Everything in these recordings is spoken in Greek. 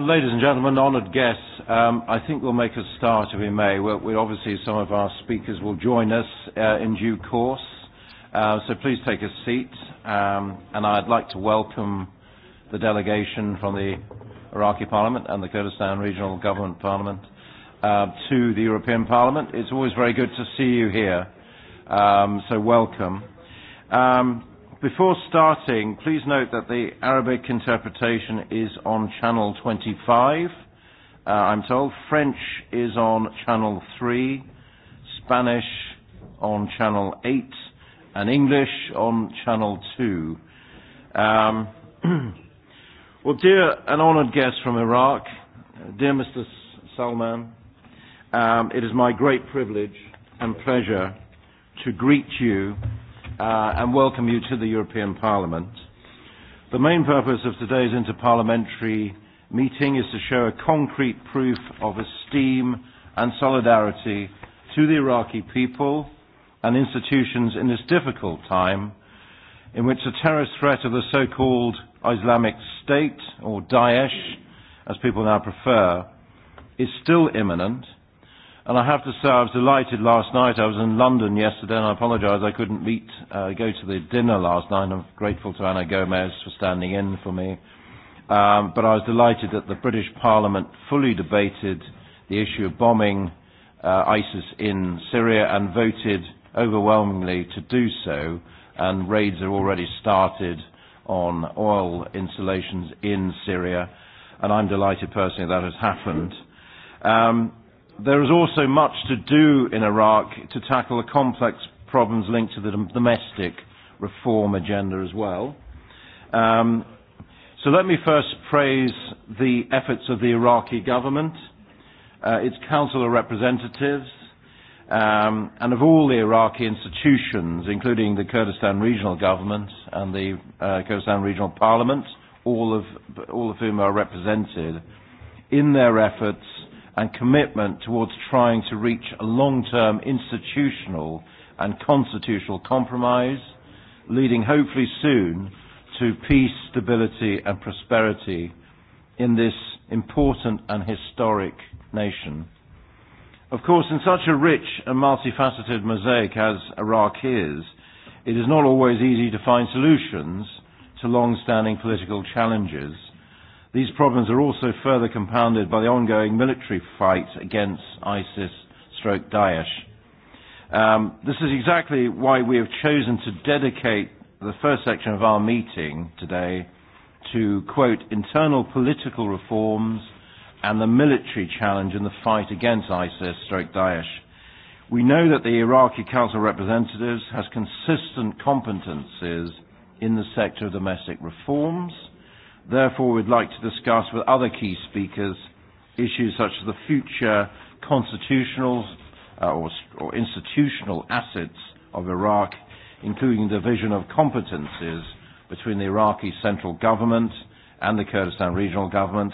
ladies and gentlemen, honoured guests, um, I think we'll make a start if we may. We're, we're obviously, some of our speakers will join us uh, in due course, uh, so please take a seat. Um, and I'd like to welcome the delegation from the Iraqi Parliament and the Kurdistan Regional Government Parliament uh, to the European Parliament. It's always very good to see you here. Um, so welcome. Um, before starting, please note that the Arabic interpretation is on channel 25, uh, I'm told. French is on channel 3, Spanish on channel 8, and English on channel 2. Um, well, dear and honoured guests from Iraq, dear Mr. Salman, um, it is my great privilege and pleasure to greet you and welcome you to the European Parliament. The main purpose of today's interparliamentary meeting is to show a concrete proof of esteem and solidarity to the Iraqi people and institutions in this difficult time in which the terrorist threat of the so-called Islamic State, or Daesh, as people now prefer, is still imminent And I have to say I was delighted last night. I was in London yesterday and I apologize, I couldn't meet, uh, go to the dinner last night. I'm grateful to Ana Gomez for standing in for me. Um, but I was delighted that the British Parliament fully debated the issue of bombing uh, ISIS in Syria and voted overwhelmingly to do so. And raids are already started on oil installations in Syria. And I'm delighted personally that has happened. Um, There is also much to do in Iraq to tackle the complex problems linked to the domestic reform agenda as well. Um, so let me first praise the efforts of the Iraqi government, its Council of Representatives, um, and of all the Iraqi institutions, including the Kurdistan Regional Government and the Kurdistan Regional Parliament, all of, all of whom are represented, in their efforts and commitment towards trying to reach a long-term institutional and constitutional compromise, leading hopefully soon to peace, stability and prosperity in this important and historic nation. Of course, in such a rich and multifaceted mosaic as Iraq is, it is not always easy to find solutions to long-standing political challenges. These problems are also further compounded by the ongoing military fight against ISIS stroke Daesh. this is exactly why we have chosen to dedicate the first section of our meeting today to, quote, internal political reforms and the military challenge in the fight against ISIS stroke Daesh. We know that the Iraqi Council of Representatives has consistent competences in the sector of domestic reforms – Therefore, we'd like to discuss with other key speakers issues such as the future constitutional or, or institutional assets of Iraq, including the division of competences between the Iraqi central government and the Kurdistan regional government,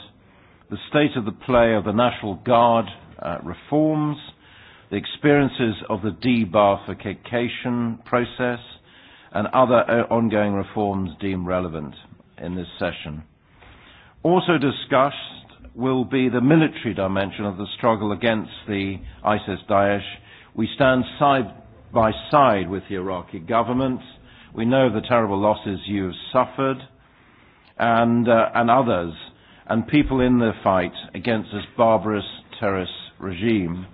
the state of the play of the National Guard reforms, the experiences of the debarfication process, and other ongoing reforms deemed relevant in this session. Also discussed will be the military dimension of the struggle against the ISIS-Daesh. We stand side by side with the Iraqi government. We know the terrible losses you have suffered and, and others, and people in the fight against this barbarous terrorist regime.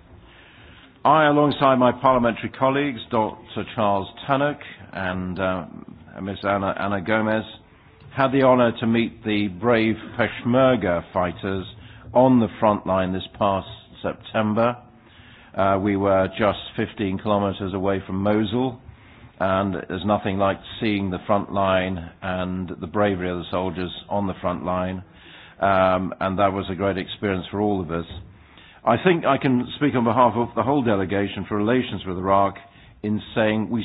I, alongside my parliamentary colleagues, Dr. Charles Tannock and Ms. Anna, Anna Gomez, had the honour to meet the brave Peshmerga fighters on the front line this past September. Uh, we were just 15 kilometers away from Mosul, and there's nothing like seeing the front line and the bravery of the soldiers on the front line, um, and that was a great experience for all of us. I think I can speak on behalf of the whole delegation for relations with Iraq in saying we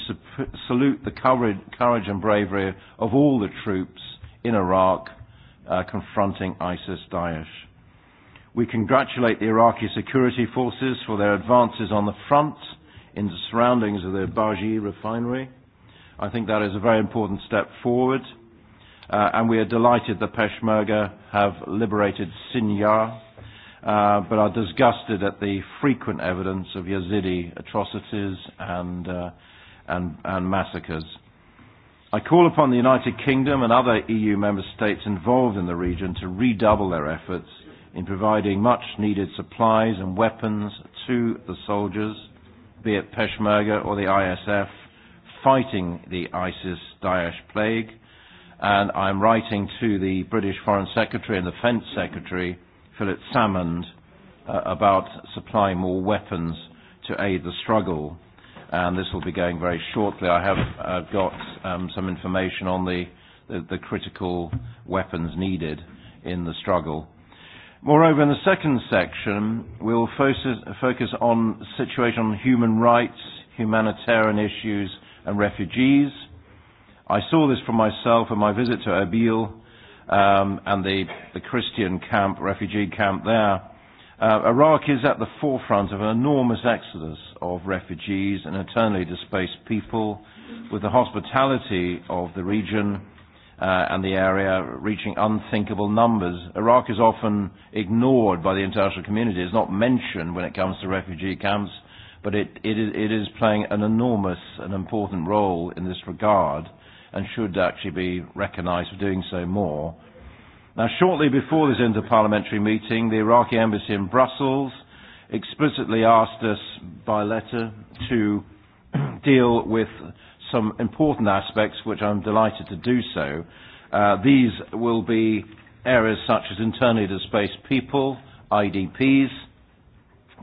salute the courage and bravery of all the troops in Iraq confronting ISIS Daesh. We congratulate the Iraqi security forces for their advances on the front in the surroundings of the Baji refinery. I think that is a very important step forward. And we are delighted the Peshmerga have liberated Sinjar, but are disgusted at the frequent evidence of Yazidi atrocities and and massacres. I call upon the United Kingdom and other EU member states involved in the region to redouble their efforts in providing much needed supplies and weapons to the soldiers, be it Peshmerga or the ISF, fighting the ISIS Daesh plague. And I am writing to the British Foreign Secretary and Defence Secretary, Philip Salmond, about supplying more weapons to aid the struggle and this will be going very shortly. I have got um, some information on the, the, critical weapons needed in the struggle. Moreover, in the second section, we'll focus, focus on situation on human rights, humanitarian issues, and refugees. I saw this for myself in my visit to Erbil um, and the, the Christian camp, refugee camp there Iraq is at the forefront of an enormous exodus of refugees and internally displaced people, with the hospitality of the region and the area reaching unthinkable numbers. Iraq is often ignored by the international community. It's not mentioned when it comes to refugee camps, but it, it, is, it is playing an enormous and important role in this regard and should actually be recognized for doing so more. Now, shortly before this interparliamentary meeting, the Iraqi embassy in Brussels explicitly asked us by letter to deal with some important aspects, which I'm delighted to do so. These will be areas such as internally displaced people, IDPs,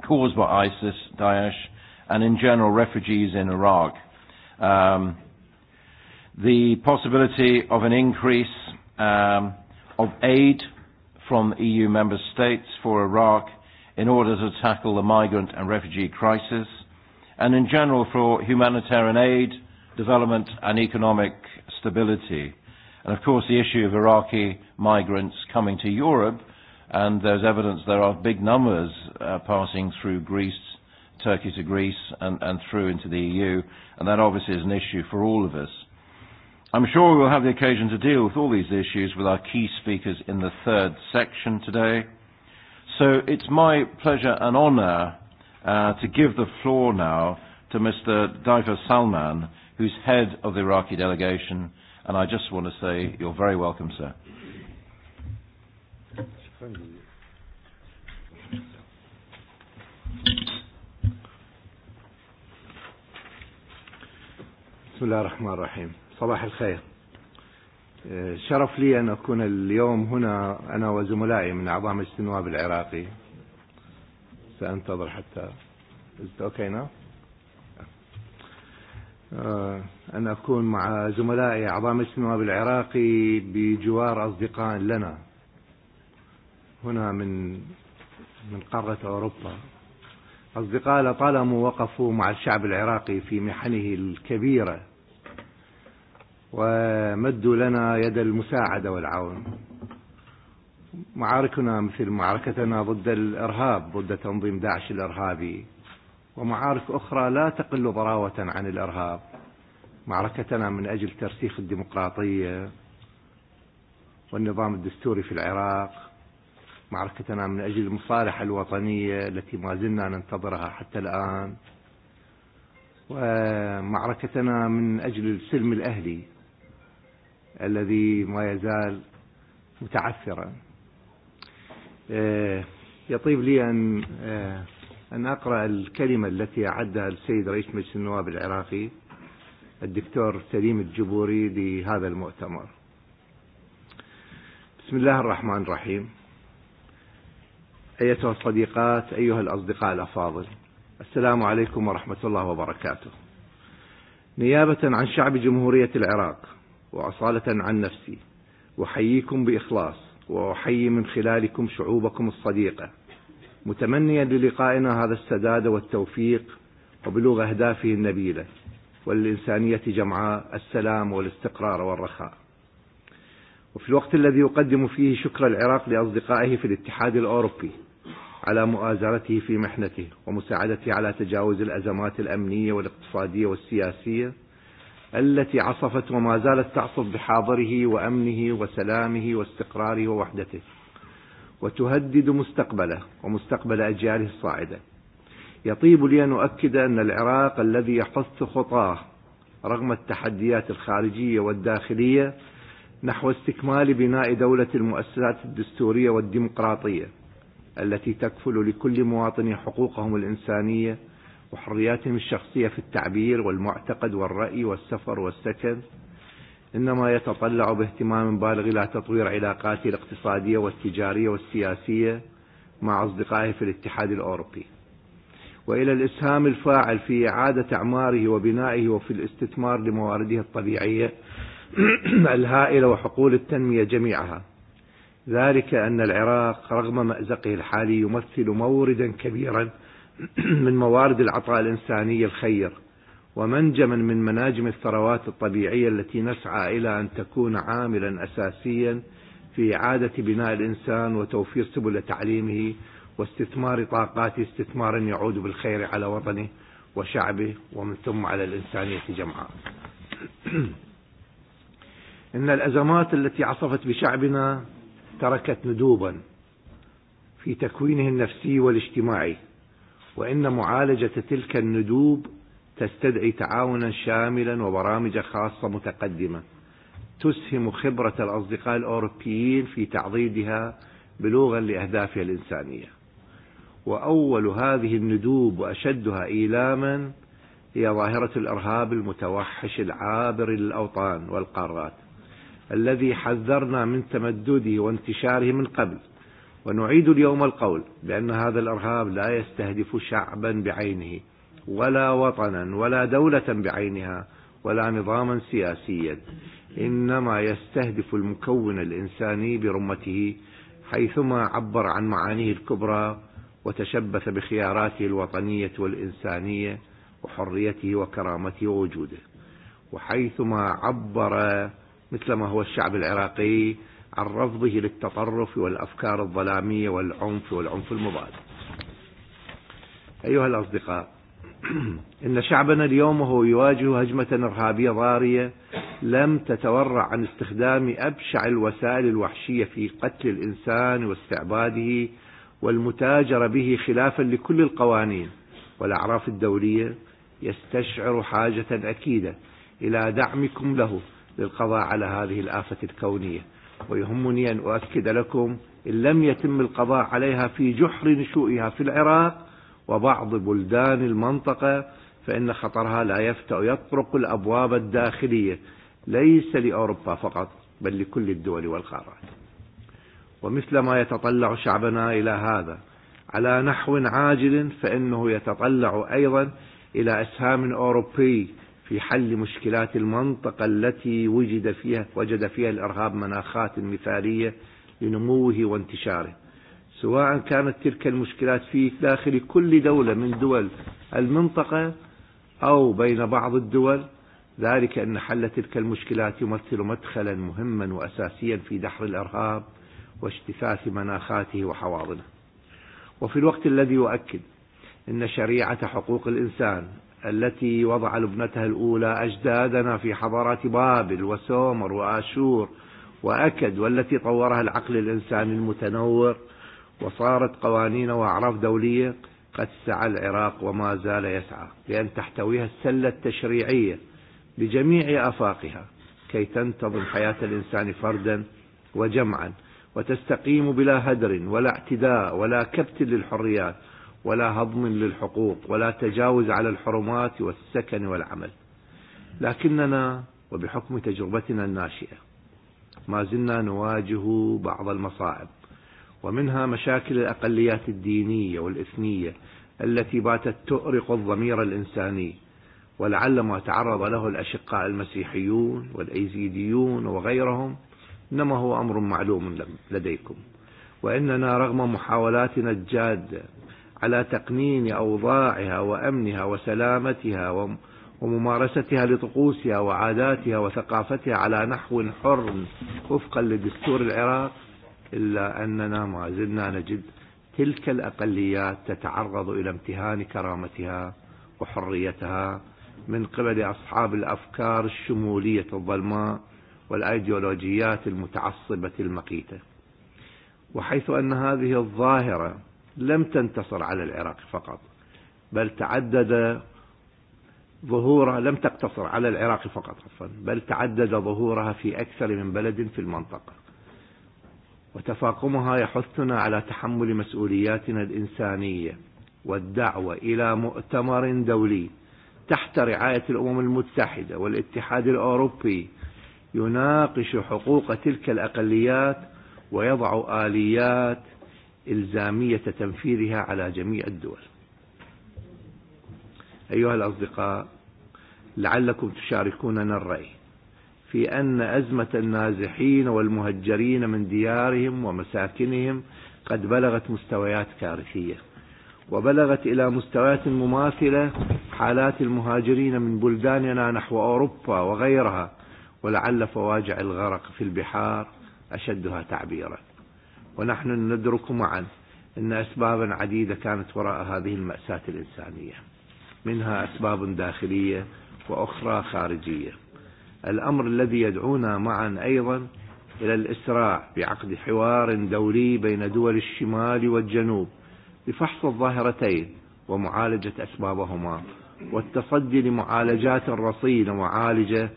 caused by ISIS, Daesh, and in general refugees in Iraq. The possibility of an increase of aid from EU member states for Iraq in order to tackle the migrant and refugee crisis, and in general for humanitarian aid, development and economic stability. And of course the issue of Iraqi migrants coming to Europe, and there's evidence there are big numbers passing through Greece, Turkey to Greece, and, and through into the EU, and that obviously is an issue for all of us. I'm sure we will have the occasion to deal with all these issues with our key speakers in the third section today. So it's my pleasure and honour to give the floor now to Mr. Daifa Salman, who's head of the Iraqi delegation, and I just want to say you're very welcome, sir. بسم صباح الخير شرف لي أن أكون اليوم هنا أنا وزملائي من أعضاء مجلس النواب العراقي سأنتظر حتى أوكينا أن أكون مع زملائي أعضاء مجلس النواب العراقي بجوار أصدقاء لنا هنا من من قارة أوروبا أصدقاء لطالما وقفوا مع الشعب العراقي في محنه الكبيرة ومدوا لنا يد المساعدة والعون معاركنا مثل معركتنا ضد الإرهاب ضد تنظيم داعش الإرهابي ومعارك أخرى لا تقل ضراوة عن الإرهاب معركتنا من أجل ترسيخ الديمقراطية والنظام الدستوري في العراق معركتنا من أجل المصالح الوطنية التي ما زلنا ننتظرها حتى الآن ومعركتنا من أجل السلم الأهلي الذي ما يزال متعثرا يطيب لي أن أن أقرأ الكلمة التي أعدها السيد رئيس مجلس النواب العراقي الدكتور سليم الجبوري لهذا المؤتمر بسم الله الرحمن الرحيم أيتها الصديقات أيها الأصدقاء الأفاضل السلام عليكم ورحمة الله وبركاته نيابة عن شعب جمهورية العراق وأصالة عن نفسي وحييكم بإخلاص وأحيي من خلالكم شعوبكم الصديقة متمنيا للقائنا هذا السداد والتوفيق وبلوغ أهدافه النبيلة والإنسانية جمعاء السلام والاستقرار والرخاء وفي الوقت الذي يقدم فيه شكر العراق لأصدقائه في الاتحاد الأوروبي على مؤازرته في محنته ومساعدته على تجاوز الأزمات الأمنية والاقتصادية والسياسية التي عصفت وما زالت تعصف بحاضره وامنه وسلامه واستقراره ووحدته وتهدد مستقبله ومستقبل اجياله الصاعده يطيب لي ان اؤكد ان العراق الذي يحث خطاه رغم التحديات الخارجيه والداخليه نحو استكمال بناء دوله المؤسسات الدستوريه والديمقراطيه التي تكفل لكل مواطن حقوقهم الانسانيه وحرياتهم الشخصية في التعبير والمعتقد والرأي والسفر والسكن إنما يتطلع باهتمام بالغ إلى تطوير علاقاته الاقتصادية والتجارية والسياسية مع أصدقائه في الاتحاد الأوروبي وإلى الإسهام الفاعل في إعادة أعماره وبنائه وفي الاستثمار لموارده الطبيعية الهائلة وحقول التنمية جميعها ذلك أن العراق رغم مأزقه الحالي يمثل موردا كبيرا من موارد العطاء الإنساني الخير ومنجما من مناجم الثروات الطبيعية التي نسعى إلى أن تكون عاملا أساسيا في إعادة بناء الإنسان وتوفير سبل تعليمه واستثمار طاقاته استثمارا يعود بالخير على وطنه وشعبه ومن ثم على الإنسانية جمعاء إن الأزمات التي عصفت بشعبنا تركت ندوبا في تكوينه النفسي والاجتماعي وإن معالجة تلك الندوب تستدعي تعاونا شاملا وبرامج خاصة متقدمة تسهم خبرة الأصدقاء الأوروبيين في تعضيدها بلوغا لأهدافها الإنسانية وأول هذه الندوب وأشدها إيلاما هي ظاهرة الإرهاب المتوحش العابر للأوطان والقارات الذي حذرنا من تمدده وانتشاره من قبل ونعيد اليوم القول بأن هذا الإرهاب لا يستهدف شعبا بعينه ولا وطنا ولا دولة بعينها ولا نظاما سياسيا إنما يستهدف المكون الإنساني برمته حيثما عبر عن معانيه الكبرى وتشبث بخياراته الوطنية والإنسانية وحريته وكرامته ووجوده وحيثما عبر مثل ما هو الشعب العراقي عن رفضه للتطرف والأفكار الظلامية والعنف والعنف المضاد أيها الأصدقاء إن شعبنا اليوم هو يواجه هجمة إرهابية ضارية لم تتورع عن استخدام أبشع الوسائل الوحشية في قتل الإنسان واستعباده والمتاجرة به خلافا لكل القوانين والأعراف الدولية يستشعر حاجة أكيدة إلى دعمكم له للقضاء على هذه الآفة الكونية ويهمني أن أؤكد لكم إن لم يتم القضاء عليها في جحر نشوئها في العراق وبعض بلدان المنطقة فإن خطرها لا يفتأ يطرق الأبواب الداخلية ليس لأوروبا فقط بل لكل الدول والقارات ومثل ما يتطلع شعبنا إلى هذا على نحو عاجل فإنه يتطلع أيضا إلى أسهام أوروبي في حل مشكلات المنطقة التي وجد فيها وجد فيها الإرهاب مناخات مثالية لنموه وانتشاره سواء كانت تلك المشكلات في داخل كل دولة من دول المنطقة أو بين بعض الدول ذلك أن حل تلك المشكلات يمثل مدخلا مهما وأساسيا في دحر الإرهاب واجتثاث مناخاته وحواضنه وفي الوقت الذي يؤكد أن شريعة حقوق الإنسان التي وضع لبنتها الأولى أجدادنا في حضارات بابل وسومر وآشور وأكد والتي طورها العقل الإنساني المتنور وصارت قوانين وأعراف دولية قد سعى العراق وما زال يسعى لأن تحتويها السلة التشريعية بجميع آفاقها كي تنتظم حياة الإنسان فردا وجمعا وتستقيم بلا هدر ولا اعتداء ولا كبت للحريات ولا هضم للحقوق ولا تجاوز على الحرمات والسكن والعمل لكننا وبحكم تجربتنا الناشئه ما زلنا نواجه بعض المصاعب ومنها مشاكل الاقليات الدينيه والاثنيه التي باتت تؤرق الضمير الانساني ولعل ما تعرض له الاشقاء المسيحيون والايزيديون وغيرهم انما هو امر معلوم لديكم واننا رغم محاولاتنا الجاده على تقنين أوضاعها وأمنها وسلامتها وممارستها لطقوسها وعاداتها وثقافتها على نحو حر وفقا لدستور العراق إلا أننا ما زلنا نجد تلك الأقليات تتعرض إلى امتهان كرامتها وحريتها من قبل أصحاب الأفكار الشمولية الظلماء والأيديولوجيات المتعصبة المقيتة وحيث أن هذه الظاهرة لم تنتصر على العراق فقط بل تعدد ظهورها لم تقتصر على العراق فقط بل تعدد ظهورها في أكثر من بلد في المنطقة وتفاقمها يحثنا على تحمل مسؤولياتنا الإنسانية والدعوة إلى مؤتمر دولي تحت رعاية الأمم المتحدة والاتحاد الأوروبي يناقش حقوق تلك الأقليات ويضع آليات إلزامية تنفيذها على جميع الدول أيها الأصدقاء لعلكم تشاركوننا الرأي في أن أزمة النازحين والمهجرين من ديارهم ومساكنهم قد بلغت مستويات كارثية وبلغت إلى مستويات مماثلة حالات المهاجرين من بلداننا نحو أوروبا وغيرها ولعل فواجع الغرق في البحار أشدها تعبيرا ونحن ندرك معا أن أسبابا عديدة كانت وراء هذه المأساة الإنسانية منها أسباب داخلية وأخرى خارجية الأمر الذي يدعونا معا أيضا إلى الإسراع بعقد حوار دولي بين دول الشمال والجنوب لفحص الظاهرتين ومعالجة أسبابهما والتصدي لمعالجات رصينة وعالجة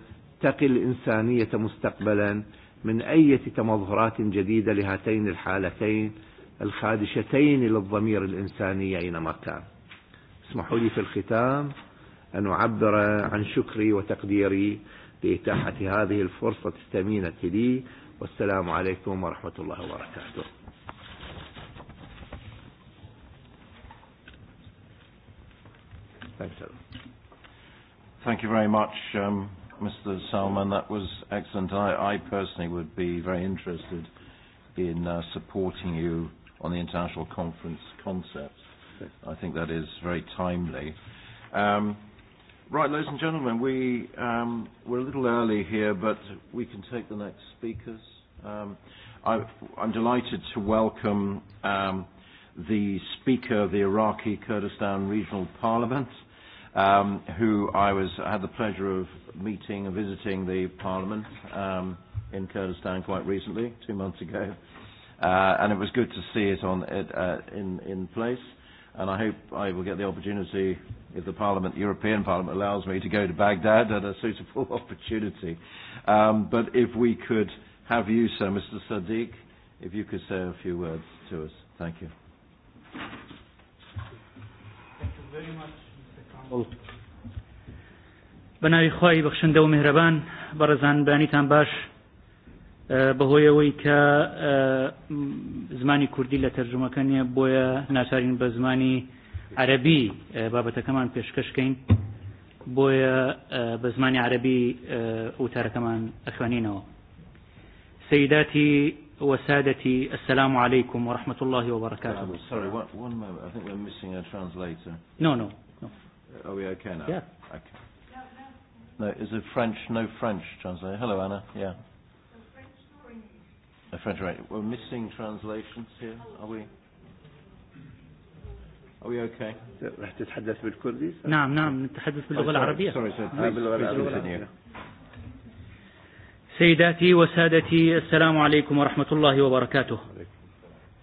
تقي الإنسانية مستقبلا من أي تمظهرات جديدة لهاتين الحالتين الخادشتين للضمير الإنساني أينما كان اسمحوا لي في الختام أن أعبر عن شكري وتقديري لإتاحة هذه الفرصة الثمينة لي والسلام عليكم ورحمة الله وبركاته Thank you very much. Um, Mr. Salman. That was excellent. I, I personally would be very interested in uh, supporting you on the international conference concepts. I think that is very timely. Um, right, ladies and gentlemen, we, um, we're a little early here, but we can take the next speakers. Um, I, I'm delighted to welcome um, the Speaker of the Iraqi Kurdistan Regional Parliament, um, who I was I had the pleasure of meeting and visiting the Parliament um, in Kurdistan quite recently, two months ago, uh, and it was good to see it on it, uh, in in place. And I hope I will get the opportunity, if the Parliament, European Parliament, allows me to go to Baghdad at a suitable opportunity. Um, but if we could have you, sir, Mr. Sadiq, if you could say a few words to us. Thank you. Thank you very much. بە ناوی خی بەخشندە و مهرەبان بەڕزانبانیتان باش بەهۆیەوەی کە زمانی کوردی لە تەرجمەکە بۆیە ناچارین بە زمانی عەربی بابەتەکەمان پێشکەشکەین بۆیە بە زمانی عەربی وتارەکەمان ئەخوانینەوە سيداتي وسادتي السلام عليكم ورحمة الله وبركاته. Sorry, one, one moment. I think we're missing a translator. Are we okay now? Yeah. Okay. No, is it French? No French translation. Hello, Anna. Yeah. A French right. We're missing translations here. Are we? Are we okay? راح تتحدث بالكردي؟ نعم نعم نتحدث باللغة العربية. Sorry, sorry. سيداتي وسادتي السلام عليكم ورحمة الله وبركاته.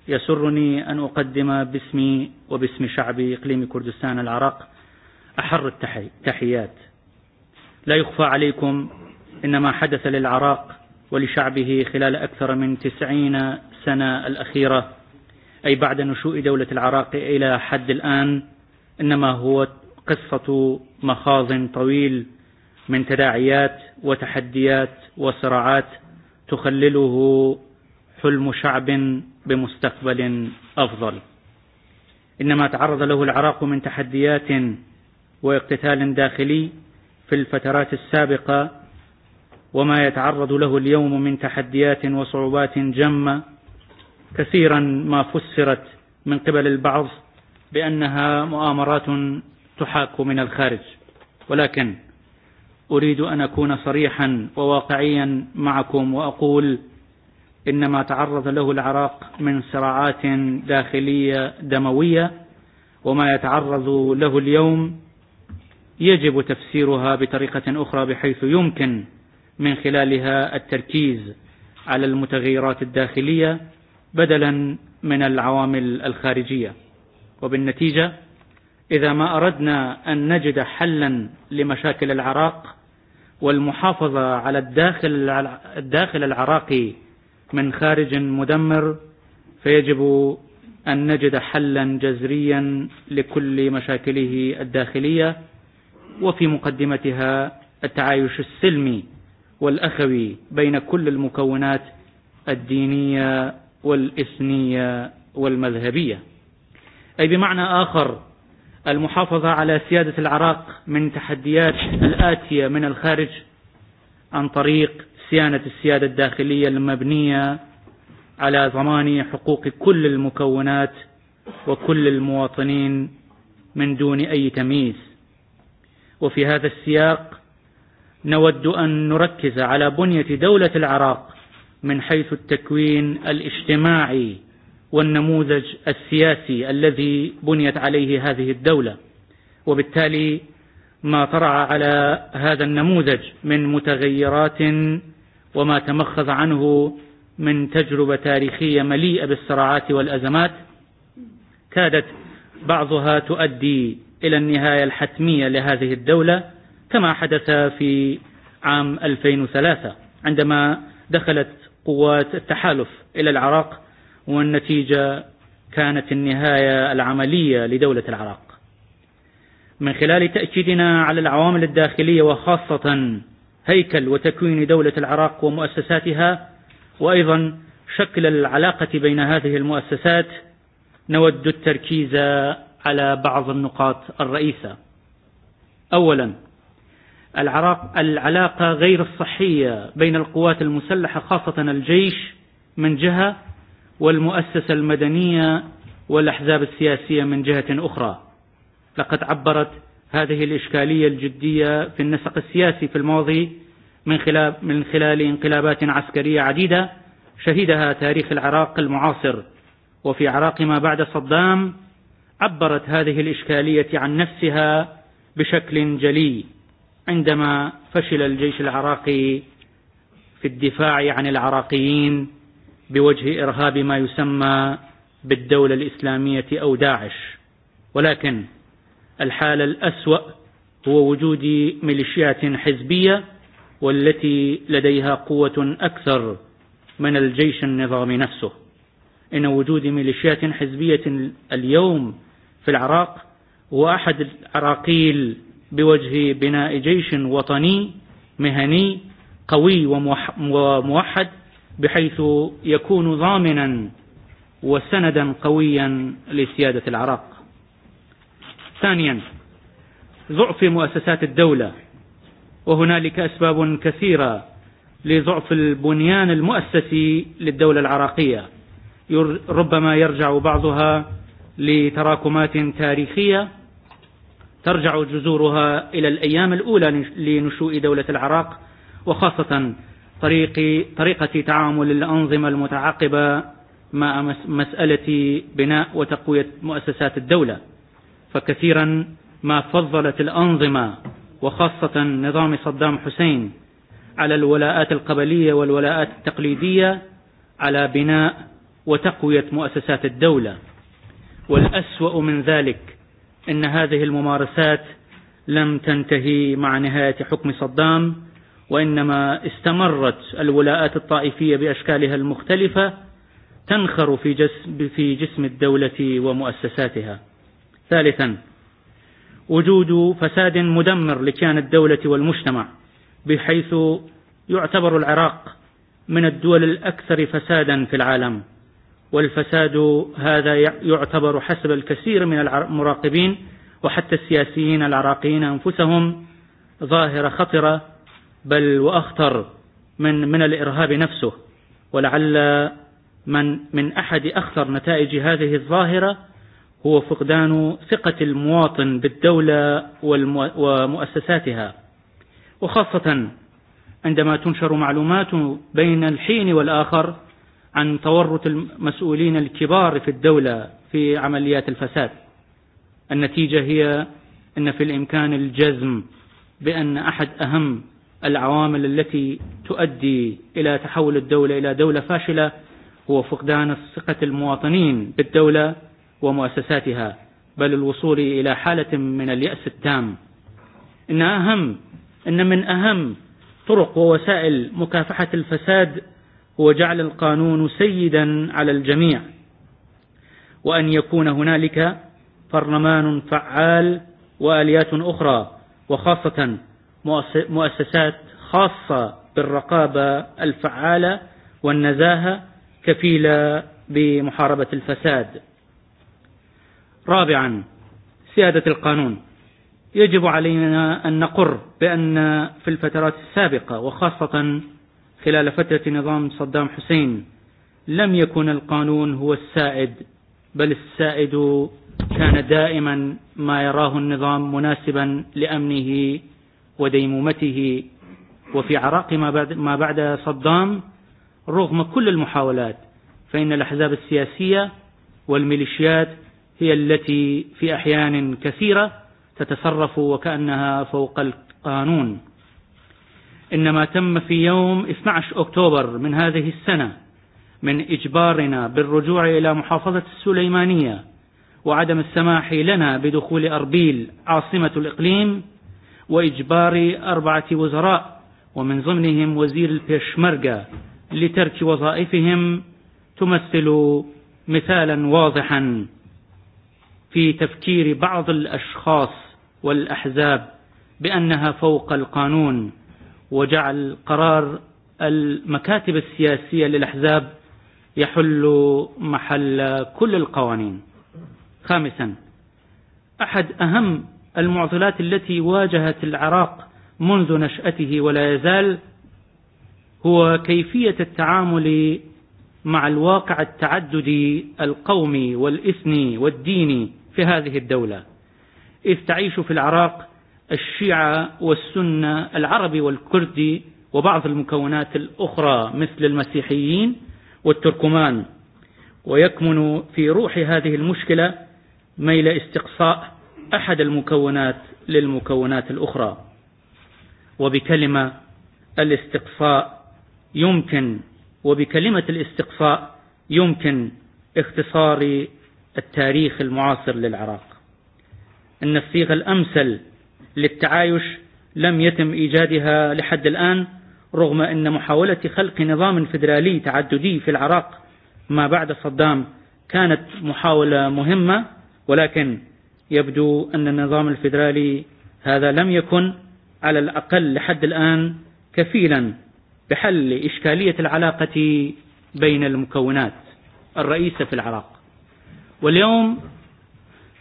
يسرني أن أقدم باسمي وباسم شعب إقليم كردستان العراق أحر التحيات لا يخفى عليكم إن ما حدث للعراق ولشعبه خلال أكثر من تسعين سنة الأخيرة أي بعد نشوء دولة العراق إلى حد الآن إنما هو قصة مخاض طويل من تداعيات وتحديات وصراعات تخلله حلم شعب بمستقبل أفضل إنما تعرض له العراق من تحديات واقتتال داخلي في الفترات السابقة وما يتعرض له اليوم من تحديات وصعوبات جمة كثيرا ما فسرت من قبل البعض بأنها مؤامرات تحاك من الخارج ولكن أريد أن أكون صريحا وواقعيا معكم وأقول إن ما تعرض له العراق من صراعات داخلية دموية وما يتعرض له اليوم يجب تفسيرها بطريقة أخرى بحيث يمكن من خلالها التركيز على المتغيرات الداخلية بدلا من العوامل الخارجية وبالنتيجة إذا ما أردنا أن نجد حلا لمشاكل العراق والمحافظة على الداخل, الداخل العراقي من خارج مدمر فيجب أن نجد حلا جذريا لكل مشاكله الداخلية وفي مقدمتها التعايش السلمي والأخوي بين كل المكونات الدينية والإثنية والمذهبية أي بمعنى آخر المحافظة على سيادة العراق من تحديات الاتيه من الخارج عن طريق صيانه السيادة الداخلية المبنية على ضمان حقوق كل المكونات وكل المواطنين من دون أي تمييز وفي هذا السياق نود أن نركز على بنية دولة العراق من حيث التكوين الاجتماعي والنموذج السياسي الذي بنيت عليه هذه الدولة وبالتالي ما طرع على هذا النموذج من متغيرات وما تمخذ عنه من تجربة تاريخية مليئة بالصراعات والأزمات كادت بعضها تؤدي إلى النهاية الحتمية لهذه الدولة كما حدث في عام 2003 عندما دخلت قوات التحالف إلى العراق والنتيجة كانت النهاية العملية لدولة العراق. من خلال تأكيدنا على العوامل الداخلية وخاصة هيكل وتكوين دولة العراق ومؤسساتها وأيضا شكل العلاقة بين هذه المؤسسات نود التركيز على بعض النقاط الرئيسة أولا العلاقة غير الصحية بين القوات المسلحة خاصة الجيش من جهة والمؤسسة المدنية والأحزاب السياسية من جهة أخرى لقد عبرت هذه الإشكالية الجدية في النسق السياسي في الماضي من خلال, من خلال انقلابات عسكرية عديدة شهدها تاريخ العراق المعاصر وفي عراق ما بعد صدام عبرت هذه الإشكالية عن نفسها بشكل جلي عندما فشل الجيش العراقي في الدفاع عن العراقيين بوجه إرهاب ما يسمى بالدولة الإسلامية أو داعش ولكن الحال الأسوأ هو وجود ميليشيات حزبية والتي لديها قوة أكثر من الجيش النظامي نفسه أن وجود ميليشيات حزبية اليوم في العراق وأحد العراقيل بوجه بناء جيش وطني مهني قوي وموحد بحيث يكون ضامنا وسندا قويا لسيادة العراق ثانيا ضعف مؤسسات الدولة وهنالك أسباب كثيرة لضعف البنيان المؤسسي للدولة العراقية ربما يرجع بعضها لتراكمات تاريخية ترجع جذورها إلى الأيام الأولى لنشوء دولة العراق وخاصة طريق طريقة تعامل الأنظمة المتعاقبة مع مسألة بناء وتقوية مؤسسات الدولة فكثيرا ما فضلت الأنظمة وخاصة نظام صدام حسين على الولاءات القبلية والولاءات التقليدية على بناء وتقوية مؤسسات الدولة والأسوأ من ذلك أن هذه الممارسات لم تنتهي مع نهاية حكم صدام وإنما استمرت الولاءات الطائفية بأشكالها المختلفة تنخر في جسم, في جسم الدولة ومؤسساتها ثالثا وجود فساد مدمر لكيان الدولة والمجتمع بحيث يعتبر العراق من الدول الأكثر فسادا في العالم والفساد هذا يعتبر حسب الكثير من المراقبين وحتى السياسيين العراقيين أنفسهم ظاهرة خطرة بل وأخطر من من الإرهاب نفسه ولعل من من أحد أخطر نتائج هذه الظاهرة هو فقدان ثقة المواطن بالدولة ومؤسساتها وخاصة عندما تنشر معلومات بين الحين والآخر عن تورط المسؤولين الكبار في الدولة في عمليات الفساد النتيجة هي أن في الإمكان الجزم بأن أحد أهم العوامل التي تؤدي إلى تحول الدولة إلى دولة فاشلة هو فقدان ثقة المواطنين بالدولة ومؤسساتها بل الوصول إلى حالة من اليأس التام إن أهم إن من أهم طرق ووسائل مكافحة الفساد هو جعل القانون سيدا على الجميع وأن يكون هنالك برلمان فعال وآليات أخرى وخاصة مؤسسات خاصة بالرقابة الفعالة والنزاهة كفيلة بمحاربة الفساد. رابعا سيادة القانون يجب علينا أن نقر بأن في الفترات السابقة وخاصة خلال فترة نظام صدام حسين لم يكن القانون هو السائد بل السائد كان دائما ما يراه النظام مناسبا لأمنه وديمومته وفي عراق ما بعد صدام رغم كل المحاولات فإن الأحزاب السياسية والميليشيات هي التي في أحيان كثيرة تتصرف وكأنها فوق القانون إنما تم في يوم 12 أكتوبر من هذه السنة من إجبارنا بالرجوع إلى محافظة السليمانية وعدم السماح لنا بدخول أربيل عاصمة الإقليم وإجبار أربعة وزراء ومن ضمنهم وزير البيشمركة لترك وظائفهم تمثل مثالا واضحا في تفكير بعض الأشخاص والأحزاب بأنها فوق القانون وجعل قرار المكاتب السياسية للأحزاب يحل محل كل القوانين خامسا أحد أهم المعضلات التي واجهت العراق منذ نشأته ولا يزال هو كيفية التعامل مع الواقع التعددي القومي والإثني والديني في هذه الدولة إذ تعيش في العراق الشيعة والسنة العربي والكردي وبعض المكونات الأخرى مثل المسيحيين والتركمان ويكمن في روح هذه المشكلة ميل استقصاء أحد المكونات للمكونات الأخرى وبكلمة الاستقصاء يمكن وبكلمة الاستقصاء يمكن اختصار التاريخ المعاصر للعراق. ان الصيغه الامثل للتعايش لم يتم إيجادها لحد الآن رغم أن محاولة خلق نظام فدرالي تعددي في العراق ما بعد صدام كانت محاولة مهمة ولكن يبدو أن النظام الفدرالي هذا لم يكن على الأقل لحد الآن كفيلا بحل إشكالية العلاقة بين المكونات الرئيسة في العراق واليوم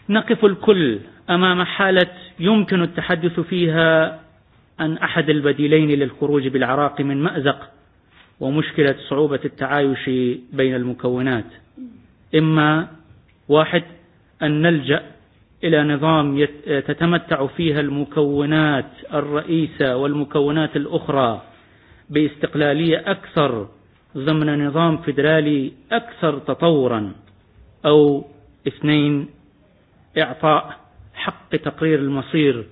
نقف الكل أمام حالة يمكن التحدث فيها عن أحد البديلين للخروج بالعراق من مأزق ومشكله صعوبه التعايش بين المكونات إما واحد أن نلجأ إلى نظام تتمتع فيها المكونات الرئيسه والمكونات الأخرى باستقلاليه أكثر ضمن نظام فيدرالي أكثر تطورا أو اثنين إعطاء حق تقرير المصير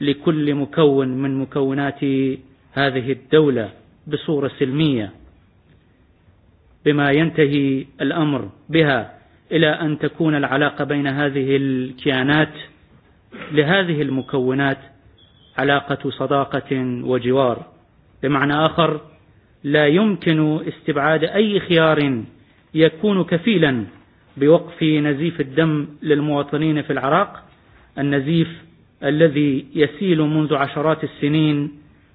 لكل مكون من مكونات هذه الدولة بصورة سلمية بما ينتهي الأمر بها إلى أن تكون العلاقة بين هذه الكيانات لهذه المكونات علاقة صداقة وجوار بمعنى آخر لا يمكن استبعاد أي خيار يكون كفيلا بوقف نزيف الدم للمواطنين في العراق النزيف الذي يسيل منذ عشرات السنين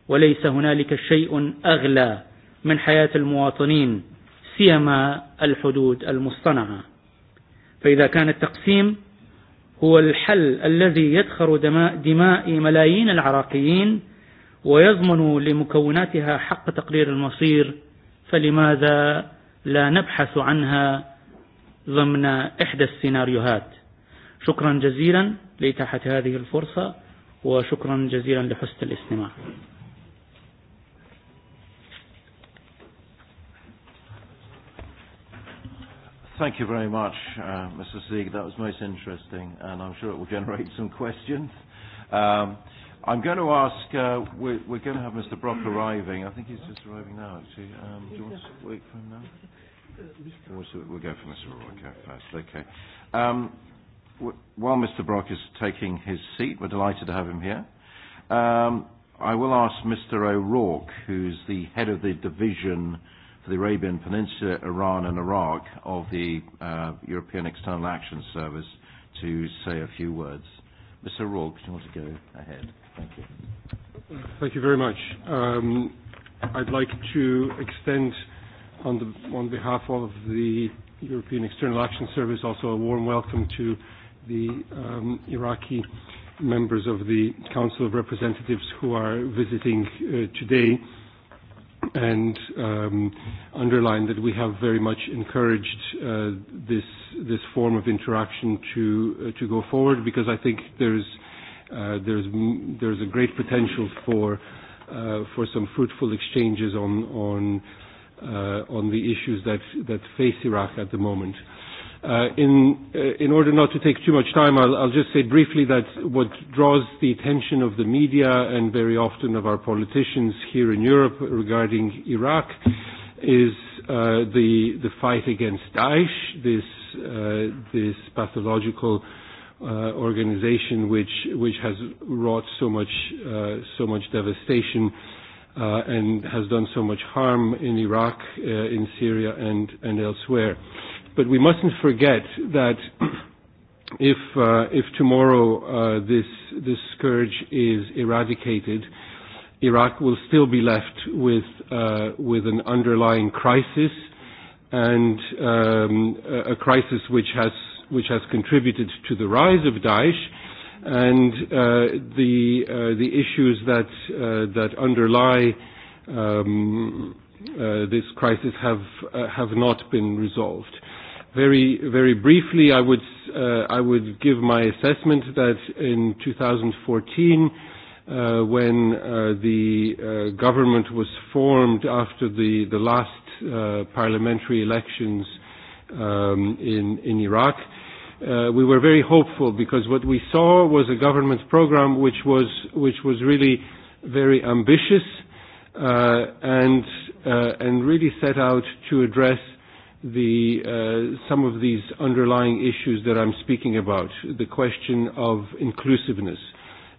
وليس هنالك شيء اغلى من حياه المواطنين سيما الحدود المصطنعه فاذا كان التقسيم هو الحل الذي يدخر دماء, ملايين العراقيين ويضمن لمكوناتها حق تقرير المصير فلماذا لا نبحث عنها ضمن احدى السيناريوهات شكرا جزيلا لإتاحة هذه الفرصة وشكرا جزيلا لحسن الاستماع Thank you very much, uh, Mr. Sieg. That was most interesting, and I'm sure it will generate some questions. Um, I'm going to ask, uh, we're, we're going to have Mr. Brock arriving. I think he's just arriving now, actually. Um, do you want to wait for him now? we'll go for Mr. Roy first. Okay. Um, While Mr. Brock is taking his seat, we're delighted to have him here. Um, I will ask Mr. O'Rourke, who's the head of the division for the Arabian Peninsula, Iran and Iraq of the uh, European External Action Service, to say a few words. Mr. O'Rourke, do you want to go ahead? Thank you. Thank you very much. Um, I'd like to extend on, the, on behalf of the European External Action Service also a warm welcome to the um, Iraqi members of the Council of Representatives who are visiting uh, today and um, underline that we have very much encouraged uh, this this form of interaction to uh, to go forward because I think there's uh, there's there's a great potential for uh, for some fruitful exchanges on on uh, on the issues that that face Iraq at the moment. In order not to take too much time, I'll just say briefly that what draws the attention of the media and very often of our politicians here in Europe regarding Iraq is the the fight against Daesh, this this pathological organization which which has wrought so much so much devastation and has done so much harm in Iraq, in Syria and and elsewhere. But we mustn't forget that if if tomorrow this this scourge is eradicated, Iraq will still be left with with an underlying crisis and a crisis which has which has contributed to the rise of Daesh and the the issues that that underlie this crisis have have not been resolved. Very, very briefly, I would, I would give my assessment that in 2014, when the government was formed after the, the last parliamentary elections um, in, in Iraq, we were very hopeful because what we saw was a government program which was, which was really very ambitious and, and really set out to address the some of these underlying issues that I'm speaking about, the question of inclusiveness,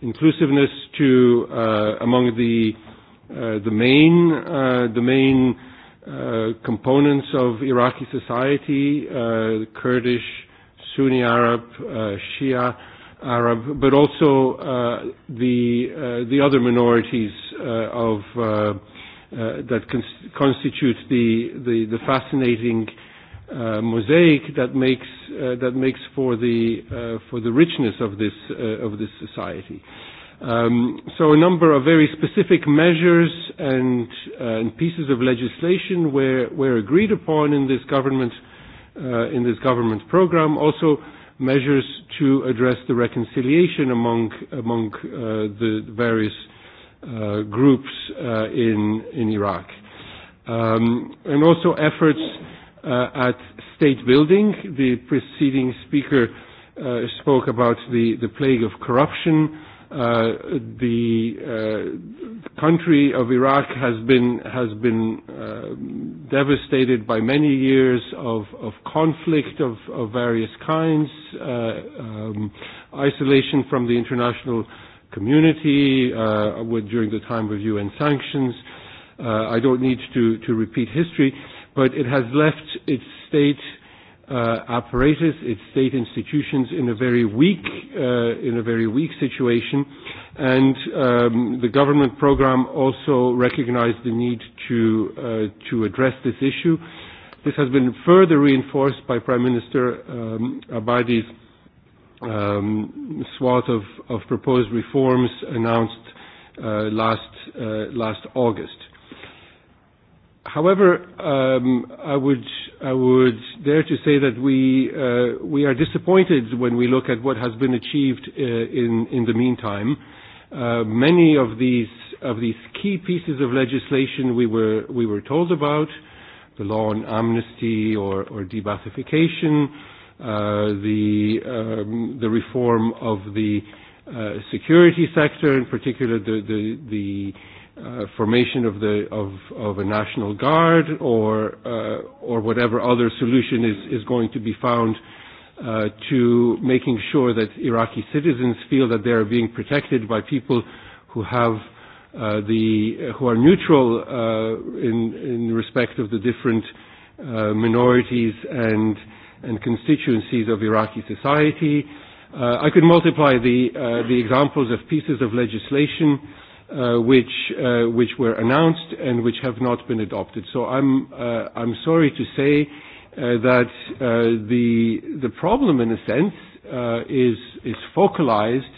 inclusiveness to among the the main the main components of Iraqi society, Kurdish, Sunni Arab, Shia Arab, but also the the other minorities of that constitute the the the fascinating mosaic that makes that makes for the for the richness of this of this society um so a number of very specific measures and and pieces of legislation were were agreed upon in this government in this government program also measures to address the reconciliation among among the various groups in in Iraq. And also efforts at state building. The preceding speaker spoke about the the plague of corruption. The country of Iraq has been has been devastated by many years of of conflict of of various kinds, isolation from the international community uh, with, during the time of UN sanctions. Uh, I don't need to, to repeat history, but it has left its state uh, apparatus, its state institutions in a very weak, uh, in a very weak situation, and um, the government program also recognized the need to uh, to address this issue. This has been further reinforced by Prime Minister um, Abadi's um, swath of, of proposed reforms announced last, last August. However, um, I would I would dare to say that we uh, we are disappointed when we look at what has been achieved uh, in in the meantime. Uh, many of these of these key pieces of legislation we were we were told about, the law on amnesty or or debathification, the the reform of the security sector, in particular the the the formation of the of of a national guard or or whatever other solution is is going to be found to making sure that Iraqi citizens feel that they are being protected by people who have the who are neutral in in respect of the different minorities and and constituencies of Iraqi society. I could multiply the the examples of pieces of legislation which which were announced and which have not been adopted. So I'm I'm sorry to say that the the problem in a sense is is focalized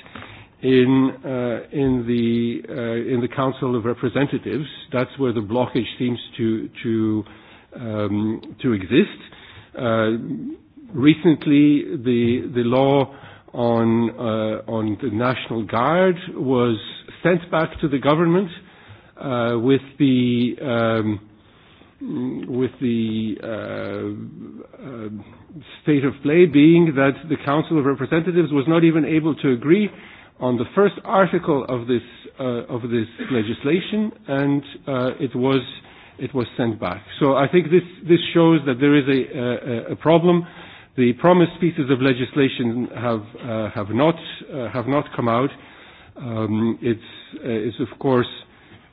in in the in the Council of Representatives. That's where the blockage seems to to to exist Recently, the the law on on the National Guard was sent back to the government with the with the state of play being that the Council of Representatives was not even able to agree on the first article of this of this legislation, and it was it was sent back. So I think this, this shows that there is a, a, problem. The promised pieces of legislation have, have, not, have not come out. Um, it's, of course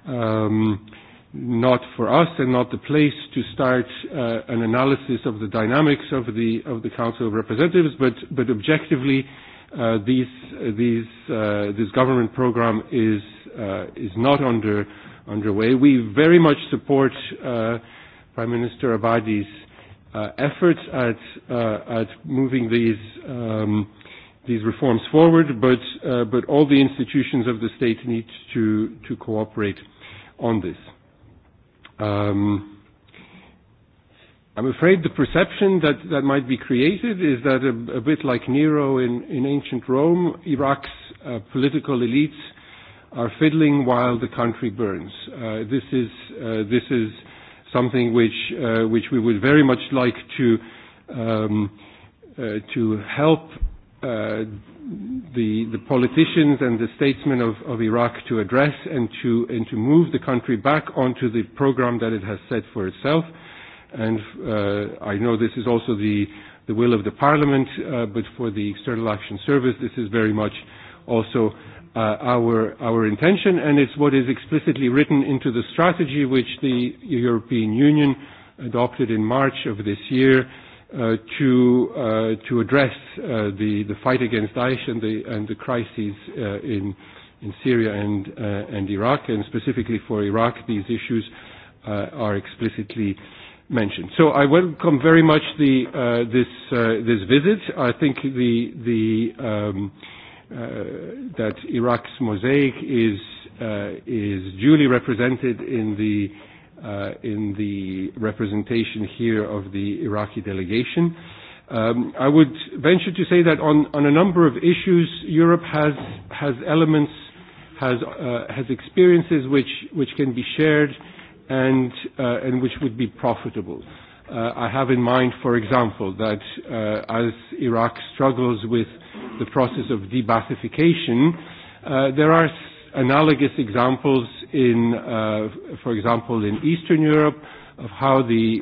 um, not for us and not the place to start an analysis of the dynamics of the, of the Council of Representatives, but, but objectively these, these, this government program is, is not under underway. We very much support Prime Minister Abadi's efforts at at moving these um these reforms forward, but but all the institutions of the state need to to cooperate on this. Um, I'm afraid the perception that that might be created is that a bit like Nero in in ancient Rome, Iraq's political elites are fiddling while the country burns. This is this is something which which we would very much like to to help the the politicians and the statesmen of of Iraq to address and to and to move the country back onto the program that it has set for itself. And I know this is also the the will of the Parliament, but for the External Action Service, this is very much also our intention and it's what is explicitly written into the strategy which the European Union adopted in March of this year to address the fight against Daesh and the crises in Syria and Iraq and specifically for Iraq these issues are explicitly mentioned. So I welcome very much this visit. I think the that Iraq's mosaic is is duly represented in the in the representation here of the Iraqi delegation. I would venture to say that on on a number of issues Europe has has elements has has experiences which which can be shared and and which would be profitable. I have in mind for example that as Iraq struggles with the process of debasification. There are analogous examples in, for example, in Eastern Europe of how the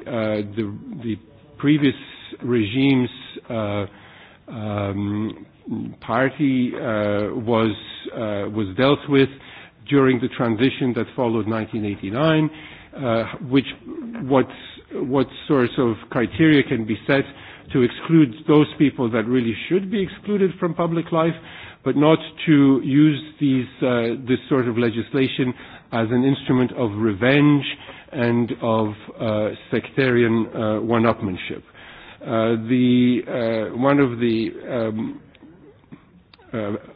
the previous regime's party was was dealt with during the transition that followed 1989, which what what sorts of criteria can be set to exclude those people that really should be excluded from public life, but not to use these, this sort of legislation as an instrument of revenge and of sectarian one-upmanship. The one of the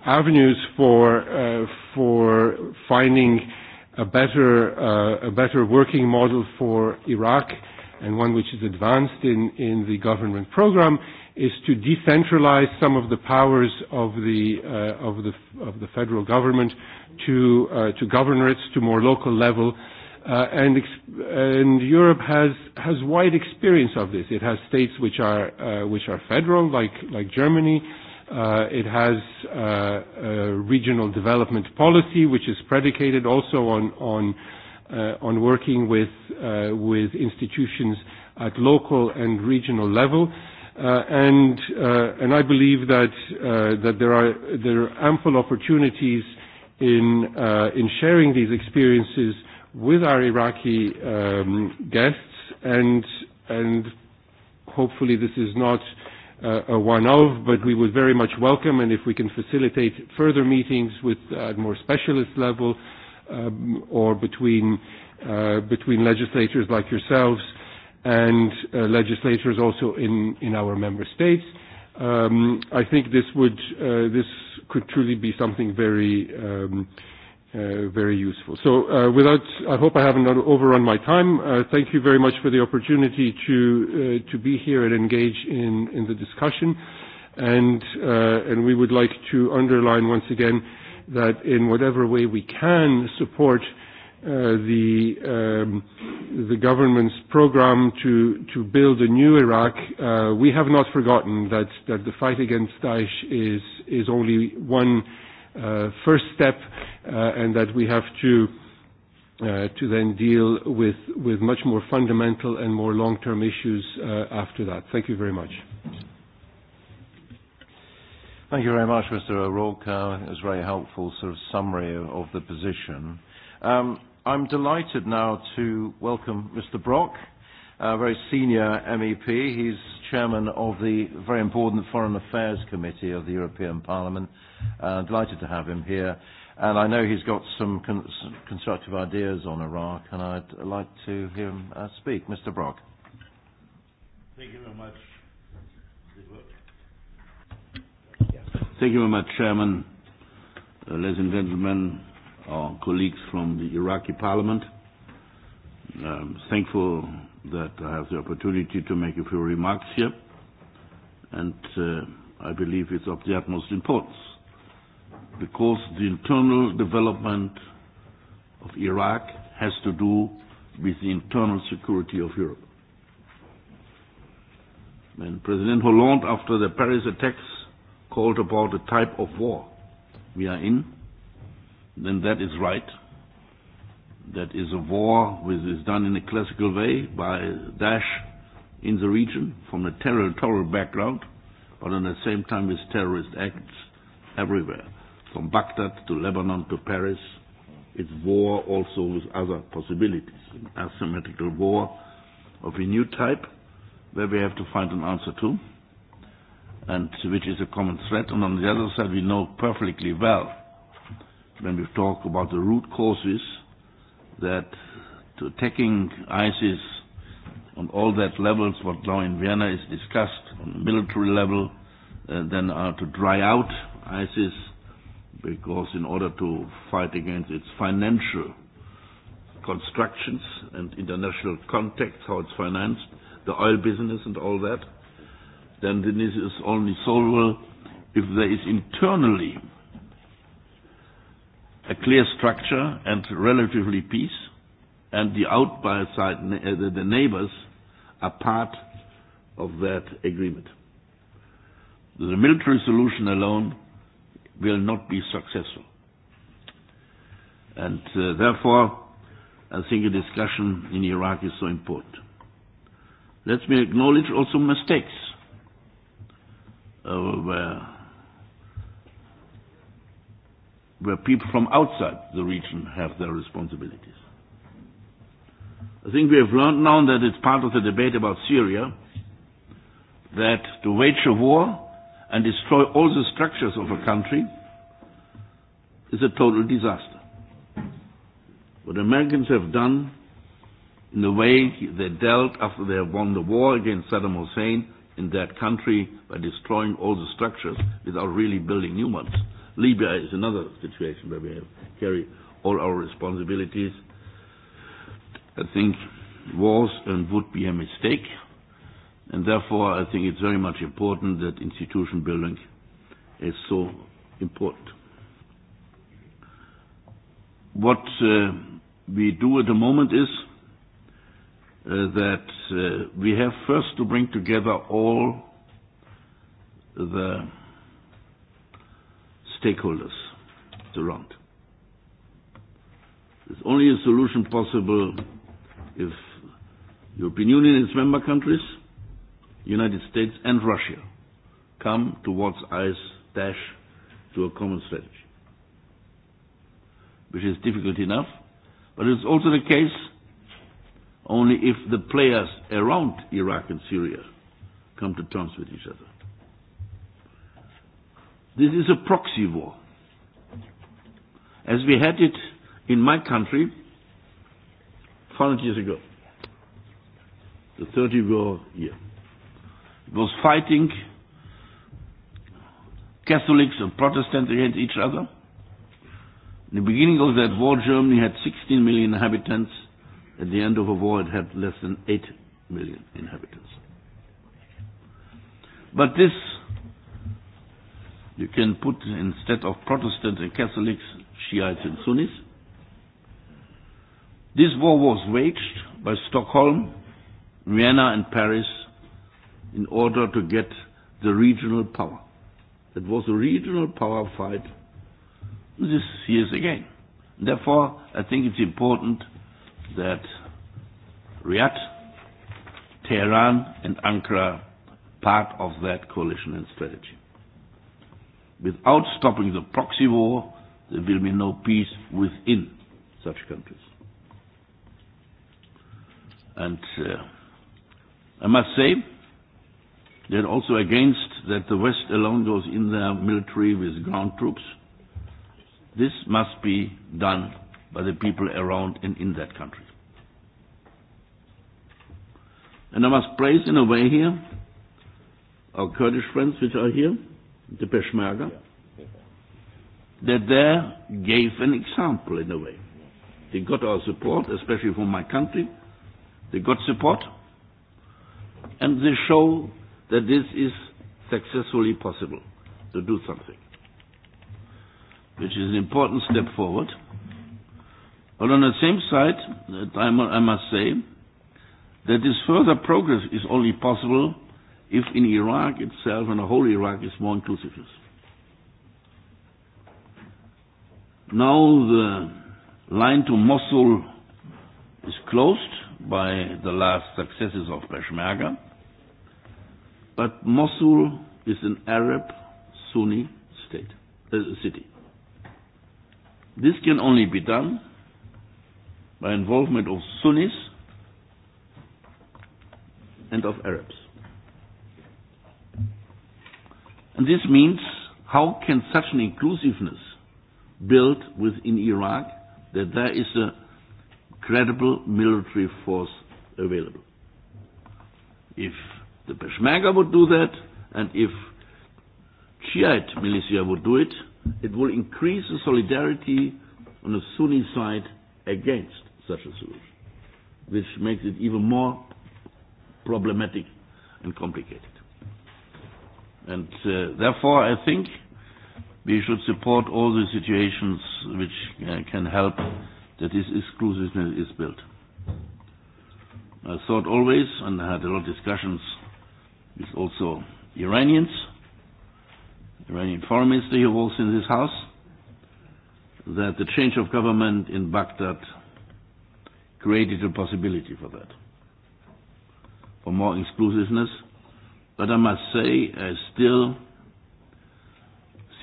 avenues for for finding a better a better working model for Iraq and one which is advanced in, in the government program, is to decentralize some of the powers of the, of the, of the federal government to, uh, to governorates, to more local level. and, and Europe has, has wide experience of this. It has states which are, which are federal, like, like Germany. it has a regional development policy, which is predicated also on, on, on working with with institutions at local and regional level. And I believe that there are ample opportunities in sharing these experiences with our Iraqi guests and hopefully this is not a one off but we would very much welcome and if we can facilitate further meetings with at more specialist level or between between legislators like yourselves and legislators also in in our member states um i think this would this could truly be something very um very useful so without i hope i haven't overrun my time thank you very much for the opportunity to to be here and engage in in the discussion and and we would like to underline once again that in whatever way we can support the um, the government's program to to build a new Iraq, uh, we have not forgotten that that the fight against Daesh is is only one uh, first step, uh, and that we have to uh, to then deal with with much more fundamental and more long-term issues uh, after that. Thank you very much. Thank you very much, Mr. O'Rourke. it was a very helpful sort of summary of the position. Um, I'm delighted now to welcome Mr. Brock, a very senior MEP. He's chairman of the very important Foreign Affairs Committee of the European Parliament. Uh, delighted to have him here. And I know he's got some constructive ideas on Iraq, and I'd like to hear him speak. Mr. Brock. Thank you very much. Thank you very much, Chairman. ladies and gentlemen, our colleagues from the Iraqi parliament. I'm thankful that I have the opportunity to make a few remarks here, and I believe it's of the utmost importance because the internal development of Iraq has to do with the internal security of Europe. When President Hollande, after the Paris attacks, called about the type of war we are in, then that is right. That is a war which is done in a classical way by Daesh in the region from a territorial background, but at the same time with terrorist acts everywhere, from Baghdad to Lebanon to Paris. It's war also with other possibilities, an asymmetrical war of a new type where we have to find an answer to, and which is a common threat. And on the other side, we know perfectly well when we talk about the root causes that to attacking ISIS on all that levels what now in Vienna is discussed on the military level then are to dry out ISIS because in order to fight against its financial constructions and international context, how it's financed, the oil business and all that, then this is only solvable if there is internally a clear structure and relatively peace, and the outside, side, the neighbors, are part of that agreement. The military solution alone will not be successful. And therefore, I think a discussion in Iraq is so important. Let me acknowledge also mistakes. where people from outside the region have their responsibilities. I think we have learned now that it's part of the debate about Syria that to wage a war and destroy all the structures of a country is a total disaster. What Americans have done in the way they dealt after they have won the war against Saddam Hussein in that country by destroying all the structures without really building new ones Libya is another situation where we have carry all our responsibilities. I think was and would be a mistake, and therefore I think it's very much important that institution building is so important. What we do at the moment is that we have first to bring together all the stakeholders around. There's only a solution possible if European Union and its member countries, United States and Russia come towards Ice dash to a common strategy. Which is difficult enough, but it's also the case only if the players around Iraq and Syria come to terms with each other. This is a proxy war. As we had it in my country 400 years ago. The 30 war year. It was fighting Catholics and Protestants against each other. In the beginning of that war, Germany had 16 million inhabitants. At the end of the war, it had less than 8 million inhabitants. But this You can put instead of Protestants and Catholics, Shiites and Sunnis. This war was waged by Stockholm, Vienna and Paris in order to get the regional power. It was a regional power fight. This years again. Therefore, I think it's important that Riyadh, Tehran and Ankara part of that coalition and strategy. Without stopping the proxy war, there will be no peace within such countries. And I must say that also against that the West alone goes in there military with ground troops, this must be done by the people around and in that country. And I must praise in a way here our Kurdish friends which are here, the Peshmerga, that there gave an example in a way. They got our support, especially from my country. They got support. And they show that this is successfully possible to do something, which is an important step forward. But on the same side, I must say that this further progress is only possible if in Iraq itself and the whole Iraq is more inclusiveness. Now the line to Mosul is closed by the last successes of Peshmerga, but Mosul is an Arab Sunni state, uh, city. This can only be done by involvement of Sunnis and of Arabs. And this means how can such an inclusiveness build within Iraq that there is a credible military force available. If the Peshmerga would do that and if Shiite militia would do it, it will increase the solidarity on the Sunni side against such a solution, which makes it even more problematic and complicated. And therefore, I think we should support all the situations which can help that this exclusiveness is built. I thought always, and I had a lot of discussions with also Iranians, Iranian foreign minister who was in this house, that the change of government in Baghdad created a possibility for that, for more exclusiveness, But I must say, I still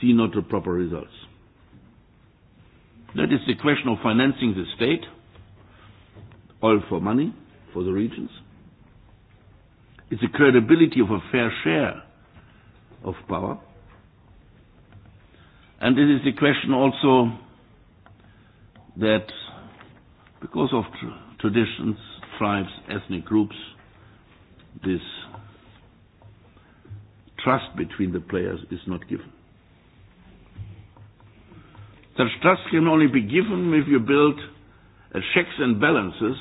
see not the proper results. That is the question of financing the state, all for money, for the regions. It's the credibility of a fair share of power. And it is the question also that because of traditions, tribes, ethnic groups, this trust between the players is not given. Such trust can only be given if you build checks and balances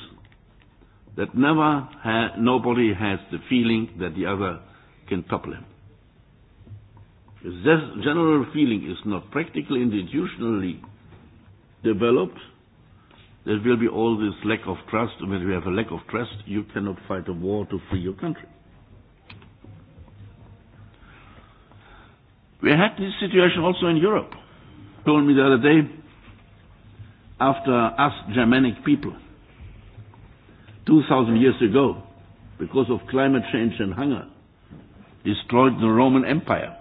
that never ha nobody has the feeling that the other can topple him. If this general feeling is not practically institutionally developed, there will be all this lack of trust. When you have a lack of trust, you cannot fight a war to free your country. We had this situation also in Europe. Told me the other day, after us Germanic people, 2,000 years ago, because of climate change and hunger, destroyed the Roman Empire.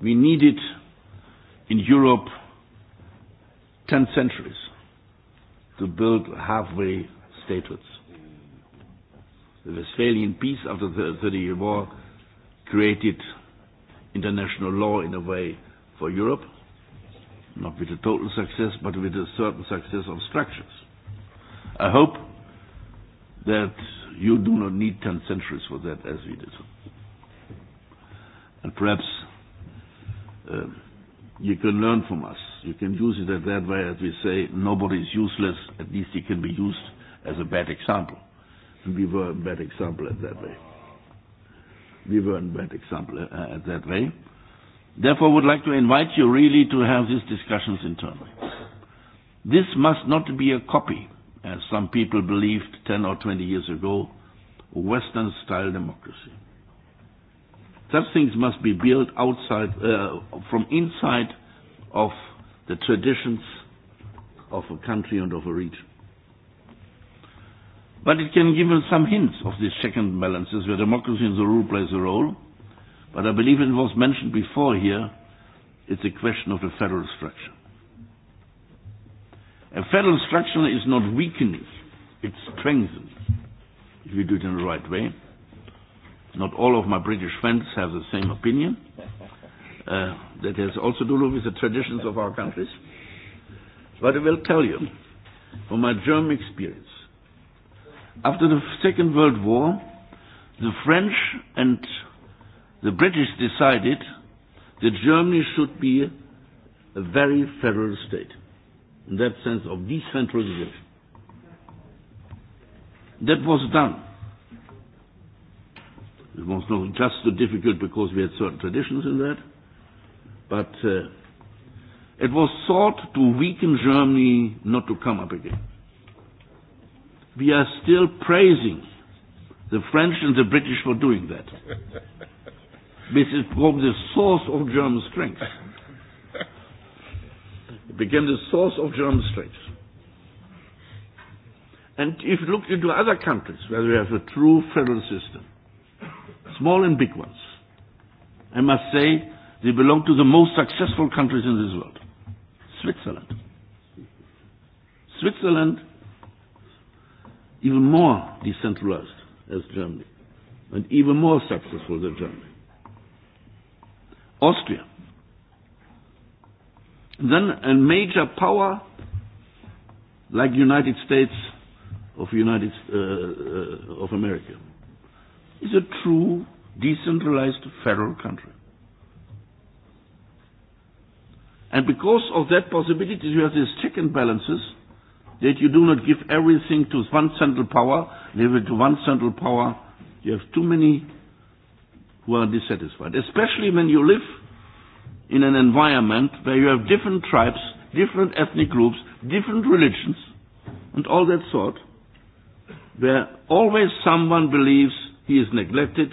We needed in Europe 10 centuries to build halfway statehoods. The Westphalian peace after the Thirty Year War created international law in a way for Europe, not with a total success, but with a certain success of structures. I hope that you do not need ten centuries for that as we did. And perhaps you can learn from us. You can use it that way, as we say, nobody is useless, at least it can be used as a bad example. And we were a bad example at that way we were a bad example uh, that way. Therefore, I would like to invite you really to have these discussions internally. This must not be a copy, as some people believed 10 or 20 years ago, Western-style democracy. Such things must be built outside, uh, from inside of the traditions of a country and of a region. But it can give us some hints of these second balances where democracy and the rule plays a role. But I believe it was mentioned before here, it's a question of the federal structure. A federal structure is not weakening, it's strengthening, if you do it in the right way. Not all of my British friends have the same opinion. that has also to do with the traditions of our countries. But I will tell you, from my German experience, After the Second World War, the French and the British decided that Germany should be a very federal state, in that sense of decentralization. That was done. It was not just so difficult because we had certain traditions in that, but it was sought to weaken Germany not to come up again we are still praising the French and the British for doing that. This is from the source of German strength. It became the source of German strength. And if you look into other countries where we have a true federal system, small and big ones, I must say they belong to the most successful countries in this world. Switzerland. Switzerland even more decentralized as Germany and even more successful than Germany. Austria. Then a major power like United States of United uh, of America is a true decentralized federal country. And because of that possibility, you have these check and balances that you do not give everything to one central power, leave it to one central power. You have too many who are dissatisfied, especially when you live in an environment where you have different tribes, different ethnic groups, different religions, and all that sort, where always someone believes he is neglected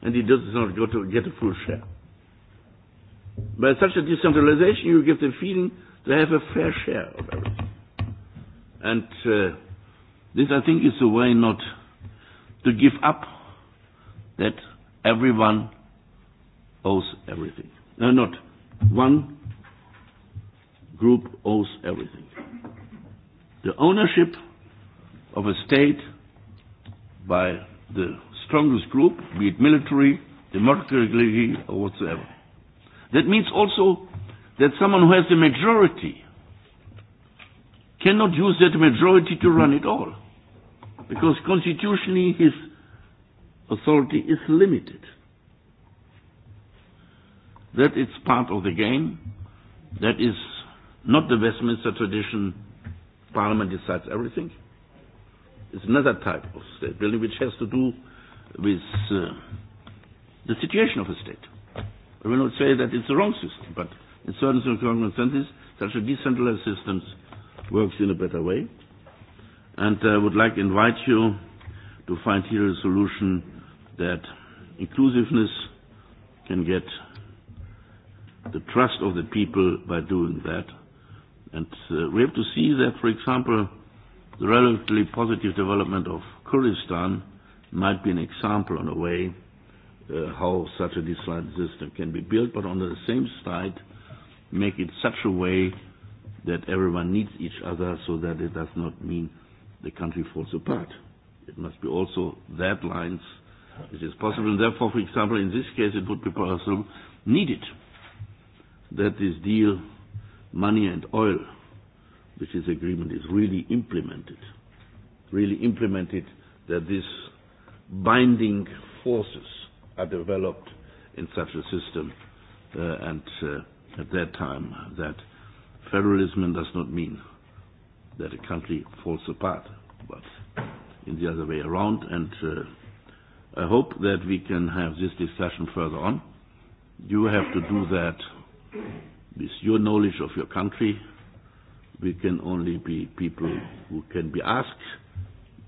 and he does not go to get a full share. By such a decentralization, you give the feeling to have a fair share of everything. And this, I think, is a way not to give up that everyone owes everything. No, not one group owes everything. The ownership of a state by the strongest group, be it military, democratically, or whatsoever. That means also that someone who has the majority cannot use that majority to run it all. Because constitutionally his authority is limited. That is part of the game. That is not the Westminster tradition. Parliament decides everything. It's another type of state building which has to do with the situation of a state. I will not say that it's the wrong system, but in certain circumstances, such a decentralized systems works in a better way. And I would like to invite you to find here a solution that inclusiveness can get the trust of the people by doing that. And we have to see that, for example, the relatively positive development of Kurdistan might be an example on a way how such a decentralized system can be built, but on the same side, make it such a way that everyone needs each other so that it does not mean the country falls apart. It must be also that lines it is possible. And therefore, for example, in this case, it would be possible, needed, that this deal, money and oil, which is agreement is really implemented, really implemented, that these binding forces are developed in such a system, and at that time that Federalism does not mean that a country falls apart, but in the other way around. And I hope that we can have this discussion further on. You have to do that with your knowledge of your country. We can only be people who can be asked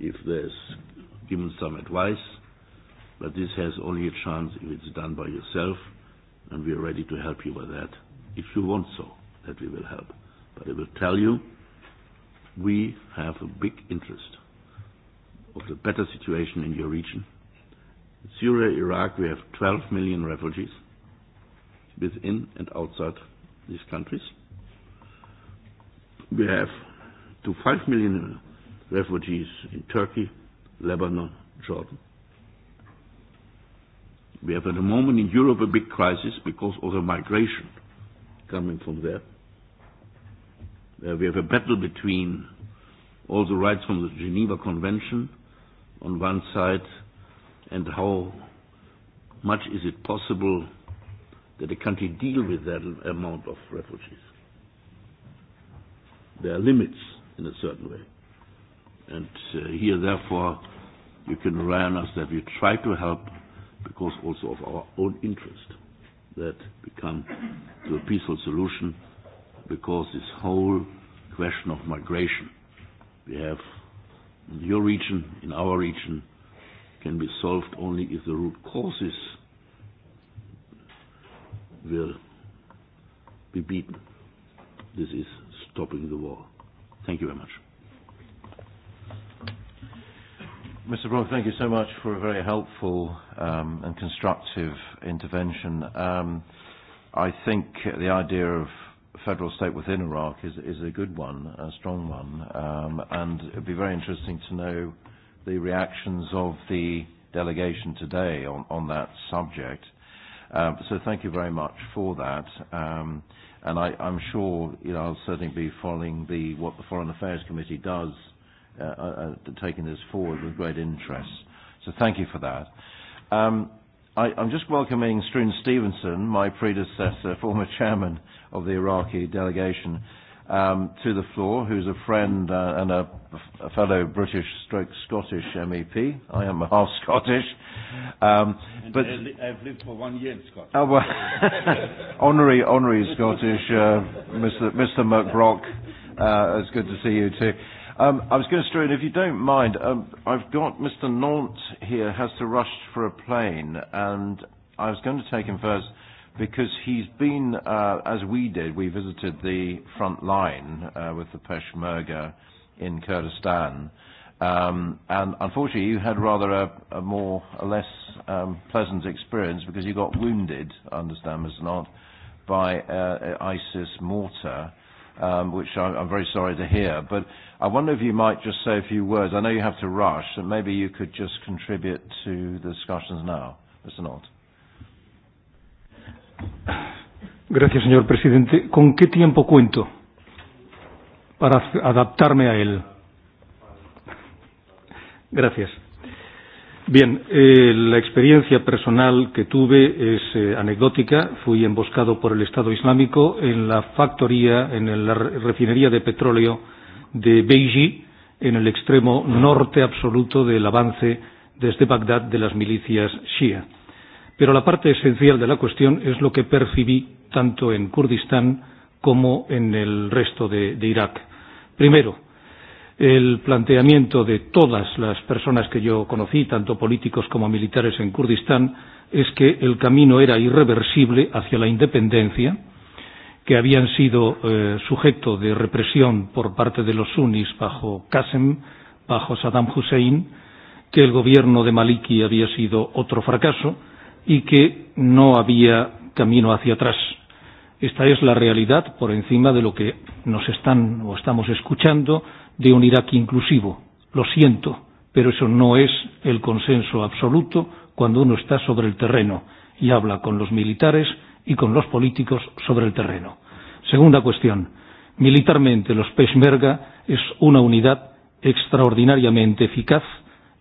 if there's given some advice, but this has only a chance if it's done by yourself, and we are ready to help you with that if you want so that we will help. But I will tell you, we have a big interest of the better situation in your region. In Syria, Iraq, we have 12 million refugees within and outside these countries. We have to 5 million refugees in Turkey, Lebanon, Jordan. We have at the moment in Europe a big crisis because of the migration coming from there we have a battle between all the rights from the Geneva Convention on one side and how much is it possible that a country deal with that amount of refugees. There are limits in a certain way. And here, therefore, you can rely on us that we try to help because also of our own interest that we come to a peaceful solution because this whole question of migration we have in your region, in our region, can be solved only if the root causes will be beaten. This is stopping the war. Thank you very much. Mr. Brock, thank you so much for a very helpful um, and constructive intervention. Um, I think the idea of federal state within Iraq is, is a good one, a strong one, um, and it would be very interesting to know the reactions of the delegation today on, on that subject. so thank you very much for that. Um, and I, I'm sure you know, I'll certainly be following the, what the Foreign Affairs Committee does, uh, uh, taking this forward with great interest. So thank you for that. Um, I, I'm just welcoming Struan Stevenson, my predecessor, former chairman of the Iraqi delegation, um, to the floor, who's a friend and a, a fellow British stroke Scottish MEP. I am half Scottish. Um, but I've lived for one year in Scotland. honorary, honorary Scottish, uh, Mr. Mr. McBrock. Uh, it's good to see you too. Um, I was going to start, if you don't mind, um, I've got Mr. Nant here has to rush for a plane, and I was going to take him first because he's been, uh, as we did, we visited the front line uh, with the Peshmerga in Kurdistan, um, and unfortunately you had rather a, a more, a less um, pleasant experience because you got wounded, I understand, Mr. not, by uh, ISIS mortar, um, which I I'm very sorry to hear, but I wonder if you might just say a few words. I know you have to rush, so maybe you could just contribute to the discussions now. Mr. Nott. Gracias, señor presidente. ¿Con qué tiempo cuento para adaptarme a él? Gracias. Bien, eh, la experiencia personal que tuve es eh, anecdótica. Fui emboscado por el Estado Islámico en la factoría, en la refinería de petróleo de Beiji en el extremo norte absoluto del avance desde Bagdad de las milicias shia. Pero la parte esencial de la cuestión es lo que percibí tanto en Kurdistán como en el resto de, de Irak. Primero, el planteamiento de todas las personas que yo conocí, tanto políticos como militares en Kurdistán, es que el camino era irreversible hacia la independencia que habían sido sujeto de represión por parte de los sunnis bajo Qasem, bajo Saddam Hussein, que el gobierno de Maliki había sido otro fracaso y que no había camino hacia atrás. Esta es la realidad por encima de lo que nos están o estamos escuchando de un Irak inclusivo. Lo siento, pero eso no es el consenso absoluto cuando uno está sobre el terreno y habla con los militares y con los políticos sobre el terreno. Segunda cuestión. Militarmente, los Peshmerga es una unidad extraordinariamente eficaz,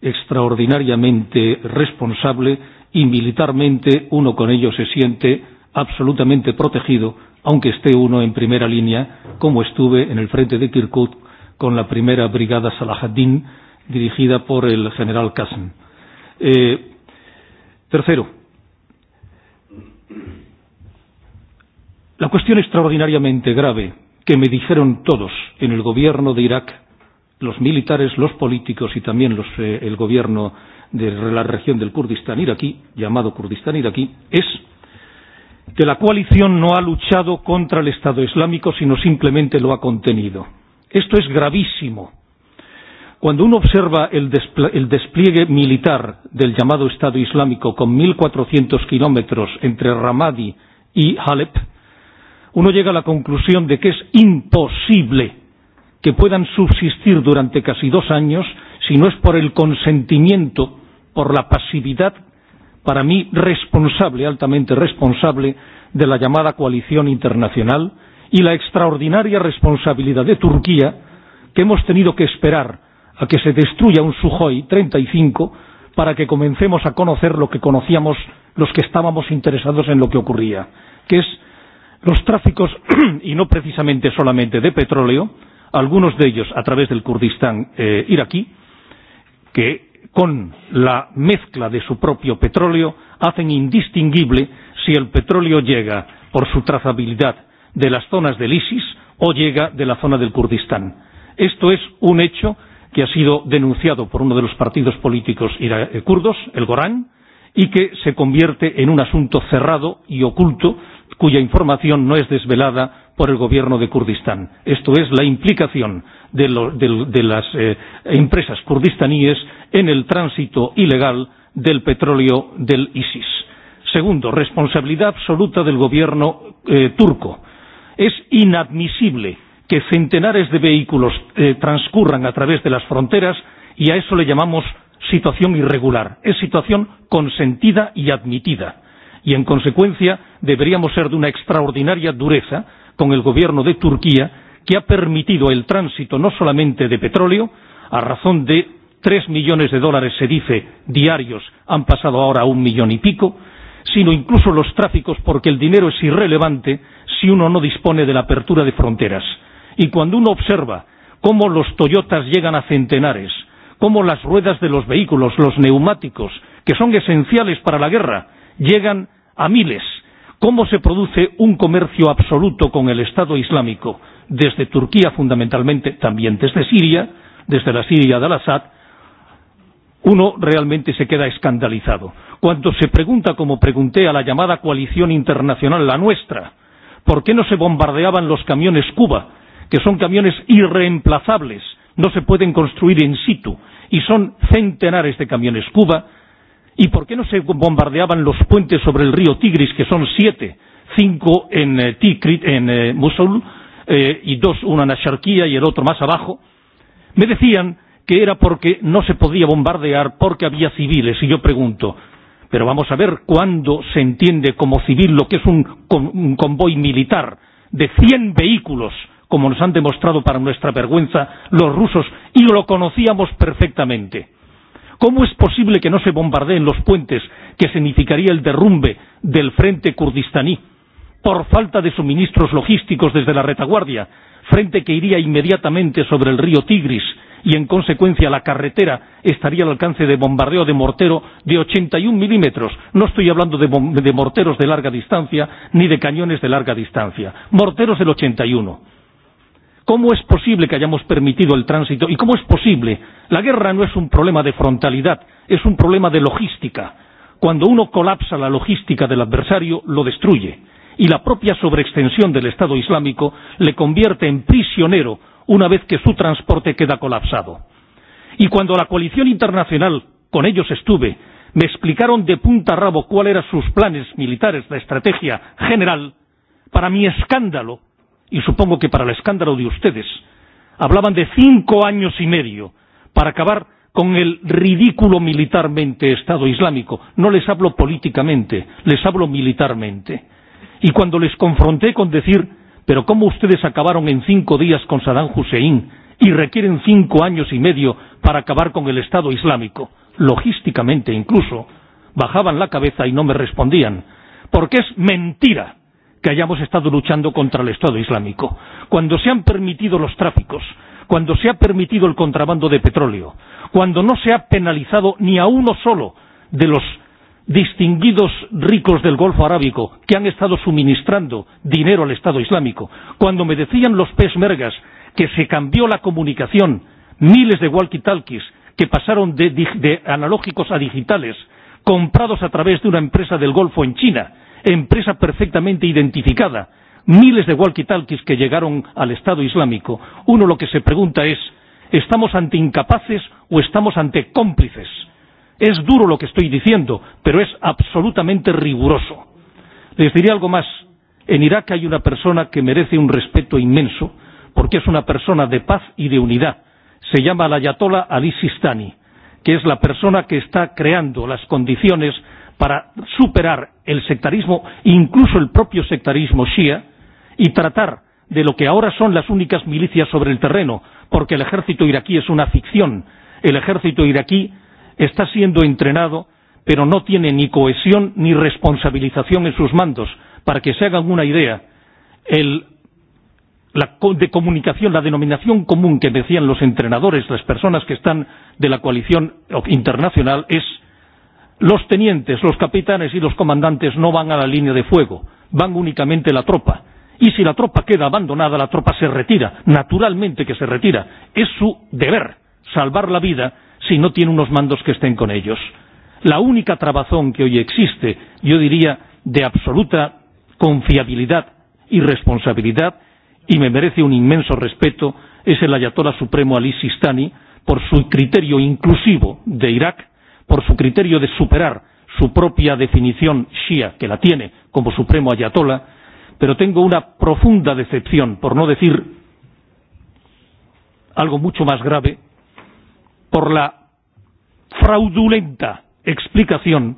extraordinariamente responsable y militarmente uno con ellos se siente absolutamente protegido, aunque esté uno en primera línea, como estuve en el frente de Kirkuk con la primera brigada Salahaddin dirigida por el general Kassen. Eh, tercero, La cuestión extraordinariamente grave que me dijeron todos en el gobierno de Irak, los militares, los políticos y también los, el gobierno de la región del Kurdistán iraquí, llamado Kurdistán iraquí, es que la coalición no ha luchado contra el Estado Islámico, sino simplemente lo ha contenido. Esto es gravísimo. Cuando uno observa el, el despliegue militar del llamado Estado Islámico con 1.400 kilómetros entre Ramadi y Halep, uno llega a la conclusión de que es imposible que puedan subsistir durante casi dos años si no es por el consentimiento, por la pasividad, para mí responsable, altamente responsable, de la llamada coalición internacional y la extraordinaria responsabilidad de Turquía, que hemos tenido que esperar a que se destruya un Sujoy 35 para que comencemos a conocer lo que conocíamos los que estábamos interesados en lo que ocurría, que es Los tráficos, y no precisamente solamente de petróleo, algunos de ellos a través del Kurdistán iraquí, que con la mezcla de su propio petróleo hacen indistinguible si el petróleo llega por su trazabilidad de las zonas del ISIS o llega de la zona del Kurdistán. Esto es un hecho que ha sido denunciado por uno de los partidos políticos kurdos, el Gorán, y que se convierte en un asunto cerrado y oculto cuya información no es desvelada por el gobierno de Kurdistán. Esto es la implicación de, de, las empresas kurdistaníes en el tránsito ilegal del petróleo del ISIS. Segundo, responsabilidad absoluta del gobierno turco. Es inadmisible que centenares de vehículos transcurran a través de las fronteras y a eso le llamamos situación irregular. Es situación consentida y admitida y, en consecuencia, deberíamos ser de una extraordinaria dureza con el Gobierno de Turquía, que ha permitido el tránsito no solamente de petróleo, a razón de tres millones de dólares, se dice, diarios, han pasado ahora a un millón y pico, sino incluso los tráficos, porque el dinero es irrelevante si uno no dispone de la apertura de fronteras. Y cuando uno observa cómo los Toyotas llegan a centenares, cómo las ruedas de los vehículos, los neumáticos, que son esenciales para la guerra, llegan a miles. ¿Cómo se produce un comercio absoluto con el Estado Islámico? Desde Turquía fundamentalmente, también desde Siria, desde la Siria de Al-Assad, uno realmente se queda escandalizado. Cuando se pregunta, como pregunté a la llamada coalición internacional, la nuestra, ¿por qué no se bombardeaban los camiones Cuba? Que son camiones irreemplazables, no se pueden construir en situ, y son centenares de camiones Cuba ¿Y por qué no se bombardeaban los puentes sobre el río Tigris, que son siete, cinco en, Tikrit, en Mosul y dos, una en Asharquía y el otro más abajo? Me decían que era porque no se podía bombardear porque había civiles. Y yo pregunto, pero vamos a ver cuándo se entiende como civil lo que es un, un convoy militar de cien vehículos, como nos han demostrado para nuestra vergüenza los rusos, y lo conocíamos perfectamente. ¿Cómo es posible que no se bombardeen los puentes que significaría el derrumbe del frente kurdistaní por falta de suministros logísticos desde la retaguardia, frente que iría inmediatamente sobre el río Tigris y en consecuencia la carretera estaría al alcance de bombardeo de mortero de 81 milímetros. No estoy hablando de, de morteros de larga distancia ni de cañones de larga distancia. Morteros del 81 ¿Cómo es posible que hayamos permitido el tránsito? ¿Y cómo es posible? La guerra no es un problema de frontalidad, es un problema de logística. Cuando uno colapsa la logística del adversario, lo destruye. Y la propia sobreextensión del Estado Islámico le convierte en prisionero una vez que su transporte queda colapsado. Y cuando la coalición internacional, con ellos estuve, me explicaron de punta a rabo cuáles eran sus planes militares, la estrategia general, para mi escándalo, y supongo que para el escándalo de ustedes, hablaban de cinco años y medio para acabar con el ridículo militarmente Estado Islámico. No les hablo políticamente, les hablo militarmente. Y cuando les confronté con decir, pero cómo ustedes acabaron en cinco días con Saddam Hussein y requieren cinco años y medio para acabar con el Estado Islámico, logísticamente incluso, bajaban la cabeza y no me respondían, porque es mentira que hayamos estado luchando contra el Estado Islámico. Cuando se han permitido los tráficos, cuando se ha permitido el contrabando de petróleo, cuando no se ha penalizado ni a uno solo de los distinguidos ricos del Golfo Arábico que han estado suministrando dinero al Estado Islámico, cuando me decían los pesmergas que se cambió la comunicación, miles de walkie-talkies que pasaron de analógicos a digitales, comprados a través de una empresa del Golfo en China, empresa perfectamente identificada, miles de walkie-talkies que llegaron al Estado Islámico. Uno lo que se pregunta es, ¿estamos ante incapaces o estamos ante cómplices? Es duro lo que estoy diciendo, pero es absolutamente riguroso. Les diré algo más. En Irak hay una persona que merece un respeto inmenso, porque es una persona de paz y de unidad. Se llama la Ayatollah Ali Sistani, que es la persona que está creando las condiciones para superar el sectarismo, incluso el propio sectarismo shia, y tratar de lo que ahora son las únicas milicias sobre el terreno, porque el ejército iraquí es una ficción. El ejército iraquí está siendo entrenado, pero no tiene ni cohesión ni responsabilización en sus mandos. Para que se hagan una idea, el, la de comunicación, la denominación común que decían los entrenadores, las personas que están de la coalición internacional, es Los tenientes, los capitanes y los comandantes no van a la línea de fuego, van únicamente la tropa. Y si la tropa queda abandonada, la tropa se retira, naturalmente que se retira. Es su deber salvar la vida si no tiene unos mandos que estén con ellos. La única trabazón que hoy existe, yo diría, de absoluta confiabilidad y responsabilidad, y me merece un inmenso respeto, es el Ayatollah supremo Ali Sistani por su criterio inclusivo de Irak por su criterio de superar su propia definición shia, que la tiene como supremo ayatola, pero tengo una profunda decepción, por no decir algo mucho más grave, por la fraudulenta explicación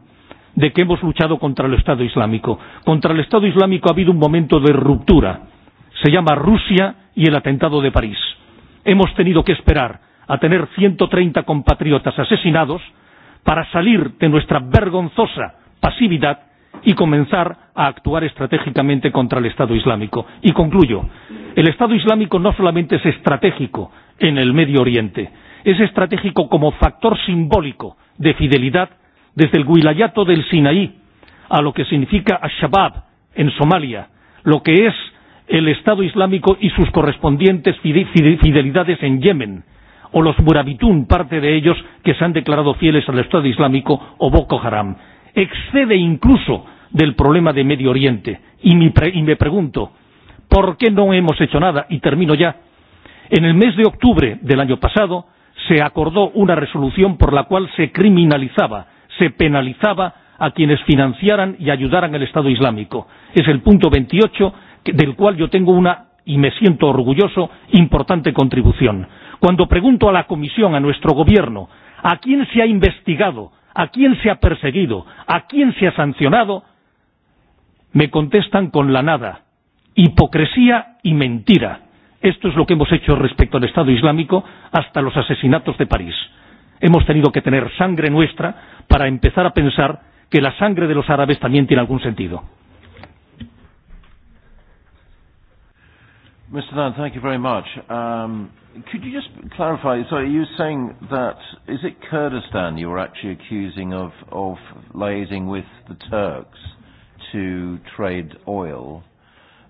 de que hemos luchado contra el Estado Islámico. Contra el Estado Islámico ha habido un momento de ruptura. Se llama Rusia y el atentado de París. Hemos tenido que esperar a tener 130 compatriotas asesinados para salir de nuestra vergonzosa pasividad y comenzar a actuar estratégicamente contra el Estado Islámico. Y concluyo, el Estado Islámico no solamente es estratégico en el Medio Oriente, es estratégico como factor simbólico de fidelidad desde el wilayato del Sinaí a lo que significa al en Somalia, lo que es el Estado Islámico y sus correspondientes fidelidades en Yemen, o los Burabitún, parte de ellos que se han declarado fieles al Estado Islámico o Boko Haram. Excede incluso del problema de Medio Oriente. Y, y me pregunto, ¿por qué no hemos hecho nada? Y termino ya. En el mes de octubre del año pasado se acordó una resolución por la cual se criminalizaba, se penalizaba a quienes financiaran y ayudaran al Estado Islámico. Es el punto 28 del cual yo tengo una y me siento orgulloso, importante contribución. Cuando pregunto a la Comisión, a nuestro Gobierno, a quién se ha investigado, a quién se ha perseguido, a quién se ha sancionado, me contestan con la nada, hipocresía y mentira. Esto es lo que hemos hecho respecto al Estado Islámico hasta los asesinatos de París. Hemos tenido que tener sangre nuestra para empezar a pensar que la sangre de los árabes también tiene algún sentido. Mr. Dunn, thank you very much. Um, could you just clarify, so are you saying that, is it Kurdistan you were actually accusing of, of liaising with the Turks to trade oil?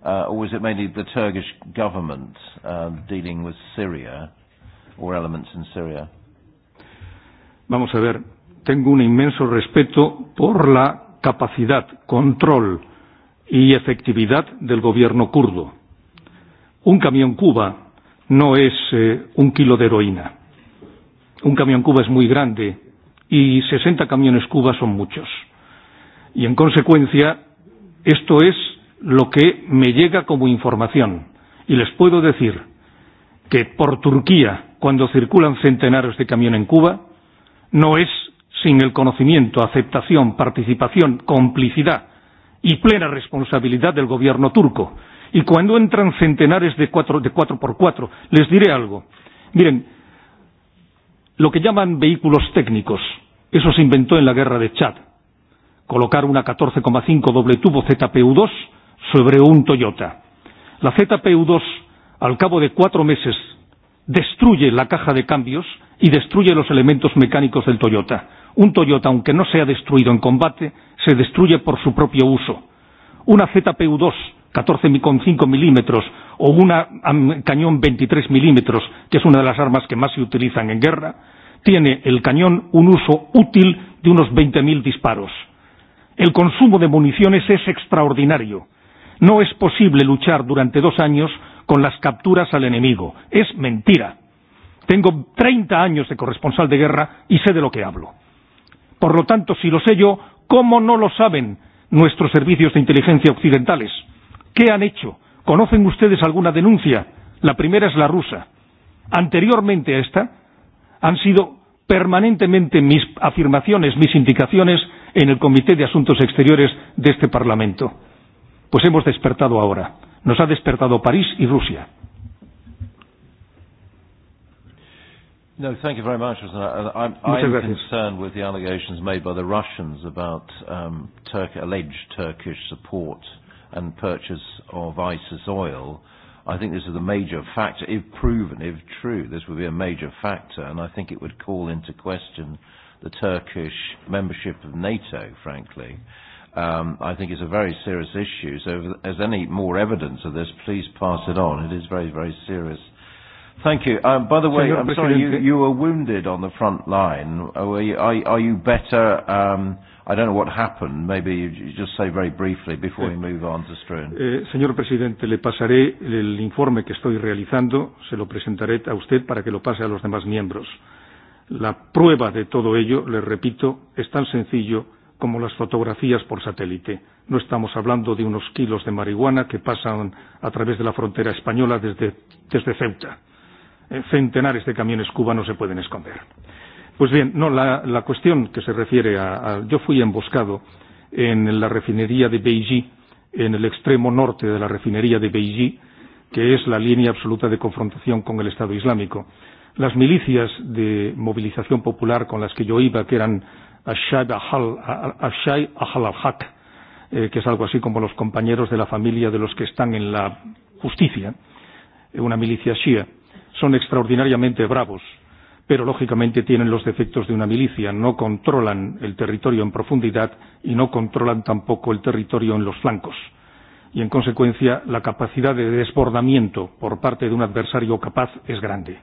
Uh, or was it mainly the Turkish government uh dealing with Syria or elements in Syria? Vamos a ver, tengo un inmenso respeto por la capacidad, control y efectividad del gobierno kurdo Un camión Cuba no es un kilo de heroína. Un camión Cuba es muy grande y 60 camiones Cuba son muchos. Y en consecuencia, esto es lo que me llega como información. Y les puedo decir que por Turquía, cuando circulan centenares de camión en Cuba, no es sin el conocimiento, aceptación, participación, complicidad y plena responsabilidad del gobierno turco, Y cuando entran centenares de cuatro, de cuatro por cuatro, les diré algo. Miren, lo que llaman vehículos técnicos, eso se inventó en la guerra de Chad. Colocar una 14,5 doble tubo ZPU2 sobre un Toyota. La ZPU2, al cabo de cuatro meses, destruye la caja de cambios y destruye los elementos mecánicos del Toyota. Un Toyota, aunque no sea destruido en combate, se destruye por su propio uso. Una ZPU2 14,5 milímetros o un cañón 23 milímetros, que es una de las armas que más se utilizan en guerra, tiene el cañón un uso útil de unos 20.000 disparos. El consumo de municiones es extraordinario. No es posible luchar durante dos años con las capturas al enemigo. Es mentira. Tengo 30 años de corresponsal de guerra y sé de lo que hablo. Por lo tanto, si lo sé yo, ¿cómo no lo saben nuestros servicios de inteligencia occidentales? ¿Qué han hecho? ¿Conocen ustedes alguna denuncia? La primera es la rusa. Anteriormente a esta, han sido permanentemente mis afirmaciones, mis indicaciones en el Comité de Asuntos Exteriores de este Parlamento. Pues hemos despertado ahora. Nos ha despertado París y Rusia. No, thank you very much. I'm, I'm concerned with the allegations made by the Russians about um, alleged Turkish support and purchase of ISIS oil, I think this is a major factor, if proven, if true, this would be a major factor, and I think it would call into question the Turkish membership of NATO, frankly. Um, I think it's a very serious issue. So if there's any more evidence of this, please pass it on. It is very, very serious. Thank you. Um, by the way, I'm sorry, you, you were wounded on the front line. Are you, are you better? Um, I don't know what happened. Maybe you just say very briefly before we move on to Strun. señor presidente, le pasaré el informe que estoy realizando, se lo presentaré a usted para que lo pase a los demás miembros. La prueba de todo ello, le repito, es tan sencillo como las fotografías por satélite. No estamos hablando de unos kilos de marihuana que pasan a través de la frontera española desde, desde Ceuta. Centenares de camiones cubanos se pueden esconder. Pues bien, no, la, la cuestión que se refiere a, Yo fui emboscado en la refinería de Beijing, en el extremo norte de la refinería de Beijing, que es la línea absoluta de confrontación con el Estado Islámico. Las milicias de movilización popular con las que yo iba, que eran Ashay Ahal al-Haq, que es algo así como los compañeros de la familia de los que están en la justicia, una milicia shia, son extraordinariamente bravos pero lógicamente tienen los defectos de una milicia, no controlan el territorio en profundidad y no controlan tampoco el territorio en los flancos. Y en consecuencia la capacidad de desbordamiento por parte de un adversario capaz es grande.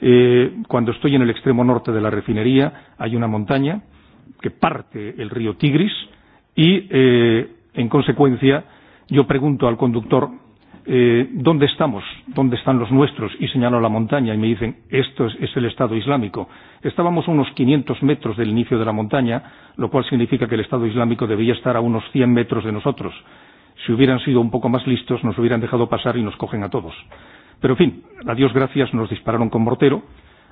Eh, cuando estoy en el extremo norte de la refinería hay una montaña que parte el río Tigris y eh, en consecuencia yo pregunto al conductor eh, ¿dónde estamos? ¿Dónde están los nuestros? Y señalo la montaña y me dicen, esto es, es el Estado Islámico. Estábamos a unos 500 metros del inicio de la montaña, lo cual significa que el Estado Islámico debía estar a unos 100 metros de nosotros. Si hubieran sido un poco más listos, nos hubieran dejado pasar y nos cogen a todos. Pero en fin, a Dios gracias nos dispararon con mortero.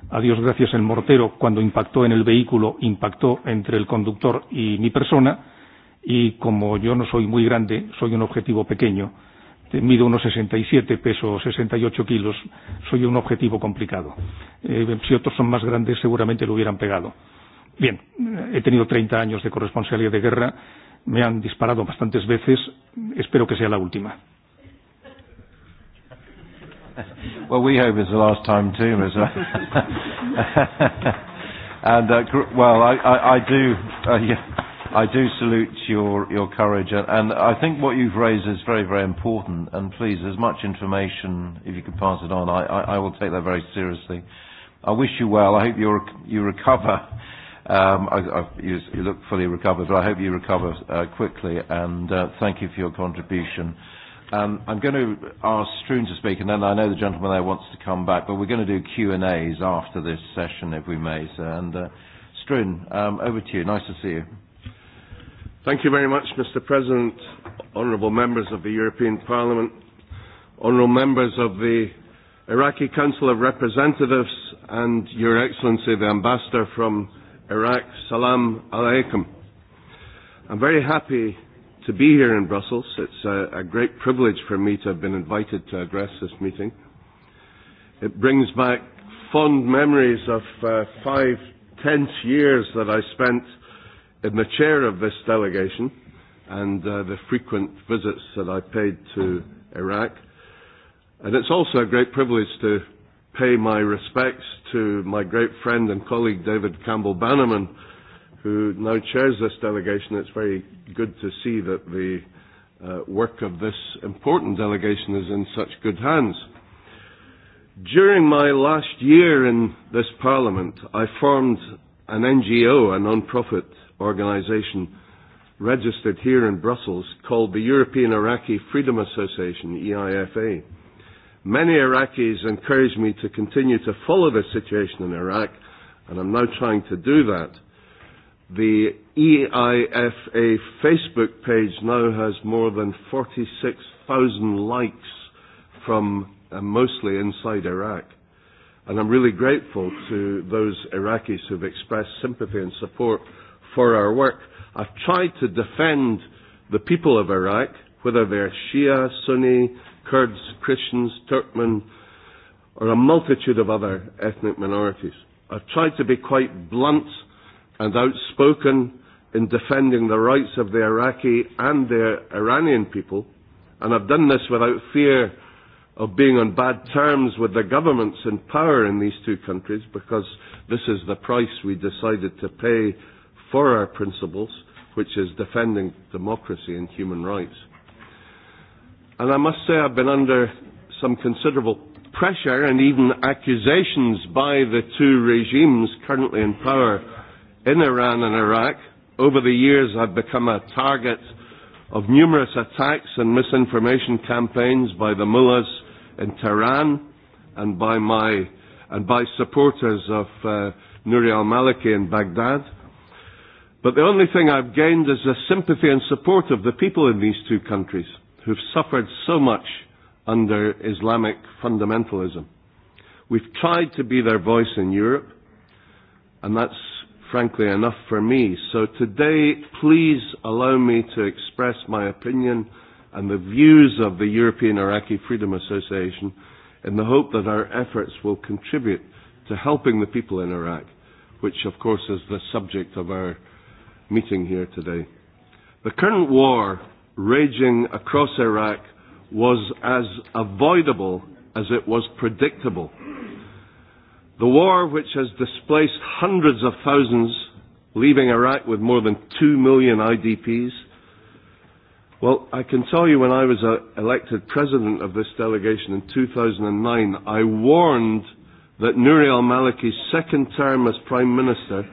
A Dios gracias el mortero, cuando impactó en el vehículo, impactó entre el conductor y mi persona. Y como yo no soy muy grande, soy un objetivo pequeño mido unos 67 pesos, 68 kilos, soy un objetivo complicado. Eh, si otros son más grandes seguramente lo hubieran pegado. Bien, he tenido 30 años de corresponsalía de guerra, me han disparado bastantes veces, espero que sea la última. Well, we hope it's the last time too, And, well, I, I, I do, yeah. I do salute your, your courage, and I think what you've raised is very, very important, and please, as much information, if you could pass it on, I, I, I will take that very seriously. I wish you well. I hope you, you recover. Um, I, I, you, you look fully recovered, but I hope you recover uh, quickly, and uh, thank you for your contribution. Um, I'm going to ask Stroon to speak, and then I know the gentleman there wants to come back, but we're going to do Q&As after this session, if we may. sir and uh, um, over to you. Nice to see you. Thank you very much, Mr. President, honourable members of the European Parliament, honourable members of the Iraqi Council of Representatives, and Your Excellency, the Ambassador from Iraq, Salam Alaikum. I'm very happy to be here in Brussels. It's a, a great privilege for me to have been invited to address this meeting. It brings back fond memories of uh, five tense years that I spent the chair of this delegation and the frequent visits that I paid to Iraq. And it's also a great privilege to pay my respects to my great friend and colleague David Campbell Bannerman, who now chairs this delegation. It's very good to see that the work of this important delegation is in such good hands. During my last year in this Parliament, I formed an NGO, a non-profit organization registered here in Brussels called the European Iraqi Freedom Association, EIFA. Many Iraqis encouraged me to continue to follow the situation in Iraq, and I'm now trying to do that. The EIFA Facebook page now has more than 46,000 likes from mostly inside Iraq. And I'm really grateful to those Iraqis who've expressed sympathy and support for our work. I've tried to defend the people of Iraq, whether they're Shia, Sunni, Kurds, Christians, Turkmen, or a multitude of other ethnic minorities. I've tried to be quite blunt and outspoken in defending the rights of the Iraqi and their Iranian people, and I've done this without fear of being on bad terms with the governments in power in these two countries because this is the price we decided to pay for our principles, which is defending democracy and human rights. And I must say I've been under some considerable pressure and even accusations by the two regimes currently in power in Iran and Iraq. Over the years I've become a target of numerous attacks and misinformation campaigns by the mullahs in Tehran and by my and by supporters of Nouri al-Maliki in Baghdad. But the only thing I've gained is the sympathy and support of the people in these two countries who've suffered so much under Islamic fundamentalism. We've tried to be their voice in Europe, and that's frankly enough for me. So today, please allow me to express my opinion and the views of the European Iraqi Freedom Association in the hope that our efforts will contribute to helping the people in Iraq, which of course is the subject of our meeting here today. The current war raging across Iraq was as avoidable as it was predictable. The war which has displaced hundreds of thousands, leaving Iraq with more than 2 million IDPs. Well, I can tell you when I was elected president of this delegation in 2009, I warned that Nouri al-Maliki's second term as prime minister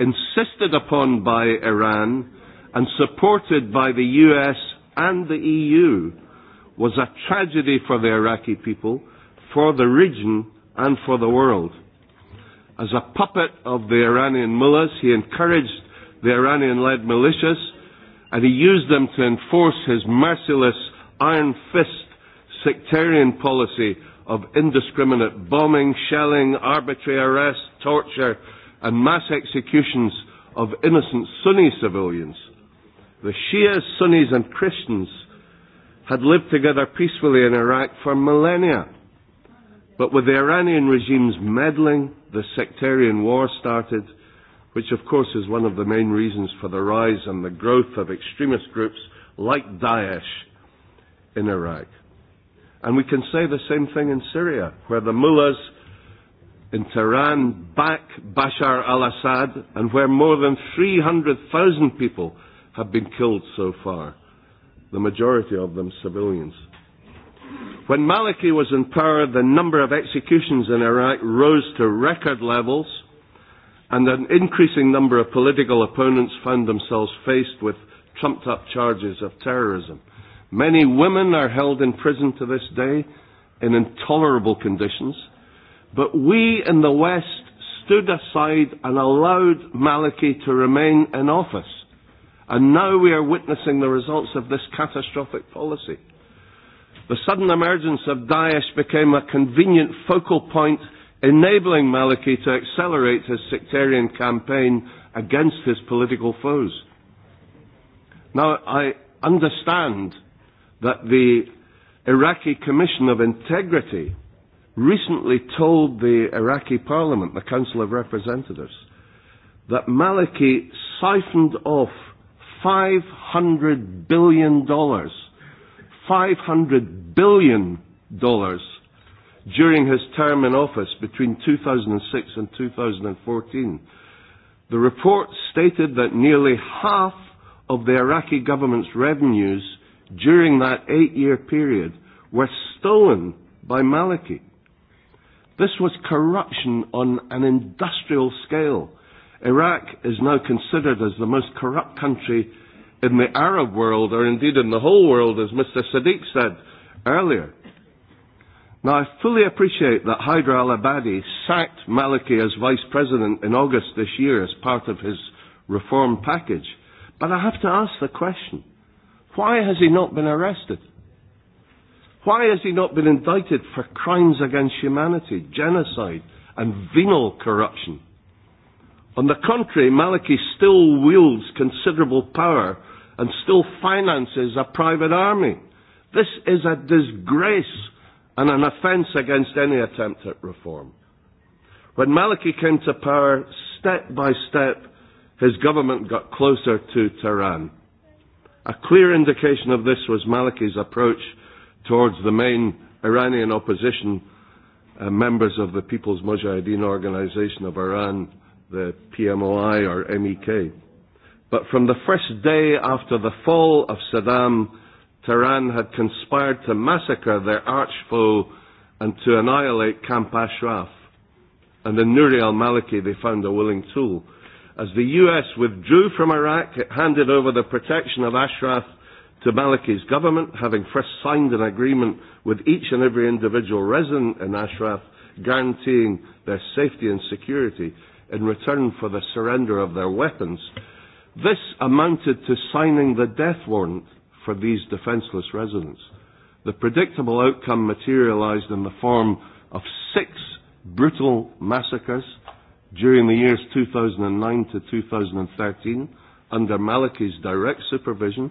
insisted upon by Iran and supported by the US and the EU was a tragedy for the Iraqi people, for the region and for the world. As a puppet of the Iranian mullahs, he encouraged the Iranian-led militias and he used them to enforce his merciless iron fist sectarian policy of indiscriminate bombing, shelling, arbitrary arrest, torture and mass executions of innocent Sunni civilians, the Shias, Sunnis and Christians had lived together peacefully in Iraq for millennia. But with the Iranian regime's meddling, the sectarian war started, which of course is one of the main reasons for the rise and the growth of extremist groups like Daesh in Iraq. And we can say the same thing in Syria, where the mullahs in Tehran back Bashar al-Assad and where more than 300,000 people have been killed so far, the majority of them civilians. When Maliki was in power, the number of executions in Iraq rose to record levels and an increasing number of political opponents found themselves faced with trumped-up charges of terrorism. Many women are held in prison to this day in intolerable conditions – But we in the West stood aside and allowed Maliki to remain in office. And now we are witnessing the results of this catastrophic policy. The sudden emergence of Daesh became a convenient focal point enabling Maliki to accelerate his sectarian campaign against his political foes. Now, I understand that the Iraqi Commission of Integrity recently told the Iraqi parliament, the Council of Representatives, that Maliki siphoned off 500 billion dollars, 500 billion dollars during his term in office between 2006 and 2014. The report stated that nearly half of the Iraqi government's revenues during that eight-year period were stolen by Maliki. This was corruption on an industrial scale. Iraq is now considered as the most corrupt country in the Arab world, or indeed in the whole world, as Mr. Sadiq said earlier. Now, I fully appreciate that Hyder al-Abadi sacked Maliki as vice president in August this year as part of his reform package. But I have to ask the question, why has he not been arrested? Why has he not been indicted for crimes against humanity, genocide, and venal corruption? On the contrary, Maliki still wields considerable power and still finances a private army. This is a disgrace and an offence against any attempt at reform. When Maliki came to power, step by step, his government got closer to Tehran. A clear indication of this was Maliki's approach towards the main Iranian opposition members of the People's Mujahideen Organization of Iran, the PMOI or MEK. But from the first day after the fall of Saddam, Tehran had conspired to massacre their arch foe and to annihilate Camp Ashraf. And in Nuri al-Maliki they found a willing tool. As the US withdrew from Iraq, it handed over the protection of Ashraf to Maliki's government, having first signed an agreement with each and every individual resident in Ashraf, guaranteeing their safety and security in return for the surrender of their weapons, this amounted to signing the death warrant for these defenceless residents. The predictable outcome materialized in the form of six brutal massacres during the years 2009 to 2013 under Maliki's direct supervision,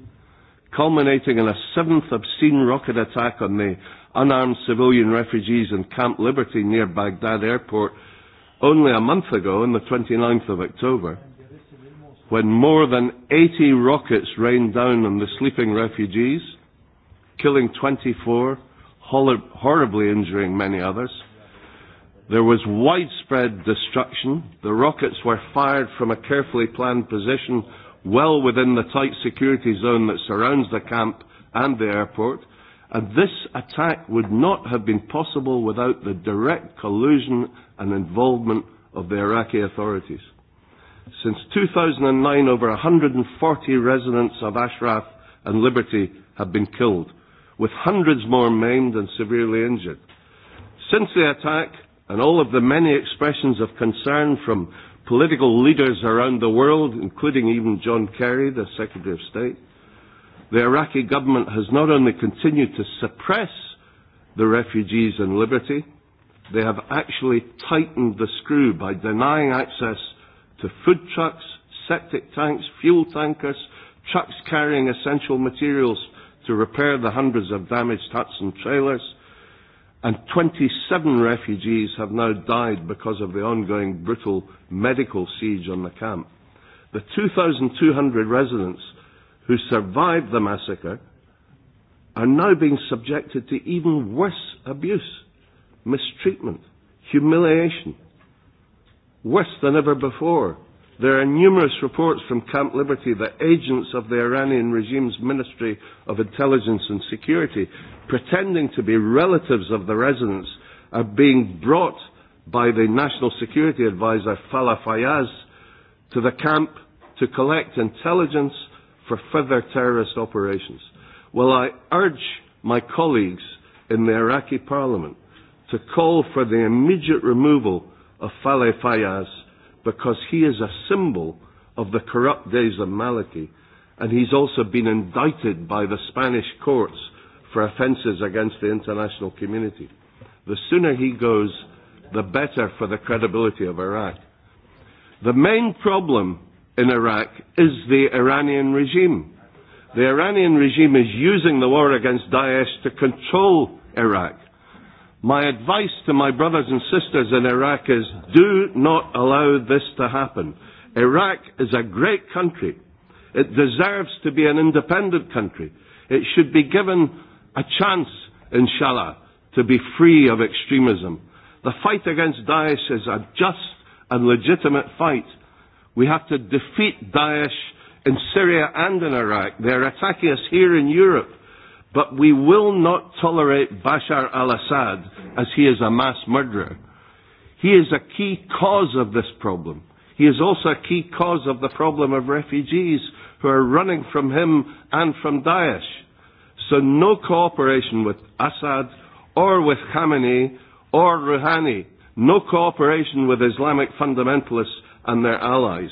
culminating in a seventh obscene rocket attack on the unarmed civilian refugees in Camp Liberty near Baghdad airport only a month ago on the 29th of October when more than 80 rockets rained down on the sleeping refugees killing 24 horribly injuring many others there was widespread destruction the rockets were fired from a carefully planned position well within the tight security zone that surrounds the camp and the airport, and this attack would not have been possible without the direct collusion and involvement of the Iraqi authorities. Since 2009, over 140 residents of Ashraf and Liberty have been killed, with hundreds more maimed and severely injured. Since the attack, and all of the many expressions of concern from political leaders around the world, including even John Kerry, the Secretary of State, the Iraqi government has not only continued to suppress the refugees and liberty, they have actually tightened the screw by denying access to food trucks, septic tanks, fuel tankers, trucks carrying essential materials to repair the hundreds of damaged huts and trailers, and 27 refugees have now died because of the ongoing brutal medical siege on the camp. The 2,200 residents who survived the massacre are now being subjected to even worse abuse, mistreatment, humiliation, worse than ever before. There are numerous reports from Camp Liberty that agents of the Iranian regime's Ministry of Intelligence and Security pretending to be relatives of the residents are being brought by the National Security Advisor Fala Fayaz to the camp to collect intelligence for further terrorist operations. Well, I urge my colleagues in the Iraqi Parliament to call for the immediate removal of Fale Fayaz because he is a symbol of the corrupt days of Maliki and he's also been indicted by the Spanish courts for offences against the international community. The sooner he goes, the better for the credibility of Iraq. The main problem in Iraq is the Iranian regime. The Iranian regime is using the war against Daesh to control Iraq. My advice to my brothers and sisters in Iraq is do not allow this to happen. Iraq is a great country. It deserves to be an independent country. It should be given a chance, inshallah, to be free of extremism. The fight against Daesh is a just and legitimate fight. We have to defeat Daesh in Syria and in Iraq. They are attacking us here in Europe. But we will not tolerate Bashar al-Assad as he is a mass murderer. He is a key cause of this problem. He is also a key cause of the problem of refugees who are running from him and from Daesh. So no cooperation with Assad or with Khamenei or Rouhani. No cooperation with Islamic fundamentalists and their allies.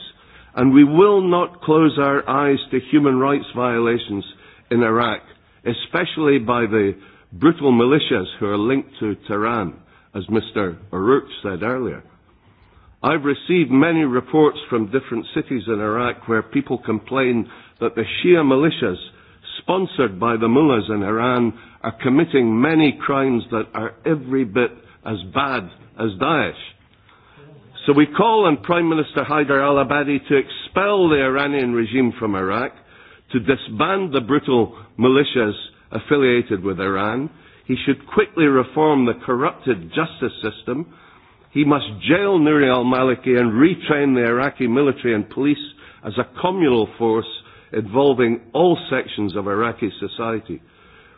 And we will not close our eyes to human rights violations in Iraq, especially by the brutal militias who are linked to Tehran, as Mr. O'Rourke said earlier. I've received many reports from different cities in Iraq where people complain that the Shia militias sponsored by the mullahs in Iran, are committing many crimes that are every bit as bad as Daesh. So we call on Prime Minister Haider al-Abadi to expel the Iranian regime from Iraq, to disband the brutal militias affiliated with Iran. He should quickly reform the corrupted justice system. He must jail Nouri al-Maliki and retrain the Iraqi military and police as a communal force involving all sections of Iraqi society.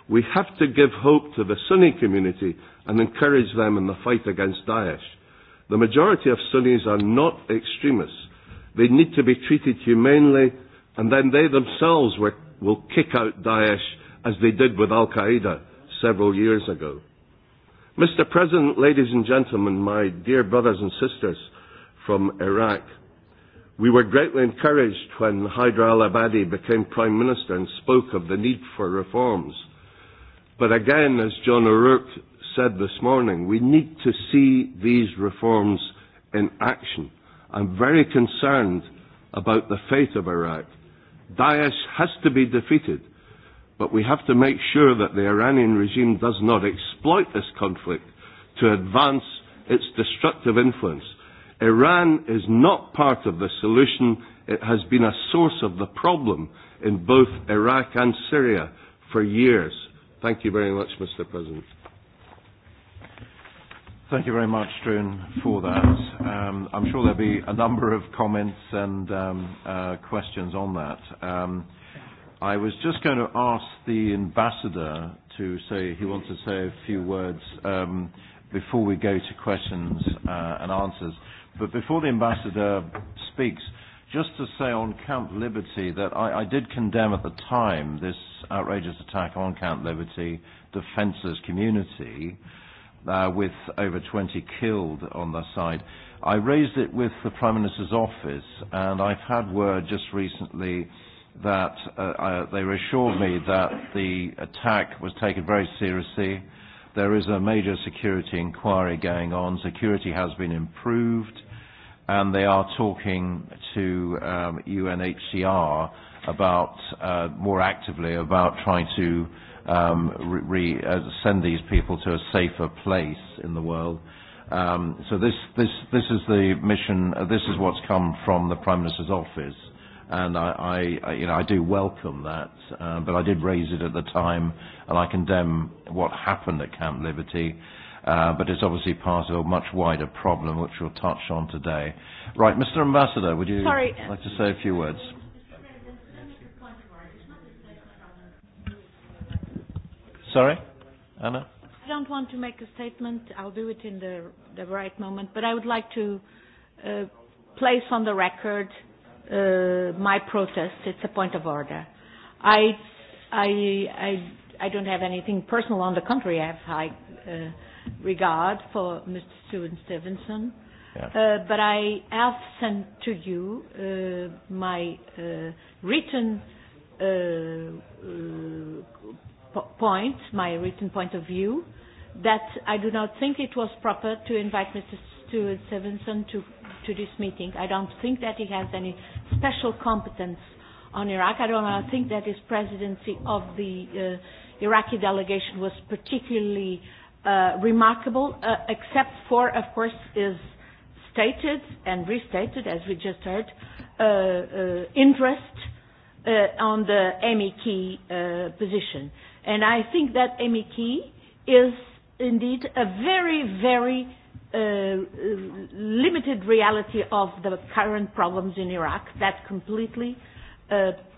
We have to give hope to the Sunni community and encourage them in the fight against Daesh. The majority of Sunnis are not extremists. They need to be treated humanely and then they themselves will kick out Daesh as they did with Al-Qaeda several years ago. Mr. President, ladies and gentlemen, my dear brothers and sisters from Iraq, We were greatly encouraged when Hyder al-Abadi became Prime Minister and spoke of the need for reforms. But again, as John O'Rourke said this morning, we need to see these reforms in action. I'm very concerned about the fate of Iraq. Daesh has to be defeated, but we have to make sure that the Iranian regime does not exploit this conflict to advance its destructive influence. Iran is not part of the solution. It has been a source of the problem in both Iraq and Syria for years. Thank you very much, Mr. President. Thank you very much, Struan, for that. Um, I'm sure there'll be a number of comments and um, uh, questions on that. Um, I was just going to ask the ambassador to say he wants to say a few words um, before we go to questions uh, and answers. But before the ambassador speaks, just to say on Camp Liberty that I, I did condemn at the time this outrageous attack on Camp Liberty, defenseless community, uh, with over 20 killed on the side. I raised it with the Prime Minister's office, and I've had word just recently that uh, they assured me that the attack was taken very seriously. There is a major security inquiry going on. Security has been improved and they are talking to um, UNHCR about uh, more actively about trying to um, re uh, send these people to a safer place in the world. Um, so this, this, this is the mission, uh, this is what's come from the Prime Minister's office. And I, I, you know, I do welcome that, uh, but I did raise it at the time, and I condemn what happened at Camp Liberty but it's obviously part of a much wider problem which we'll touch on today. Right, Mr. Ambassador, would you like to say a few words? Sorry, Anna? I don't want to make a statement. I'll do it in the, the right moment, but I would like to uh, place on the record uh, my protest. It's a point of order. I, I, I, I don't have anything personal. On the contrary, I have high. Uh, regard for Mr. Stuart Stevenson. But I have sent to you my written point, my written point of view, that I do not think it was proper to invite Mr. Stuart Stevenson to to this meeting. I don't think that he has any special competence on Iraq. I don't think that his presidency of the Iraqi delegation was particularly remarkable, except for, of course, is stated and restated, as we just heard, interest on the MEK position. And I think that MEK is indeed a very, very limited reality of the current problems in Iraq that completely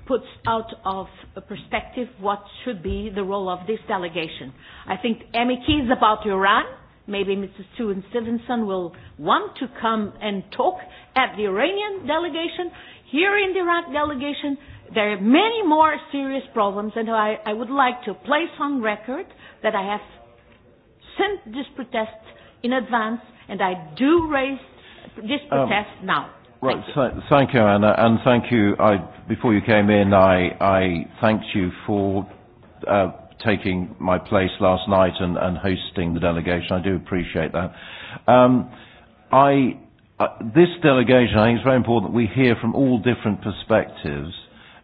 puts out of perspective what should be the role of this delegation. I think MEK is about Iran. Maybe Mrs. and Stevenson will want to come and talk at the Iranian delegation. Here in the Iraq delegation, there are many more serious problems, and I, I would like to place on record that I have sent this protest in advance, and I do raise this protest now. Right. Thank you, Anna, and thank you. I, before you came in, I, I thanked you for uh, taking my place last night and, and hosting the delegation. I do appreciate that. Um, I, this delegation, I think it's very important that we hear from all different perspectives,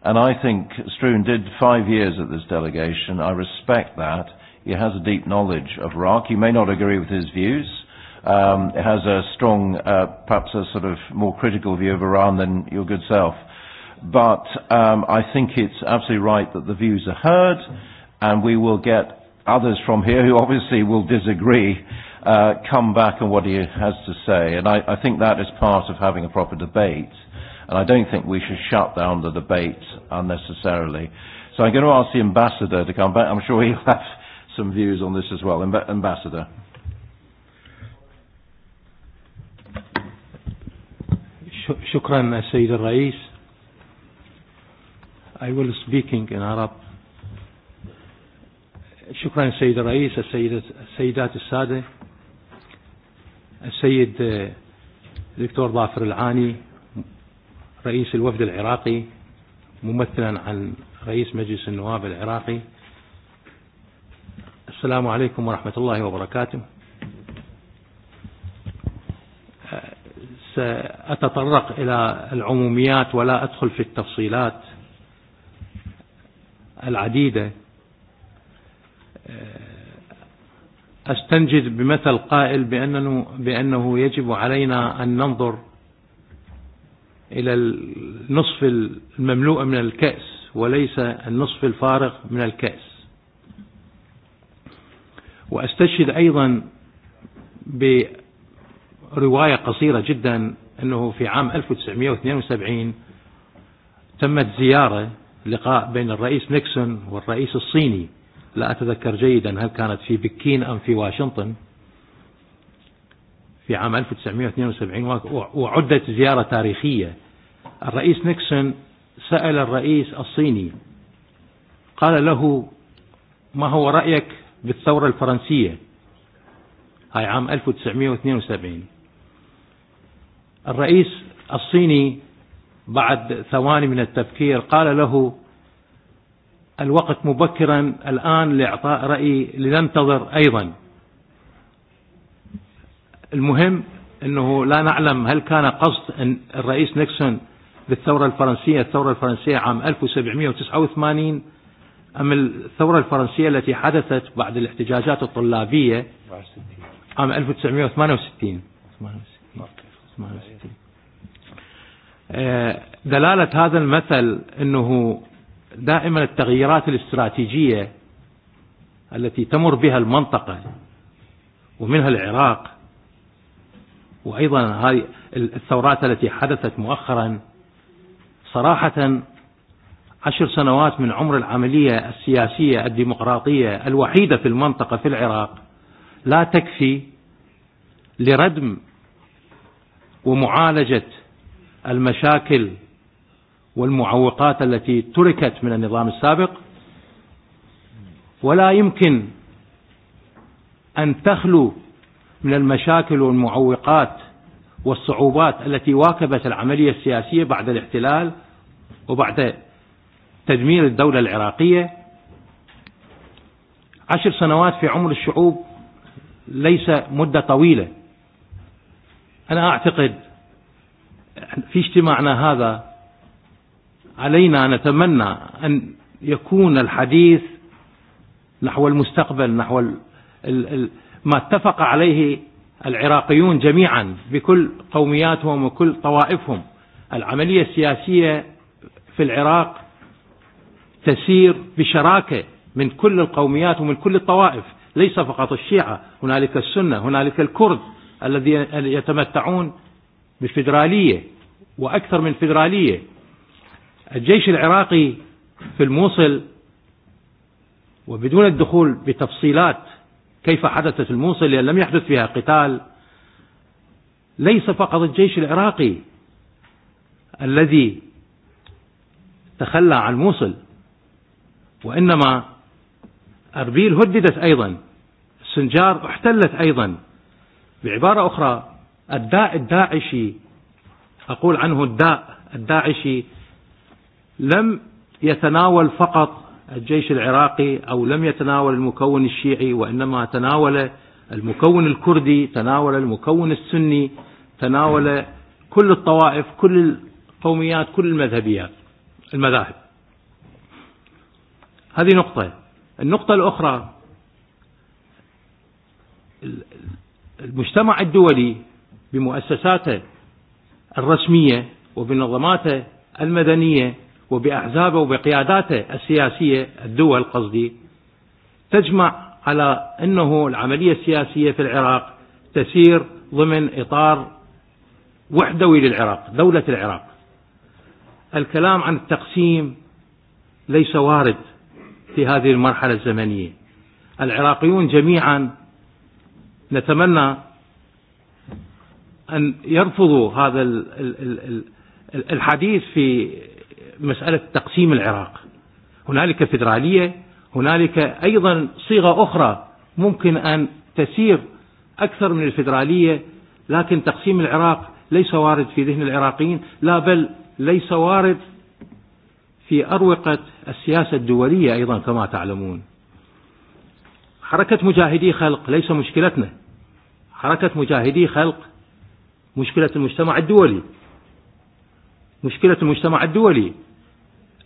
and I think Struan did five years at this delegation. I respect that. He has a deep knowledge of Iraq. You may not agree with his views, um, has a strong, uh, perhaps a sort of more critical view of Iran than your good self. But um, I think it's absolutely right that the views are heard, and we will get others from here who obviously will disagree uh, come back on what he has to say. And I, I think that is part of having a proper debate. And I don't think we should shut down the debate unnecessarily. So I'm going to ask the ambassador to come back. I'm sure he'll have some views on this as well. Amb- ambassador. شكرا السيد الرئيس I will speaking in Arab شكرا السيد الرئيس السيدات, السيدات السادة السيد دكتور ظافر العاني رئيس الوفد العراقي ممثلا عن رئيس مجلس النواب العراقي السلام عليكم ورحمة الله وبركاته أتطرق إلى العموميات ولا أدخل في التفصيلات العديدة أستنجد بمثل قائل بأنه, بأنه يجب علينا أن ننظر إلى النصف المملوء من الكأس وليس النصف الفارغ من الكأس وأستشهد أيضا برواية قصيرة جدا أنه في عام 1972 تمت زيارة لقاء بين الرئيس نيكسون والرئيس الصيني لا أتذكر جيدا هل كانت في بكين أم في واشنطن في عام 1972 وعدت زيارة تاريخية الرئيس نيكسون سأل الرئيس الصيني قال له ما هو رأيك بالثورة الفرنسية هاي عام 1972 الرئيس الصيني بعد ثواني من التفكير قال له الوقت مبكرا الآن لإعطاء رأي لننتظر أيضا المهم أنه لا نعلم هل كان قصد الرئيس نيكسون للثورة الفرنسية الثورة الفرنسية عام 1789 أم الثورة الفرنسية التي حدثت بعد الاحتجاجات الطلابية عام 1968 دلالة هذا المثل أنه دائما التغييرات الاستراتيجية التي تمر بها المنطقة ومنها العراق وأيضا هذه الثورات التي حدثت مؤخرا صراحة عشر سنوات من عمر العملية السياسية الديمقراطية الوحيدة في المنطقة في العراق لا تكفي لردم ومعالجة المشاكل والمعوقات التي تركت من النظام السابق ولا يمكن أن تخلو من المشاكل والمعوقات والصعوبات التي واكبت العملية السياسية بعد الاحتلال وبعد تدمير الدولة العراقية عشر سنوات في عمر الشعوب ليس مدة طويلة أنا أعتقد في اجتماعنا هذا علينا نتمنى أن يكون الحديث نحو المستقبل نحو ما اتفق عليه العراقيون جميعا بكل قومياتهم وكل طوائفهم العملية السياسية في العراق تسير بشراكة من كل القوميات ومن كل الطوائف ليس فقط الشيعة هنالك السنة هنالك الكرد الذين يتمتعون بفدرالية وأكثر من فدرالية الجيش العراقي في الموصل وبدون الدخول بتفصيلات كيف حدثت الموصل لأن لم يحدث فيها قتال ليس فقط الجيش العراقي الذي تخلى عن الموصل وإنما أربيل هددت أيضا السنجار احتلت أيضا بعبارة أخرى الداء الداعشي أقول عنه الداء الداعشي لم يتناول فقط الجيش العراقي أو لم يتناول المكون الشيعي وإنما تناول المكون الكردي تناول المكون السني تناول كل الطوائف كل القوميات كل المذهبيات المذاهب هذه نقطة النقطة الأخرى المجتمع الدولي بمؤسساته الرسمية وبنظماته المدنية وبأحزابه وبقياداته السياسية الدول قصدي تجمع على أنه العملية السياسية في العراق تسير ضمن إطار وحدوي للعراق دولة العراق الكلام عن التقسيم ليس وارد في هذه المرحلة الزمنية العراقيون جميعا نتمنى أن يرفضوا هذا الحديث في مسألة تقسيم العراق هنالك فدرالية هنالك أيضا صيغة أخرى ممكن أن تسير أكثر من الفدرالية لكن تقسيم العراق ليس وارد في ذهن العراقيين لا بل ليس وارد في أروقة السياسة الدولية أيضا كما تعلمون حركة مجاهدي خلق ليس مشكلتنا حركة مجاهدي خلق مشكلة المجتمع الدولي مشكلة المجتمع الدولي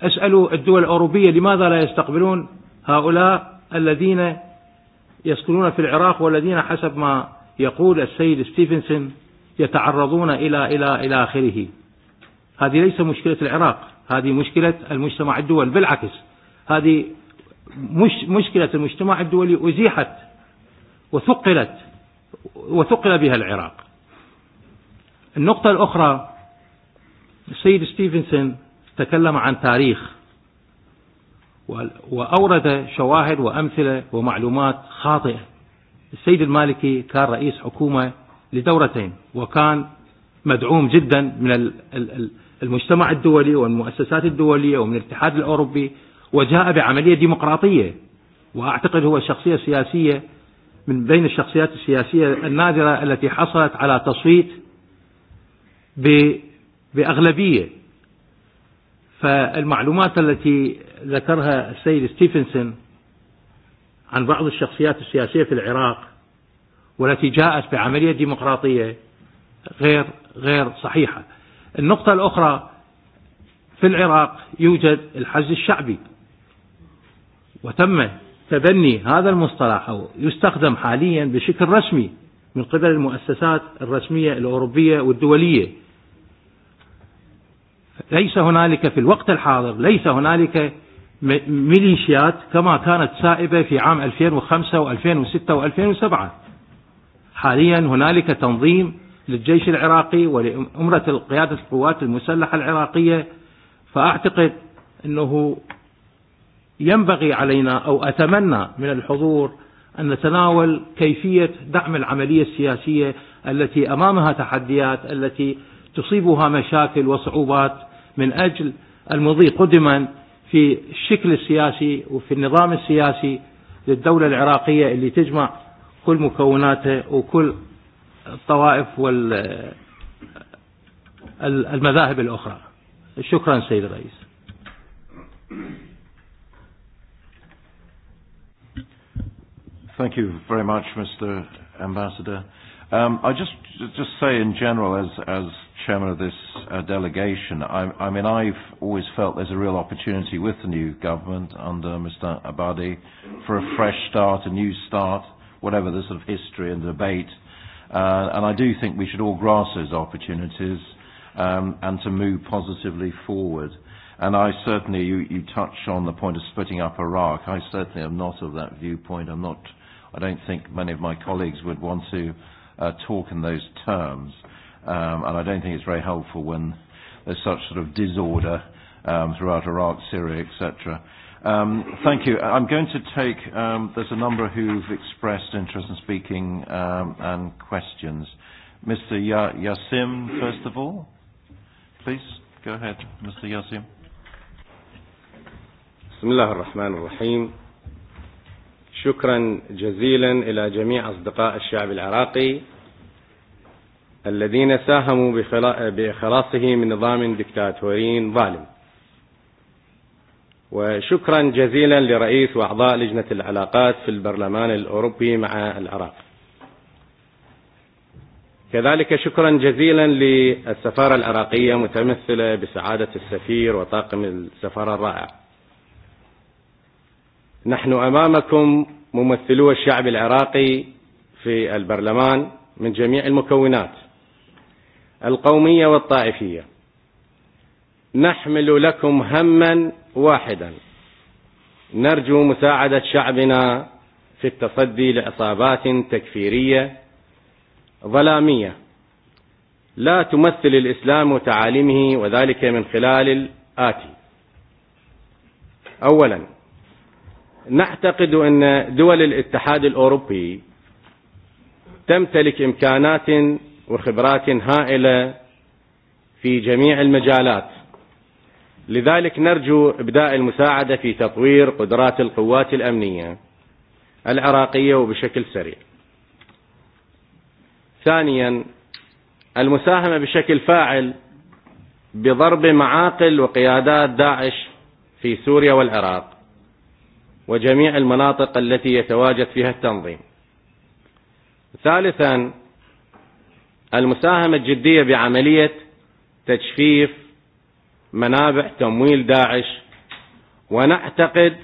أسألوا الدول الأوروبية لماذا لا يستقبلون هؤلاء الذين يسكنون في العراق والذين حسب ما يقول السيد ستيفنسون يتعرضون إلى إلى إلى آخره هذه ليس مشكلة العراق هذه مشكلة المجتمع الدول بالعكس هذه مش مشكلة المجتمع الدولي أزيحت وثقلت وثقل بها العراق النقطة الأخرى السيد ستيفنسون تكلم عن تاريخ وأورد شواهد وأمثلة ومعلومات خاطئة السيد المالكي كان رئيس حكومة لدورتين وكان مدعوم جدا من المجتمع الدولي والمؤسسات الدولية ومن الاتحاد الأوروبي وجاء بعملية ديمقراطية وأعتقد هو شخصية سياسية من بين الشخصيات السياسية النادرة التي حصلت على تصويت بأغلبية فالمعلومات التي ذكرها السيد ستيفنسون عن بعض الشخصيات السياسية في العراق والتي جاءت بعملية ديمقراطية غير غير صحيحة النقطة الأخرى في العراق يوجد الحز الشعبي وتم تبني هذا المصطلح أو يستخدم حاليا بشكل رسمي من قبل المؤسسات الرسمية الأوروبية والدولية ليس هنالك في الوقت الحاضر ليس هنالك ميليشيات كما كانت سائبة في عام 2005 و2006 و2007 حاليا هنالك تنظيم للجيش العراقي ولأمرة قيادة القوات المسلحة العراقية فأعتقد أنه ينبغي علينا أو أتمنى من الحضور أن نتناول كيفية دعم العملية السياسيه التي أمامها تحديات التي تصيبها مشاكل وصعوبات من أجل المضي قدما في الشكل السياسي وفي النظام السياسي للدوله العراقية اللي تجمع كل مكوناته وكل الطوائف والمذاهب الأخرى شكرا سيد الرئيس Thank you very much, Mr. Ambassador. Um, I just just say in general, as as chairman of this uh, delegation, I, I mean I've always felt there's a real opportunity with the new government under Mr. Abadi for a fresh start, a new start, whatever the sort of history and debate. Uh, and I do think we should all grasp those opportunities um, and to move positively forward. And I certainly, you, you touch on the point of splitting up Iraq. I certainly am not of that viewpoint. I'm not I don't think many of my colleagues would want to talk in those terms. Um, and I don't think it's very helpful when there's such sort of disorder um, throughout Iraq, Syria, etc. Um, thank you. I'm going to take, um, there's a number who've expressed interest in speaking um, and questions. Mr. Ya Yassim, first of all, please go ahead, Mr. Yassim. شكرا جزيلا إلى جميع أصدقاء الشعب العراقي الذين ساهموا بإخلاصه من نظام دكتاتوري ظالم وشكرا جزيلا لرئيس وأعضاء لجنة العلاقات في البرلمان الأوروبي مع العراق كذلك شكرا جزيلا للسفارة العراقية متمثلة بسعادة السفير وطاقم السفارة الرائع نحن أمامكم ممثلو الشعب العراقي في البرلمان من جميع المكونات القومية والطائفية نحمل لكم هما واحدا نرجو مساعدة شعبنا في التصدي لعصابات تكفيرية ظلامية لا تمثل الإسلام وتعاليمه وذلك من خلال الآتي أولا نعتقد أن دول الاتحاد الأوروبي تمتلك إمكانات وخبرات هائله في جميع المجالات لذلك نرجو إبداء المساعدة في تطوير قدرات القوات الأمنية العراقيه وبشكل سريع ثانيا المساهمه بشكل فاعل بضرب معاقل وقيادات داعش في سوريا والعراق وجميع المناطق التي يتواجد فيها التنظيم ثالثا المساهمة الجدية بعملية تجفيف منابع تمويل داعش ونعتقد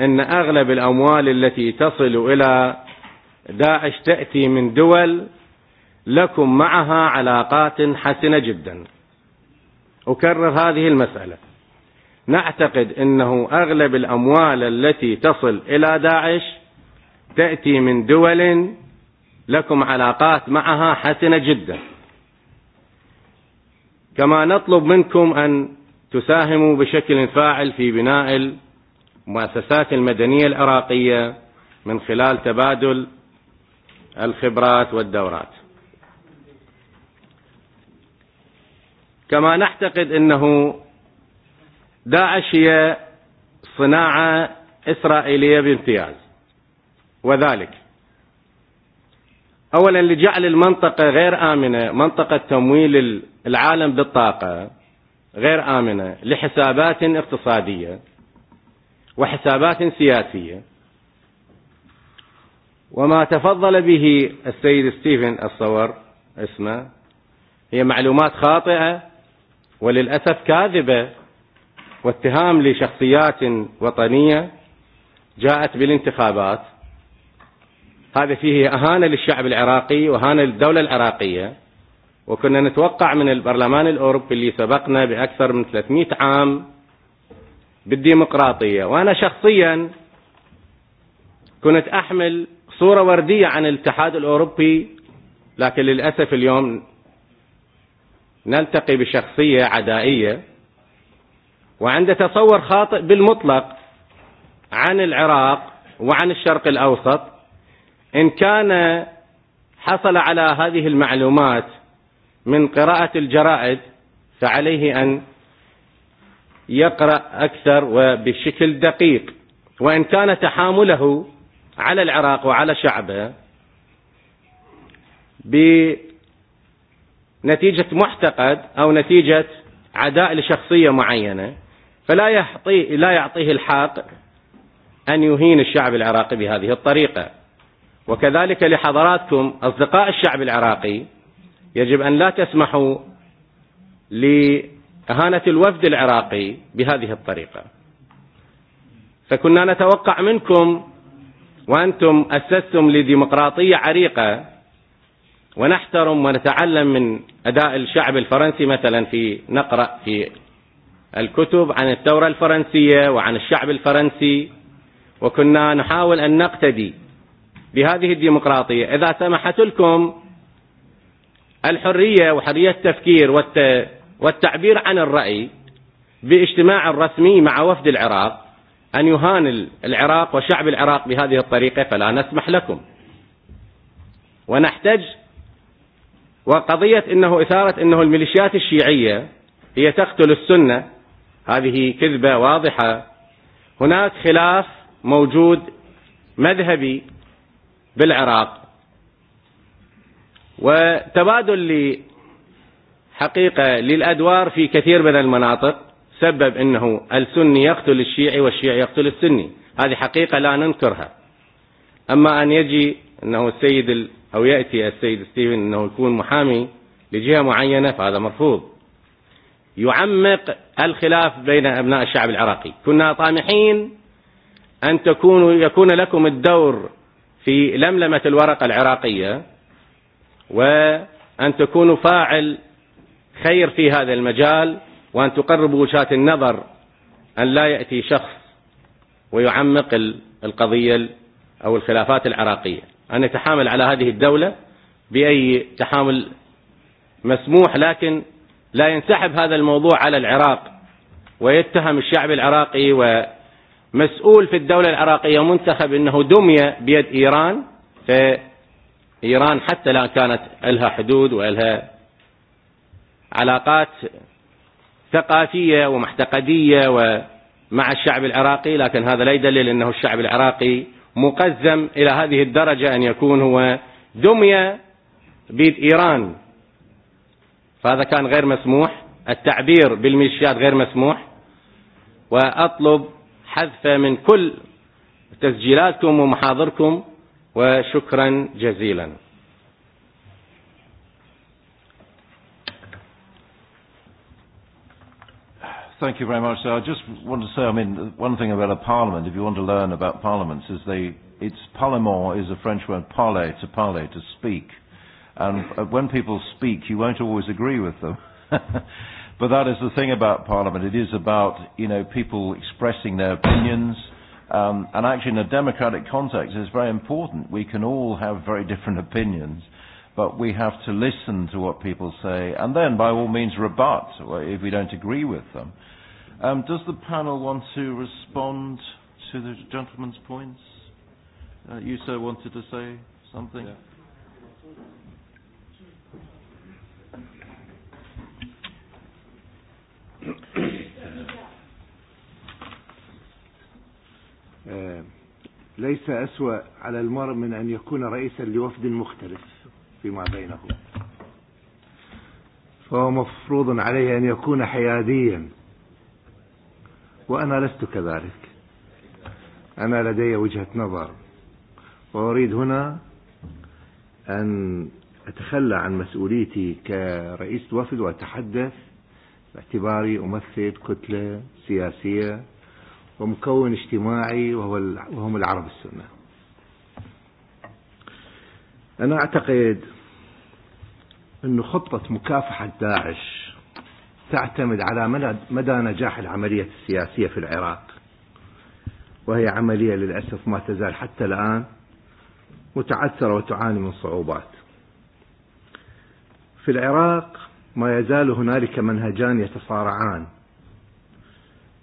أن أغلب الأموال التي تصل إلى داعش تأتي من دول لكم معها علاقات حسنة جدا أكرر هذه المسألة نعتقد أنه أغلب الأموال التي تصل إلى داعش تأتي من دول لكم علاقات معها حسنه جدا كما نطلب منكم أن تساهموا بشكل فاعل في بناء المؤسسات المدنيه العراقيه من خلال تبادل الخبرات والدورات كما نعتقد أنه داعش هي صناعة إسرائيلية بامتياز وذلك أولا لجعل المنطقة غير آمنة منطقة تمويل العالم بالطاقة غير آمنة لحسابات اقتصادية وحسابات سياسية وما تفضل به السيد ستيفن الصور اسمه هي معلومات خاطئة وللأسف كاذبة واتهام لشخصيات وطنية جاءت بالانتخابات هذا فيه أهانة للشعب العراقي وأهانة للدولة العراقية وكنا نتوقع من البرلمان الأوروبي اللي سبقنا بأكثر من 300 عام بالديمقراطية وأنا شخصيا كنت أحمل صورة وردية عن الاتحاد الأوروبي لكن للأسف اليوم نلتقي بشخصية عدائية وعند تصور خاطئ بالمطلق عن العراق وعن الشرق الأوسط إن كان حصل على هذه المعلومات من قراءة الجرائد فعليه أن يقرأ أكثر وبشكل دقيق وإن كان تحامله على العراق وعلى شعبه بنتيجة محتقد أو نتيجة عداء لشخصيه معينه فلا يعطي لا يعطيه الحاق أن يهين الشعب العراقي بهذه الطريقة وكذلك لحضراتكم أصدقاء الشعب العراقي يجب أن لا تسمحوا لإهانة الوفد العراقي بهذه الطريقة فكنا نتوقع منكم وأنتم أسستم لديمقراطية عريقة ونحترم ونتعلم من أداء الشعب الفرنسي مثلا في نقرأ في الكتب عن الثورة الفرنسية وعن الشعب الفرنسي وكنا نحاول أن نقتدي بهذه الديمقراطية إذا سمحت لكم الحرية وحرية التفكير والتعبير عن الرأي باجتماع رسمي مع وفد العراق أن يهان العراق وشعب العراق بهذه الطريقة فلا نسمح لكم ونحتج وقضية أنه إثارة أنه الميليشيات الشيعية هي تقتل السنة هذه كذبة واضحة هناك خلاف موجود مذهبي بالعراق وتبادل لحقيقة للأدوار في كثير من المناطق سبب أنه السني يقتل الشيعي والشيعي يقتل السني هذه حقيقة لا ننكرها أما أن يجي أنه السيد أو يأتي السيد ستيفن أنه يكون محامي لجهة معينة فهذا مرفوض يعمق الخلاف بين أبناء الشعب العراقي كنا طامحين أن تكون يكون لكم الدور في لملمة الورقة العراقية وأن تكونوا فاعل خير في هذا المجال وأن تقربوا وجهات النظر أن لا يأتي شخص ويعمق القضية أو الخلافات العراقية أن يتحامل على هذه الدولة بأي تحامل مسموح لكن لا ينسحب هذا الموضوع على العراق ويتهم الشعب العراقي ومسؤول في الدولة العراقية منتخب أنه دميه بيد إيران فإيران حتى لا كانت لها حدود ولها علاقات ثقافية ومحتقدية ومع الشعب العراقي لكن هذا لا يدلل أنه الشعب العراقي مقزم إلى هذه الدرجة أن يكون هو دمية بيد إيران فهذا كان غير مسموح التعبير بالميليشيات غير مسموح وأطلب حذف من كل تسجيلاتكم ومحاضركم وشكرا جزيلا Thank you very much. So I just want to say, I mean, one thing about a parliament, if you want to learn about parliaments, is they, it's parlement is a French word parler, to parler, to speak. And when people speak, you won't always agree with them. But that is the thing about Parliament. It is about, you know, people expressing their opinions. Um, and actually, in a democratic context, it's very important. We can all have very different opinions, but we have to listen to what people say and then, by all means, rebut if we don't agree with them. Um, does the panel want to respond to the gentleman's points? Uh, you, so wanted to say something? ليس أسوأ على المرء من أن يكون رئيسا لوفد مختلف فيما بينه فهو مفروض عليه أن يكون حياديا وأنا لست كذلك أنا لدي وجهة نظر وأريد هنا أن أتخلى عن مسؤوليتي كرئيس وفد وأتحدث باعتباري أمثل كتلة سياسية ومكون اجتماعي وهو وهم العرب السنة أنا أعتقد أن خطة مكافحة داعش تعتمد على مدى نجاح العملية السياسية في العراق وهي عملية للأسف ما تزال حتى الآن متعثرة وتعاني من صعوبات في العراق ما يزال هنالك منهجان يتصارعان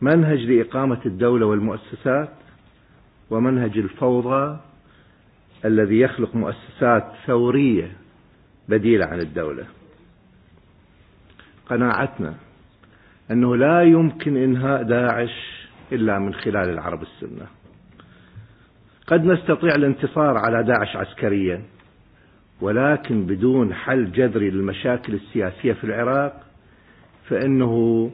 منهج لإقامة الدولة والمؤسسات ومنهج الفوضى الذي يخلق مؤسسات ثورية بديلة عن الدولة قناعتنا أنه لا يمكن إنهاء داعش إلا من خلال العرب السنة قد نستطيع الانتصار على داعش عسكريا ولكن بدون حل جذري للمشاكل السياسية في العراق فإنه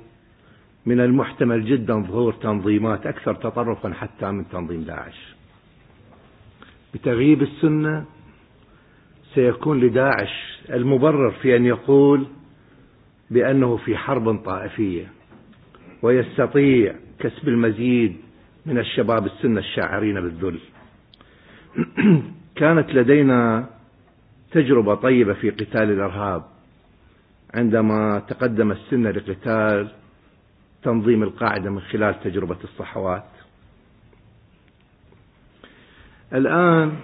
من المحتمل جدا ظهور تنظيمات أكثر تطرفا حتى من تنظيم داعش بتغييب السنة سيكون لداعش المبرر في أن يقول بأنه في حرب طائفية ويستطيع كسب المزيد من الشباب السنة الشاعرين بالذل كانت لدينا تجربة طيبة في قتال الإرهاب عندما تقدم السنة لقتال تنظيم القاعدة من خلال تجربة الصحوات الآن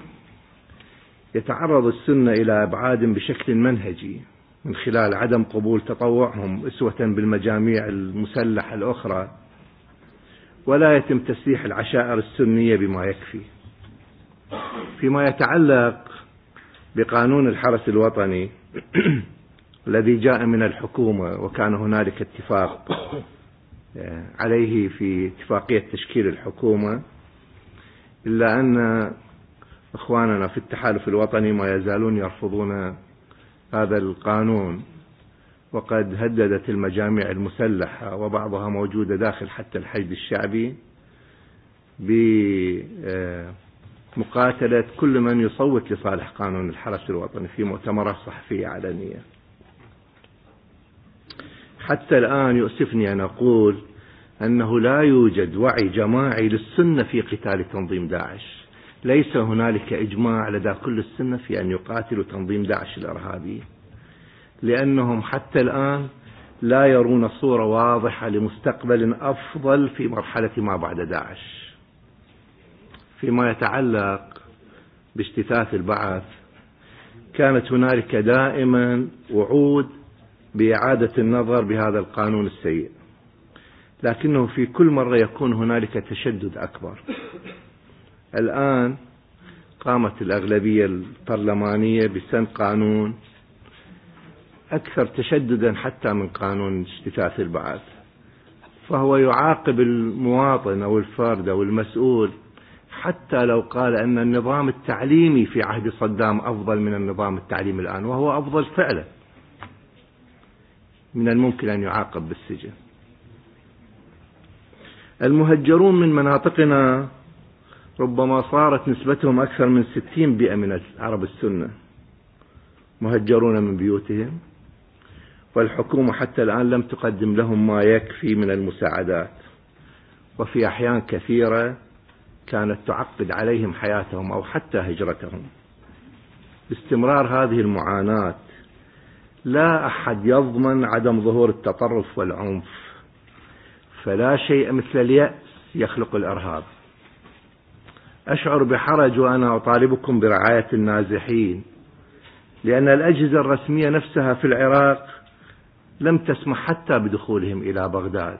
يتعرض السنة إلى أبعاد بشكل منهجي من خلال عدم قبول تطوعهم أسوة بالمجاميع المسلحة الأخرى ولا يتم تسليح العشائر السنية بما يكفي فيما يتعلق بقانون الحرس الوطني الذي جاء من الحكومة وكان هنالك اتفاق عليه في اتفاقية تشكيل الحكومة إلا أن إخواننا في التحالف الوطني ما يزالون يرفضون هذا القانون وقد هددت المجامع المسلحة وبعضها موجودة داخل حتى الحشد الشعبي ب مقاتلة كل من يصوت لصالح قانون الحرس الوطني في مؤتمرات صحفية علنية حتى الآن يؤسفني أن أقول أنه لا يوجد وعي جماعي للسنة في قتال تنظيم داعش ليس هنالك إجماع لدى كل السنة في أن يقاتلوا تنظيم داعش الإرهابي لأنهم حتى الآن لا يرون صورة واضحة لمستقبل أفضل في مرحلة ما بعد داعش فيما يتعلق باجتثاث البعث كانت هنالك دائما وعود بإعادة النظر بهذا القانون السيء لكنه في كل مرة يكون هنالك تشدد أكبر الآن قامت الأغلبية البرلمانية بسن قانون أكثر تشددا حتى من قانون اجتثاث البعث فهو يعاقب المواطن أو الفرد أو المسؤول حتى لو قال أن النظام التعليمي في عهد صدام أفضل من النظام التعليمي الآن وهو أفضل فعلا من الممكن أن يعاقب بالسجن المهجرون من مناطقنا ربما صارت نسبتهم أكثر من 60% من العرب السنة مهجرون من بيوتهم والحكومة حتى الآن لم تقدم لهم ما يكفي من المساعدات وفي أحيان كثيرة كانت تعقد عليهم حياتهم أو حتى هجرتهم باستمرار هذه المعاناة لا أحد يضمن عدم ظهور التطرف والعنف فلا شيء مثل اليأس يخلق الإرهاب أشعر بحرج وأنا أطالبكم برعاية النازحين لأن الأجهزة الرسمية نفسها في العراق لم تسمح حتى بدخولهم إلى بغداد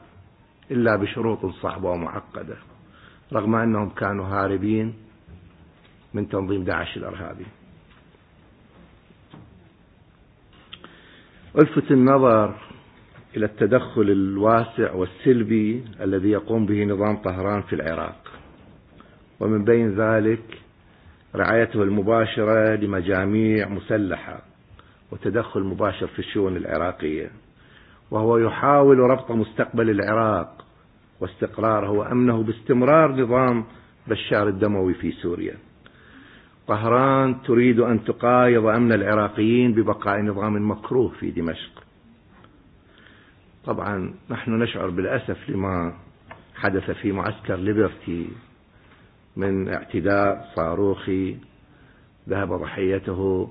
إلا بشروط صعبة ومعقدة رغم أنهم كانوا هاربين من تنظيم داعش الإرهابي ألفت النظر إلى التدخل الواسع والسلبي الذي يقوم به نظام طهران في العراق ومن بين ذلك رعايته المباشرة لمجاميع مسلحة وتدخل مباشر في الشؤون العراقية وهو يحاول ربط مستقبل العراق واستقراره وأمنه باستمرار نظام بشار الدموي في سوريا طهران تريد أن تقايض أمن العراقيين ببقاء نظام مكروه في دمشق طبعا نحن نشعر بالأسف لما حدث في معسكر ليبرتي من اعتداء صاروخي ذهب ضحيته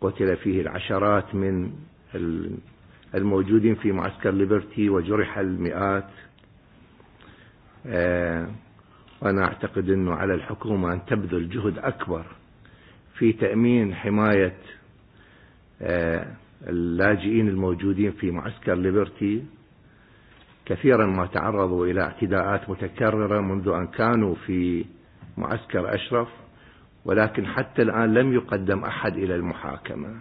قتل فيه العشرات من الموجودين في معسكر ليبرتي وجرح المئات وأنا أعتقد أنه على الحكومة أن تبذل جهد أكبر في تأمين حماية اللاجئين الموجودين في معسكر ليبرتي كثيرا ما تعرضوا إلى اعتداءات متكررة منذ أن كانوا في معسكر أشرف ولكن حتى الآن لم يقدم أحد إلى المحاكمة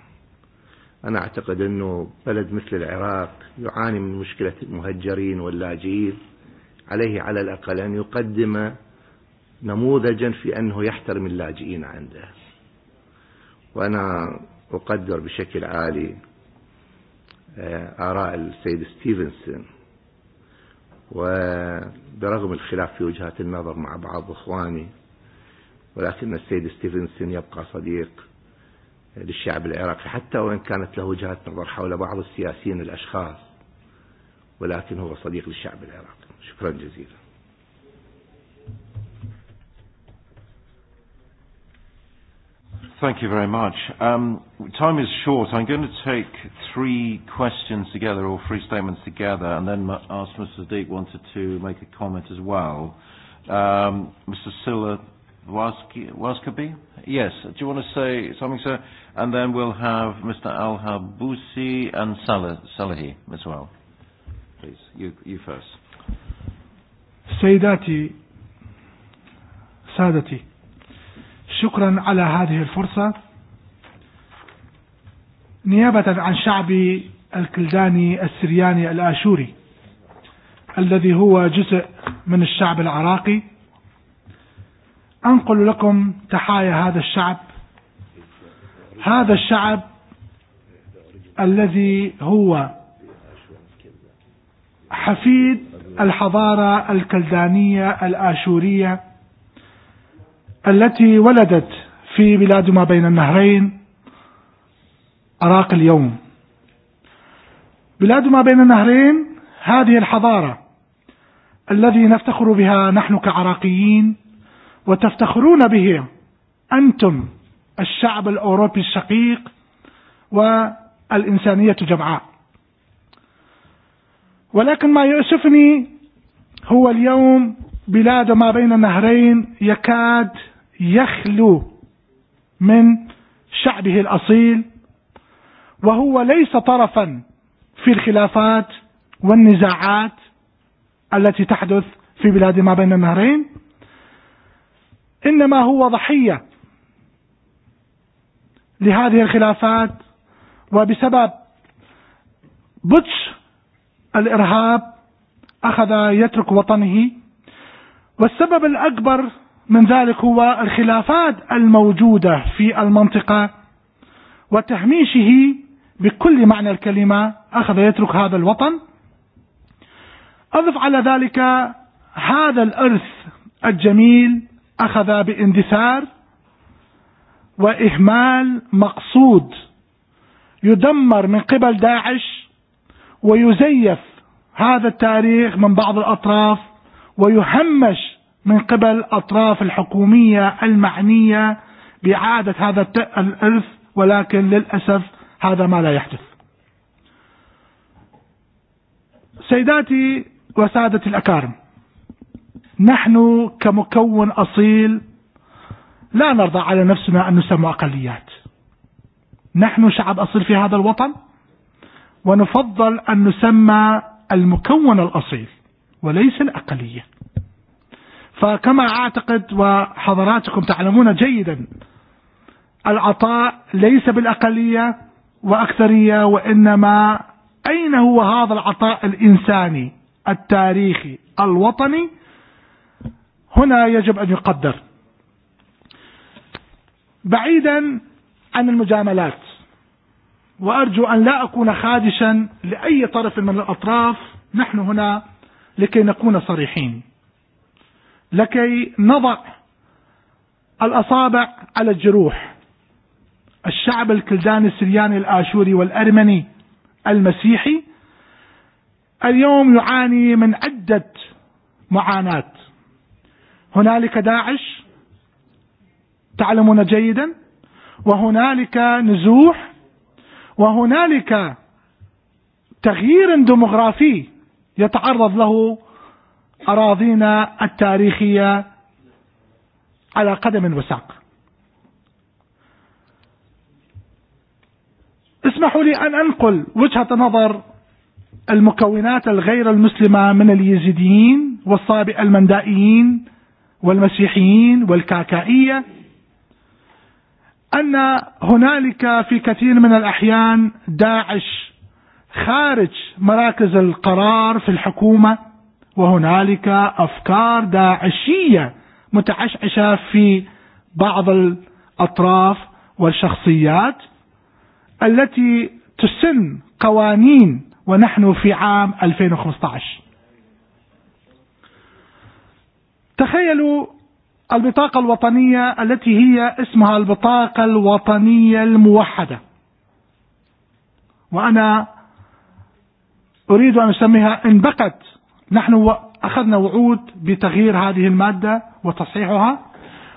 أنا أعتقد أنه بلد مثل العراق يعاني من مشكلة المهجرين واللاجئين عليه على الأقل أن يقدم نموذجا في أنه يحترم اللاجئين عنده وأنا أقدر بشكل عالي آراء السيد ستيفنسون وبرغم الخلاف في وجهات النظر مع بعض إخواني ولكن السيد ستيفنسون يبقى صديق للشعب العراقي حتى وإن كانت له وجهات نظر حول بعض السياسيين الأشخاص ولكن هو صديق للشعب العراقي Thank you very much. Um, time is short. I'm going to take three questions together or three statements together and then ask Mr. Sadiq wanted to make a comment as well. Um, Mr. Silla Waskaby? Yes. Do you want to say something, sir? And then we'll have Mr. Al-Habousi and Salahi as well. Please, you, you first. سيداتي سادتي شكرا على هذه الفرصة نيابة عن شعبي الكلداني السرياني الآشوري الذي هو جزء من الشعب العراقي أنقل لكم تحايا هذا الشعب هذا الشعب الذي هو حفيد الحضاره الكلدانيه الاشوريه التي ولدت في بلاد ما بين النهرين عراق اليوم بلاد ما بين النهرين هذه الحضاره الذي نفتخر بها نحن كعراقيين وتفتخرون به أنتم الشعب الأوروبي الشقيق والانسانيه جمعاء ولكن ما يؤسفني هو اليوم بلاد ما بين النهرين يكاد يخلو من شعبه الأصيل وهو ليس طرفا في الخلافات والنزاعات التي تحدث في بلاد ما بين النهرين إنما هو ضحيه لهذه الخلافات وبسبب بطش الإرهاب أخذ يترك وطنه والسبب الأكبر من ذلك هو الخلافات الموجودة في المنطقة وتهميشه بكل معنى الكلمة أخذ يترك هذا الوطن أضف على ذلك هذا الإرث الجميل أخذ باندثار وإهمال مقصود يدمر من قبل داعش ويزيف هذا التاريخ من بعض الأطراف ويهمش من قبل الأطراف الحكوميه المعنية باعاده هذا الإرث ولكن للأسف هذا ما لا يحدث سيداتي وسادتي الأكارم نحن كمكون أصيل لا نرضى على نفسنا أن نسمى أقليات نحن شعب أصيل في هذا الوطن ونفضل أن نسمى المكون الأصيل وليس الأقلية فكما أعتقد وحضراتكم تعلمون جيدا العطاء ليس بالأقلية وأكثرية وإنما أين هو هذا العطاء الإنساني التاريخي الوطني هنا يجب أن يقدر بعيدا عن المجاملات وأرجو أن لا أكون خادشا لأي طرف من الأطراف نحن هنا لكي نكون صريحين لكي نضع الأصابع على الجروح الشعب الكلداني السرياني الآشوري والأرمني المسيحي اليوم يعاني من عدة معاناة هنالك داعش تعلمون جيدا وهنالك نزوح وهنالك تغيير ديموغرافي يتعرض له أراضينا التاريخيه على قدم وساق اسمحوا لي أن أنقل وجهه نظر المكونات الغير المسلمة من اليزيديين والصابئ المندائيين والمسيحيين والكاكائية أن هنالك في كثير من الأحيان داعش خارج مراكز القرار في الحكومة وهنالك أفكار داعشية متعشعشة في بعض الأطراف والشخصيات التي تسن قوانين ونحن في عام 2015 تخيلوا البطاقة الوطنية التي هي اسمها البطاقة الوطنية الموحدة وأنا أريد أن أسميها إن بقت نحن أخذنا وعود بتغيير هذه المادة وتصحيحها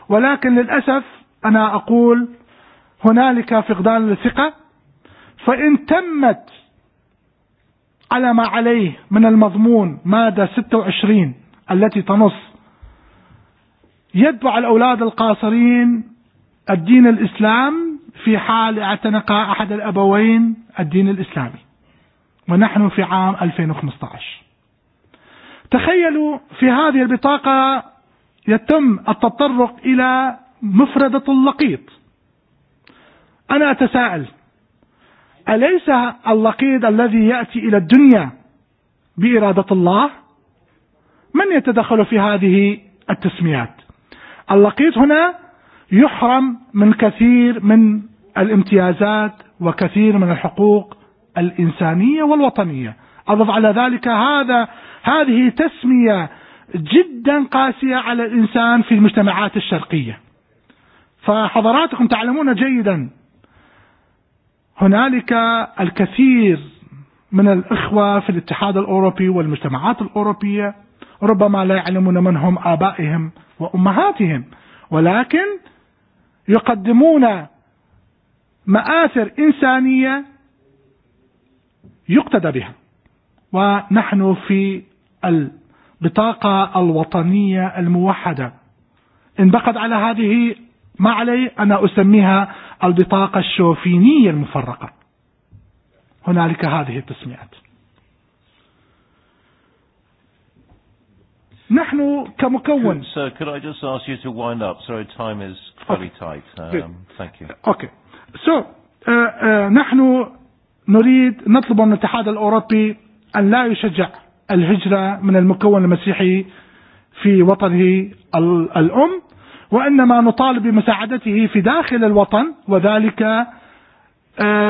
ولكن للأسف أنا أقول هنالك فقدان للثقه فإن تمت على ما عليه من المضمون مادة 26 التي تنص يتبع الأولاد القاصرين الدين الإسلام في حال اعتنق أحد الأبوين الدين الإسلامي ونحن في عام 2015 تخيلوا في هذه البطاقة يتم التطرق إلى مفردة اللقيط أنا أتساءل أليس اللقيط الذي يأتي إلى الدنيا بإرادة الله من يتدخل في هذه التسميات اللقيط هنا يحرم من كثير من الامتيازات وكثير من الحقوق الإنسانية والوطنية أضف على ذلك هذا هذه تسمية جدا قاسية على الإنسان في المجتمعات الشرقية فحضراتكم تعلمون جيدا هنالك الكثير من الإخوة في الاتحاد الأوروبي والمجتمعات الأوروبية ربما لا يعلمون من هم آبائهم وأمهاتهم ولكن يقدمون مآثر إنسانية يقتدى بها ونحن في البطاقة الوطنية الموحدة انبقت على هذه ما علي أنا أسميها البطاقة الشوفينية المفرقة هنالك هذه التسميات نحن كمكون Sir, could I just ask you to wind up? Sorry, time is fairly tight. thank you. Okay. So, نحن نريد نطلب من الاتحاد الأوروبي أن لا يشجع الهجرة من المكون المسيحي في وطنه الأم وإنما نطالب بمساعدته في داخل الوطن وذلك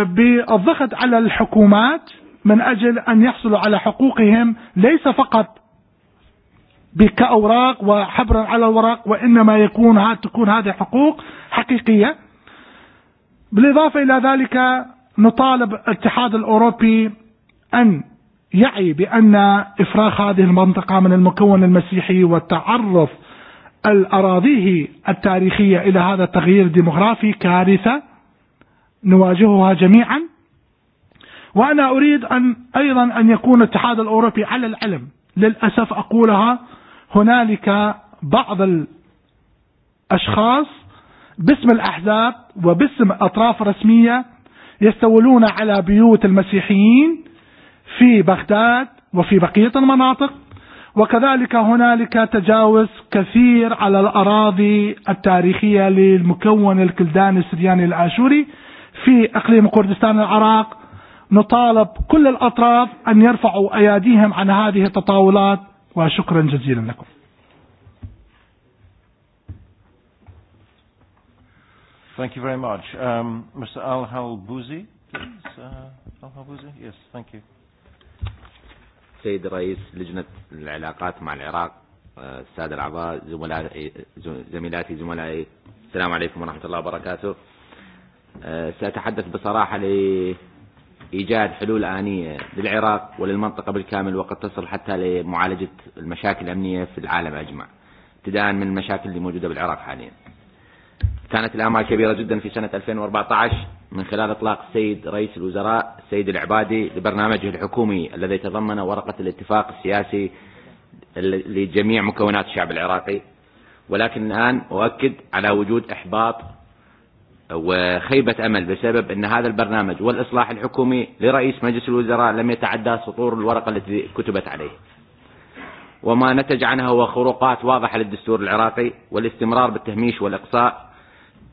بالضغط على الحكومات من أجل أن يحصلوا على حقوقهم ليس فقط كأوراق وحبرا على الورق وإنما يكون هاد تكون هذه حقوق حقيقية بالإضافة إلى ذلك نطالب الاتحاد الأوروبي أن يعي بأن إفراغ هذه المنطقة من المكون المسيحي والتعرف الأراضيه التاريخية إلى هذا التغيير الديمغرافي كارثة نواجهها جميعا وأنا أريد أن أيضا أن يكون الاتحاد الأوروبي على العلم للأسف أقولها هنالك بعض الأشخاص باسم الأحزاب وباسم أطراف رسمية يستولون على بيوت المسيحيين في بغداد وفي بقية المناطق وكذلك هنالك تجاوز كثير على الأراضي التاريخية للمكون الكلداني السرياني الآشوري في إقليم كردستان العراق نطالب كل الأطراف أن يرفعوا أياديهم عن هذه التطاولات وشكرا جزيلا لكم Thank you very much. Um, Mr. Al Halbouzi, please. Uh, Al Halbouzi, yes, thank you. سيد رئيس لجنة العلاقات مع العراق السادة الأعضاء زملائي زميلاتي زملائي السلام عليكم ورحمة الله وبركاته سأتحدث بصراحة إيجاد حلول آنية للعراق وللمنطقة بالكامل وقد تصل حتى لمعالجة المشاكل الأمنية في العالم أجمع ابتداء من المشاكل اللي موجودة بالعراق حاليا كانت الآمال كبيرة جدا في سنة 2014 من خلال إطلاق السيد رئيس الوزراء السيد العبادي لبرنامجه الحكومي الذي تضمن ورقة الاتفاق السياسي لجميع مكونات الشعب العراقي ولكن الآن أؤكد على وجود إحباط وخيبة أمل بسبب أن هذا البرنامج والإصلاح الحكومي لرئيس مجلس الوزراء لم يتعدى سطور الورقة التي كتبت عليه وما نتج عنها هو خروقات واضحة للدستور العراقي والاستمرار بالتهميش والإقصاء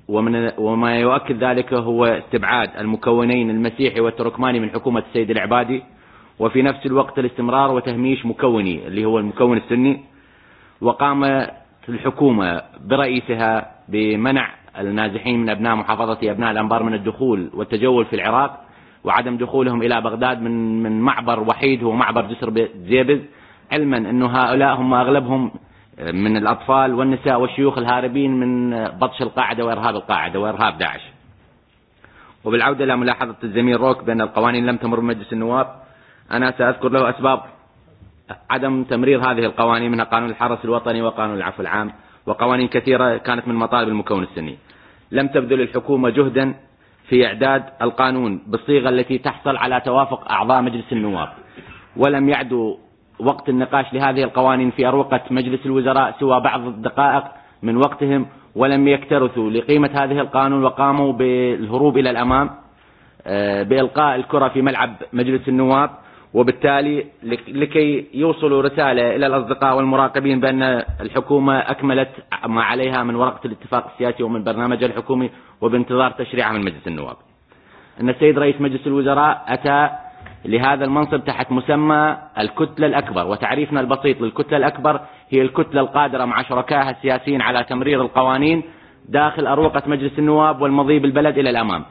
ومن وما يؤكد ذلك هو استبعاد المكونين المسيحي والتركماني من حكومة السيد العبادي وفي نفس الوقت الاستمرار وتهميش مكوني اللي هو المكون السني وقامت الحكومة برئيسها بمنع النازحين من أبناء محافظة أبناء الأنبار من الدخول والتجول في العراق وعدم دخولهم إلى بغداد من من معبر وحيد هو معبر جسر زيبز علما أن هؤلاء هم أغلبهم من الأطفال والنساء والشيوخ الهاربين من بطش القاعدة وإرهاب القاعدة وإرهاب داعش وبالعودة إلى ملاحظة الزميل روك بأن القوانين لم تمر بمجلس النواب أنا سأذكر له أسباب عدم تمرير هذه القوانين من قانون الحرس الوطني وقانون العفو العام وقوانين كثيرة كانت من مطالب المكون السني لم تبذل الحكومة جهدا في إعداد القانون بالصيغة التي تحصل على توافق أعضاء مجلس النواب ولم يعدوا وقت النقاش لهذه القوانين في أروقة مجلس الوزراء سوى بعض الدقائق من وقتهم ولم يكترثوا لقيمة هذه القانون وقاموا بالهروب إلى الأمام بإلقاء الكرة في ملعب مجلس النواب وبالتالي لكي يوصلوا رسالة إلى الأصدقاء والمراقبين بأن الحكومة أكملت ما عليها من ورقة الاتفاق السياسي ومن برنامج الحكومي وبانتظار تشريعها من مجلس النواب أن السيد رئيس مجلس الوزراء أتى لهذا المنصب تحت مسمى الكتلة الأكبر وتعريفنا البسيط للكتلة الأكبر هي الكتلة القادرة مع شركائها السياسيين على تمرير القوانين داخل أروقة مجلس النواب والمضي بالبلد إلى الأمام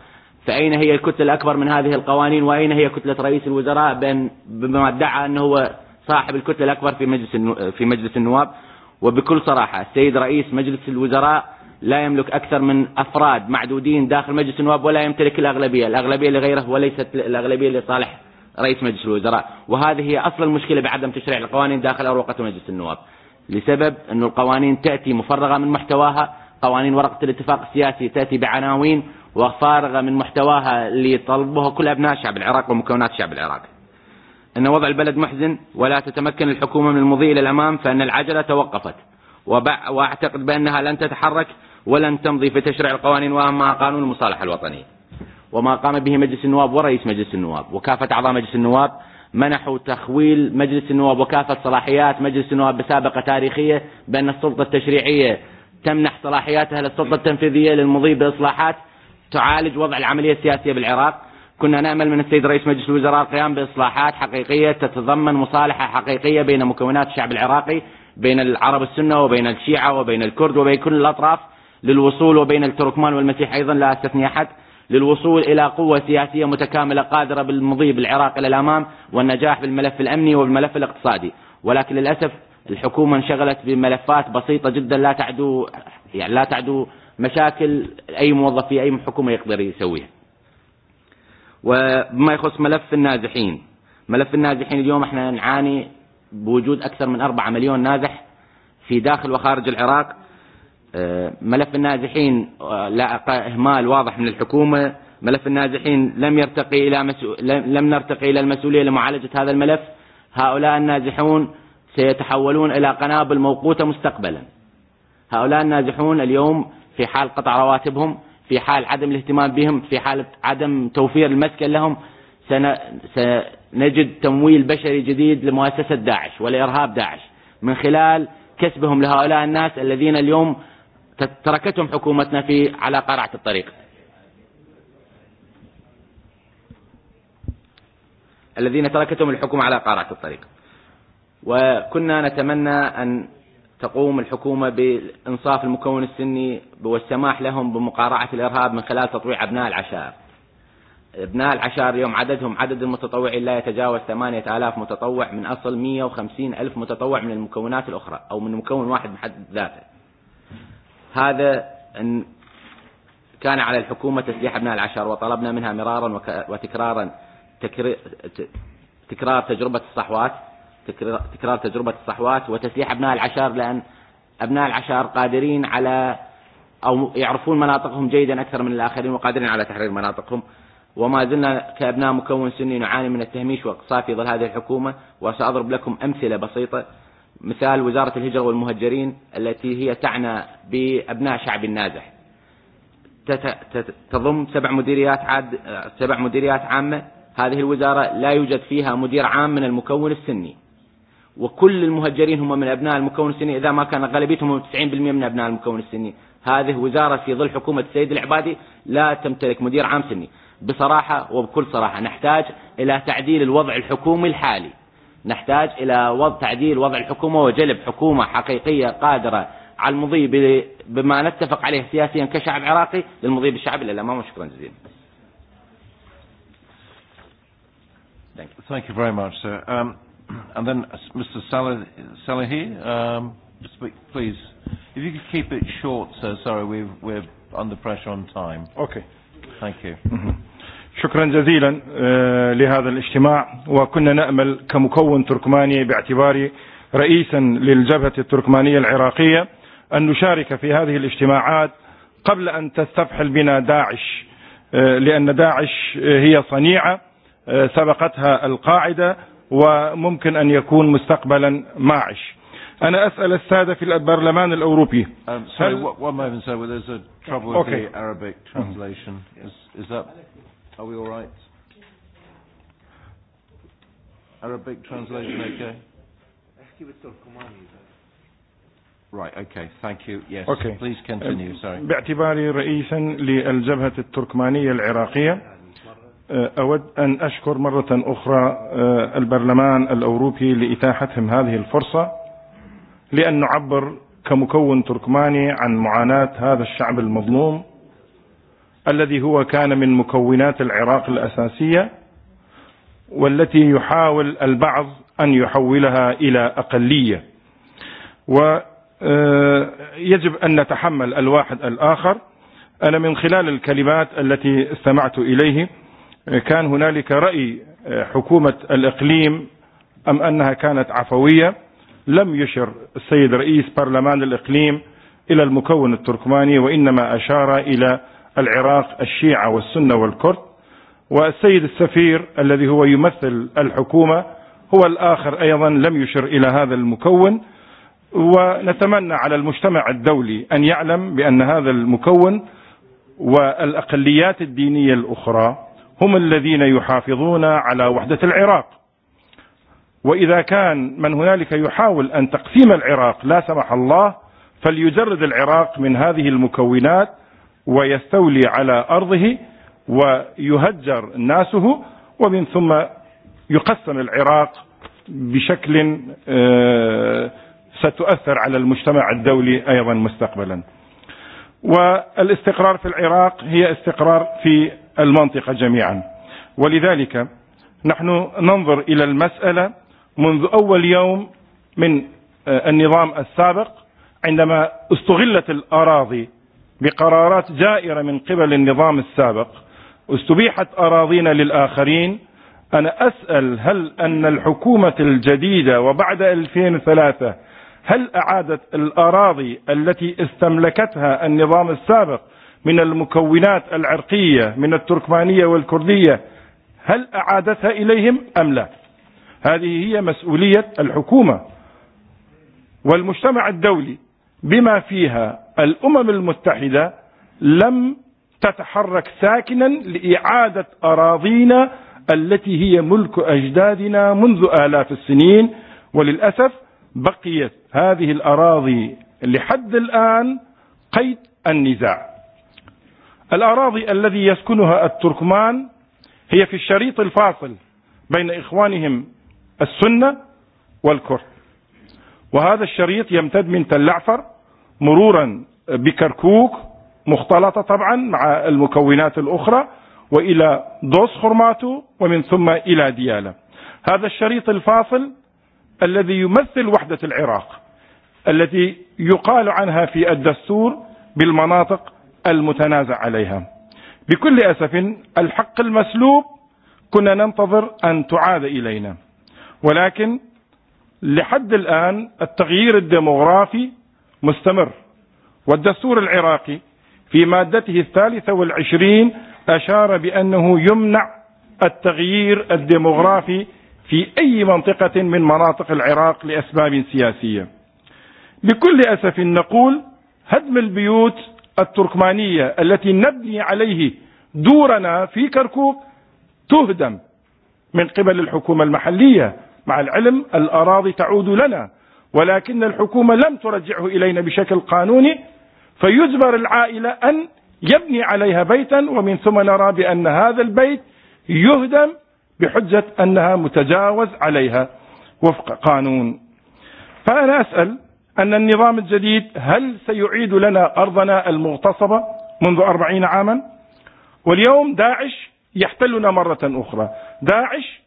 فأين هي الكتلة الأكبر من هذه القوانين وأين هي كتلة رئيس الوزراء بأن بما ادعى أنه هو صاحب الكتلة الأكبر في مجلس في مجلس النواب وبكل صراحة السيد رئيس مجلس الوزراء لا يملك أكثر من أفراد معدودين داخل مجلس النواب ولا يمتلك الأغلبية الأغلبية لغيره وليست الأغلبية لصالح رئيس مجلس الوزراء وهذه هي أصل المشكلة بعدم تشريع القوانين داخل أروقة مجلس النواب لسبب أن القوانين تأتي مفرغة من محتواها قوانين ورقة الاتفاق السياسي تأتي بعناوين وفارغة من محتواها اللي طلبوها كل أبناء شعب العراق ومكونات شعب العراق أن وضع البلد محزن ولا تتمكن الحكومة من المضي إلى الأمام فأن العجلة توقفت وأعتقد بأنها لن تتحرك ولن تمضي في تشريع القوانين وأما قانون المصالحة الوطني. وما قام به مجلس النواب ورئيس مجلس النواب وكافة أعضاء مجلس النواب منحوا تخويل مجلس النواب وكافة صلاحيات مجلس النواب بسابقة تاريخية بأن السلطة التشريعية تمنح صلاحياتها للسلطة التنفيذية للمضي بإصلاحات تعالج وضع العملية السياسية بالعراق كنا نأمل من السيد رئيس مجلس الوزراء القيام بإصلاحات حقيقية تتضمن مصالحة حقيقية بين مكونات الشعب العراقي بين العرب السنة وبين الشيعة وبين الكرد وبين كل الأطراف للوصول وبين التركمان والمسيح أيضا لا أستثني أحد للوصول إلى قوة سياسية متكاملة قادرة بالمضي بالعراق إلى الأمام والنجاح بالملف الأمني والملف الاقتصادي ولكن للأسف الحكومة انشغلت بملفات بسيطة جدا لا تعدو يعني لا تعدو مشاكل أي موظف في أي حكومة يقدر يسويها وما يخص ملف النازحين ملف النازحين اليوم احنا نعاني بوجود أكثر من أربعة مليون نازح في داخل وخارج العراق ملف النازحين لاقى إهمال واضح من الحكومة ملف النازحين لم يرتقي إلى لم نرتقي إلى المسؤولية لمعالجة هذا الملف هؤلاء النازحون سيتحولون إلى قنابل موقوتة مستقبلا هؤلاء النازحون اليوم في حال قطع رواتبهم في حال عدم الاهتمام بهم في حال عدم توفير المسكن لهم سنجد تمويل بشري جديد لمؤسسة داعش ولإرهاب داعش من خلال كسبهم لهؤلاء الناس الذين اليوم تركتهم حكومتنا في على قرعة الطريق الذين تركتهم الحكومة على قارعة الطريق وكنا نتمنى أن تقوم الحكومة بإنصاف المكون السني والسماح لهم بمقارعة الإرهاب من خلال تطويع أبناء العشائر ابناء العشائر يوم عددهم عدد المتطوعين لا يتجاوز 8000 متطوع من أصل 150 ألف متطوع من المكونات الأخرى أو من مكون واحد بحد ذاته هذا إن كان على الحكومة تسليح أبناء العشائر وطلبنا منها مرارا وتكرارا تكرار تجربة الصحوات تكرار تجربة الصحوات وتسليح أبناء العشار لأن أبناء العشار قادرين على أو يعرفون مناطقهم جيدا أكثر من الآخرين وقادرين على تحرير مناطقهم وما زلنا كأبناء مكون سني نعاني من التهميش والإقصاء في ظل هذه الحكومة وسأضرب لكم أمثلة بسيطة مثال وزارة الهجرة والمهجرين التي هي تعنى بأبناء شعب النازح تضم سبع مديريات عاد سبع مديريات عامة هذه الوزارة لا يوجد فيها مدير عام من المكون السني وكل المهجرين هم من أبناء المكون السني إذا ما كان غالبيتهم 90% من أبناء المكون السني هذه وزارة في ظل حكومة السيد العبادي لا تمتلك مدير عام سني بصراحة وبكل صراحة نحتاج إلى تعديل الوضع الحكومي الحالي نحتاج إلى وضع تعديل وضع الحكومة وجلب حكومة حقيقية قادرة على المضي بما نتفق عليه سياسيا كشعب عراقي للمضي بالشعب إلى الأمام وشكرا جزيلا Thank you very much, sir. Um, and then Mr. Salahi, um, speak, please. If you could keep it short, sir. Sorry, we've, we're under pressure on time. Okay. Thank you. شكرا جزيلا لهذا الاجتماع وكنا نأمل كمكون تركماني باعتباري رئيسا للجبهة التركمانية العراقية أن نشارك في هذه الاجتماعات قبل أن تستفحل بنا داعش لأن داعش هي صنيعة سبقتها القاعدة وممكن أن يكون مستقبلا ماعش أنا أسأل السادة في البرلمان الأوروبي باعتباري رئيسا للجبهة التركمانية العراقية أود أن أشكر مرة أخرى البرلمان الأوروبي لإتاحتهم هذه الفرصة لأن نعبر كمكون تركماني عن معاناة هذا الشعب المظلوم الذي هو كان من مكونات العراق الأساسية والتي يحاول البعض أن يحولها إلى أقلية ويجب أن نتحمل الواحد الآخر أنا من خلال الكلمات التي استمعت إليه كان هنالك رأي حكومة الإقليم أم أنها كانت عفوية لم يشر السيد رئيس برلمان الإقليم إلى المكون التركماني وإنما أشار إلى العراق الشيعة والسنة والكرد والسيد السفير الذي هو يمثل الحكومة هو الآخر أيضا لم يشر إلى هذا المكون ونتمنى على المجتمع الدولي أن يعلم بأن هذا المكون والأقليات الدينية الأخرى هم الذين يحافظون على وحدة العراق وإذا كان من هنالك يحاول أن تقسيم العراق لا سمح الله فليجرد العراق من هذه المكونات ويستولي على أرضه ويهجر ناسه ومن ثم يقسم العراق بشكل ستؤثر على المجتمع الدولي أيضا مستقبلا والاستقرار في العراق هي استقرار في المنطقة جميعا ولذلك نحن ننظر إلى المسألة منذ أول يوم من النظام السابق عندما استغلت الأراضي بقرارات جائرة من قبل النظام السابق استبيحت أراضينا للآخرين أنا أسأل هل أن الحكومة الجديدة وبعد 2003 هل أعادت الأراضي التي استملكتها النظام السابق من المكونات العرقية من التركمانية والكردية هل أعادتها إليهم أم لا هذه هي مسؤولية الحكومة والمجتمع الدولي بما فيها الأمم المتحدة لم تتحرك ساكنا لإعادة أراضينا التي هي ملك أجدادنا منذ آلاف السنين وللأسف بقيت هذه الأراضي لحد الآن قيد النزاع الأراضي الذي يسكنها التركمان هي في الشريط الفاصل بين إخوانهم السنة والكرد وهذا الشريط يمتد من تلعفر مرورا بكركوك مختلطة طبعا مع المكونات الأخرى وإلى دوس خرماتو ومن ثم إلى ديالى هذا الشريط الفاصل الذي يمثل وحدة العراق التي يقال عنها في الدستور بالمناطق المتنازع عليها بكل أسف الحق المسلوب كنا ننتظر أن تعاد إلينا ولكن لحد الآن التغيير الديموغرافي مستمر والدستور العراقي في مادته الثالثة والعشرين أشار بأنه يمنع التغيير الديموغرافي في أي منطقة من مناطق العراق لأسباب سياسية بكل أسف نقول هدم البيوت التركمانية التي نبني عليه دورنا في كركوك تهدم من قبل الحكومة المحلية مع العلم الأراضي تعود لنا ولكن الحكومة لم ترجعه إلينا بشكل قانوني فيجبر العائلة أن يبني عليها بيتا ومن ثم نرى بأن هذا البيت يهدم بحجة أنها متجاوز عليها وفق قانون فأنا أسأل أن النظام الجديد هل سيعيد لنا أرضنا المغتصبة منذ أربعين عاما واليوم داعش يحتلنا مرة أخرى داعش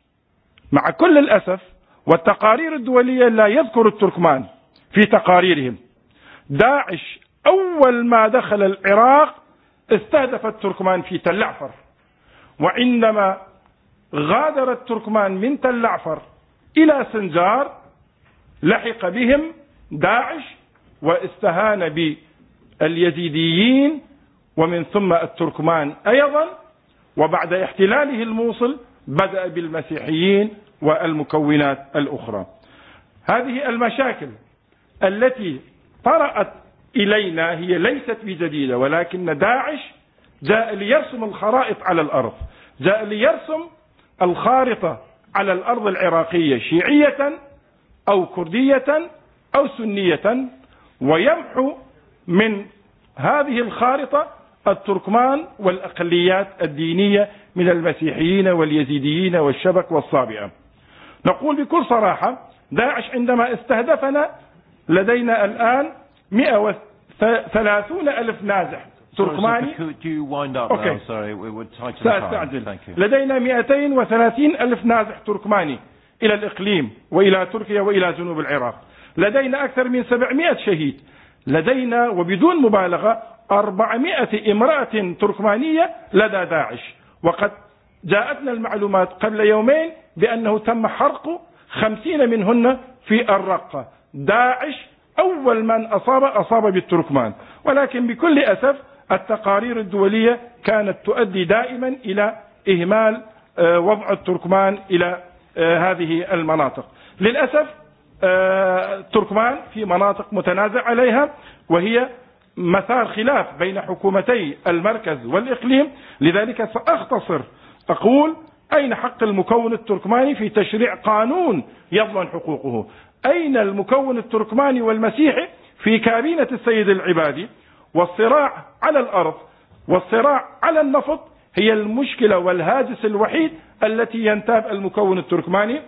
مع كل الأسف والتقارير الدولية لا يذكر التركمان في تقاريرهم داعش أول ما دخل العراق استهدف التركمان في تلعفر عفر وعندما غادر التركمان من تلعفر إلى سنجار لحق بهم داعش واستهان باليزيديين ومن ثم التركمان أيضا وبعد احتلاله الموصل بدأ بالمسيحيين والمكونات الأخرى هذه المشاكل التي طرأت إلينا هي ليست بجديدة ولكن داعش جاء ليرسم الخرائط على الأرض جاء ليرسم الخارطة على الأرض العراقية شيعية أو كردية أو سنية ويمحو من هذه الخارطة التركمان والأقليات الدينية من المسيحيين واليزيديين والشبك والصابئة نقول بكل صراحة داعش عندما استهدفنا لدينا الآن 130 ألف نازح تركماني Okay. لدينا 230 ألف نازح تركماني إلى الإقليم وإلى تركيا وإلى جنوب العراق لدينا أكثر من 700 شهيد لدينا وبدون مبالغة 400 امرأة تركمانية لدى داعش وقد جاءتنا المعلومات قبل يومين بأنه تم حرق خمسين منهن في الرقة داعش أول من أصاب أصاب بالتركمان ولكن بكل أسف التقارير الدولية كانت تؤدي دائما إلى إهمال وضع التركمان إلى هذه المناطق للأسف التركمان في مناطق متنازع عليها وهي مثار خلاف بين حكومتي المركز والإقليم لذلك سأختصر أقول أين حق المكون التركماني في تشريع قانون يضمن حقوقه أين المكون التركماني والمسيحي في كابينة السيد العبادي والصراع على الأرض والصراع على النفط هي المشكلة والهاجس الوحيد التي ينتاب المكون التركماني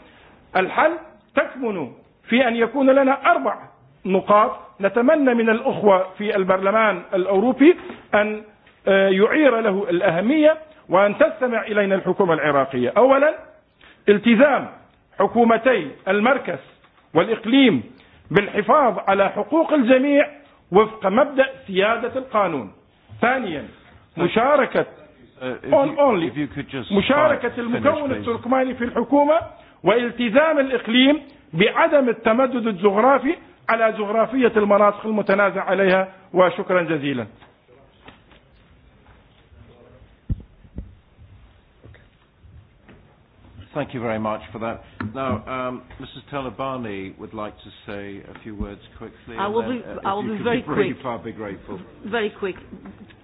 الحل تكمن في أن يكون لنا أربع نقاط نتمنى من الأخوة في البرلمان الأوروبي أن يعير له الأهمية وأن تستمع إلينا الحكومة العراقية أولا التزام حكومتي المركز والإقليم بالحفاظ على حقوق الجميع وفق مبدأ سيادة القانون ثانيا مشاركة مشاركة المكون التركماني في الحكومة والتزام الإقليم بعدم التمدد الجغرافي على جغرافية المناطق المتنازع عليها وشكرا جزيلا Thank you very much for that. Now, um, Mrs. Talabani would like to say a few words quickly. I will be, I will be very brief, quick. I'll be grateful. Very quick.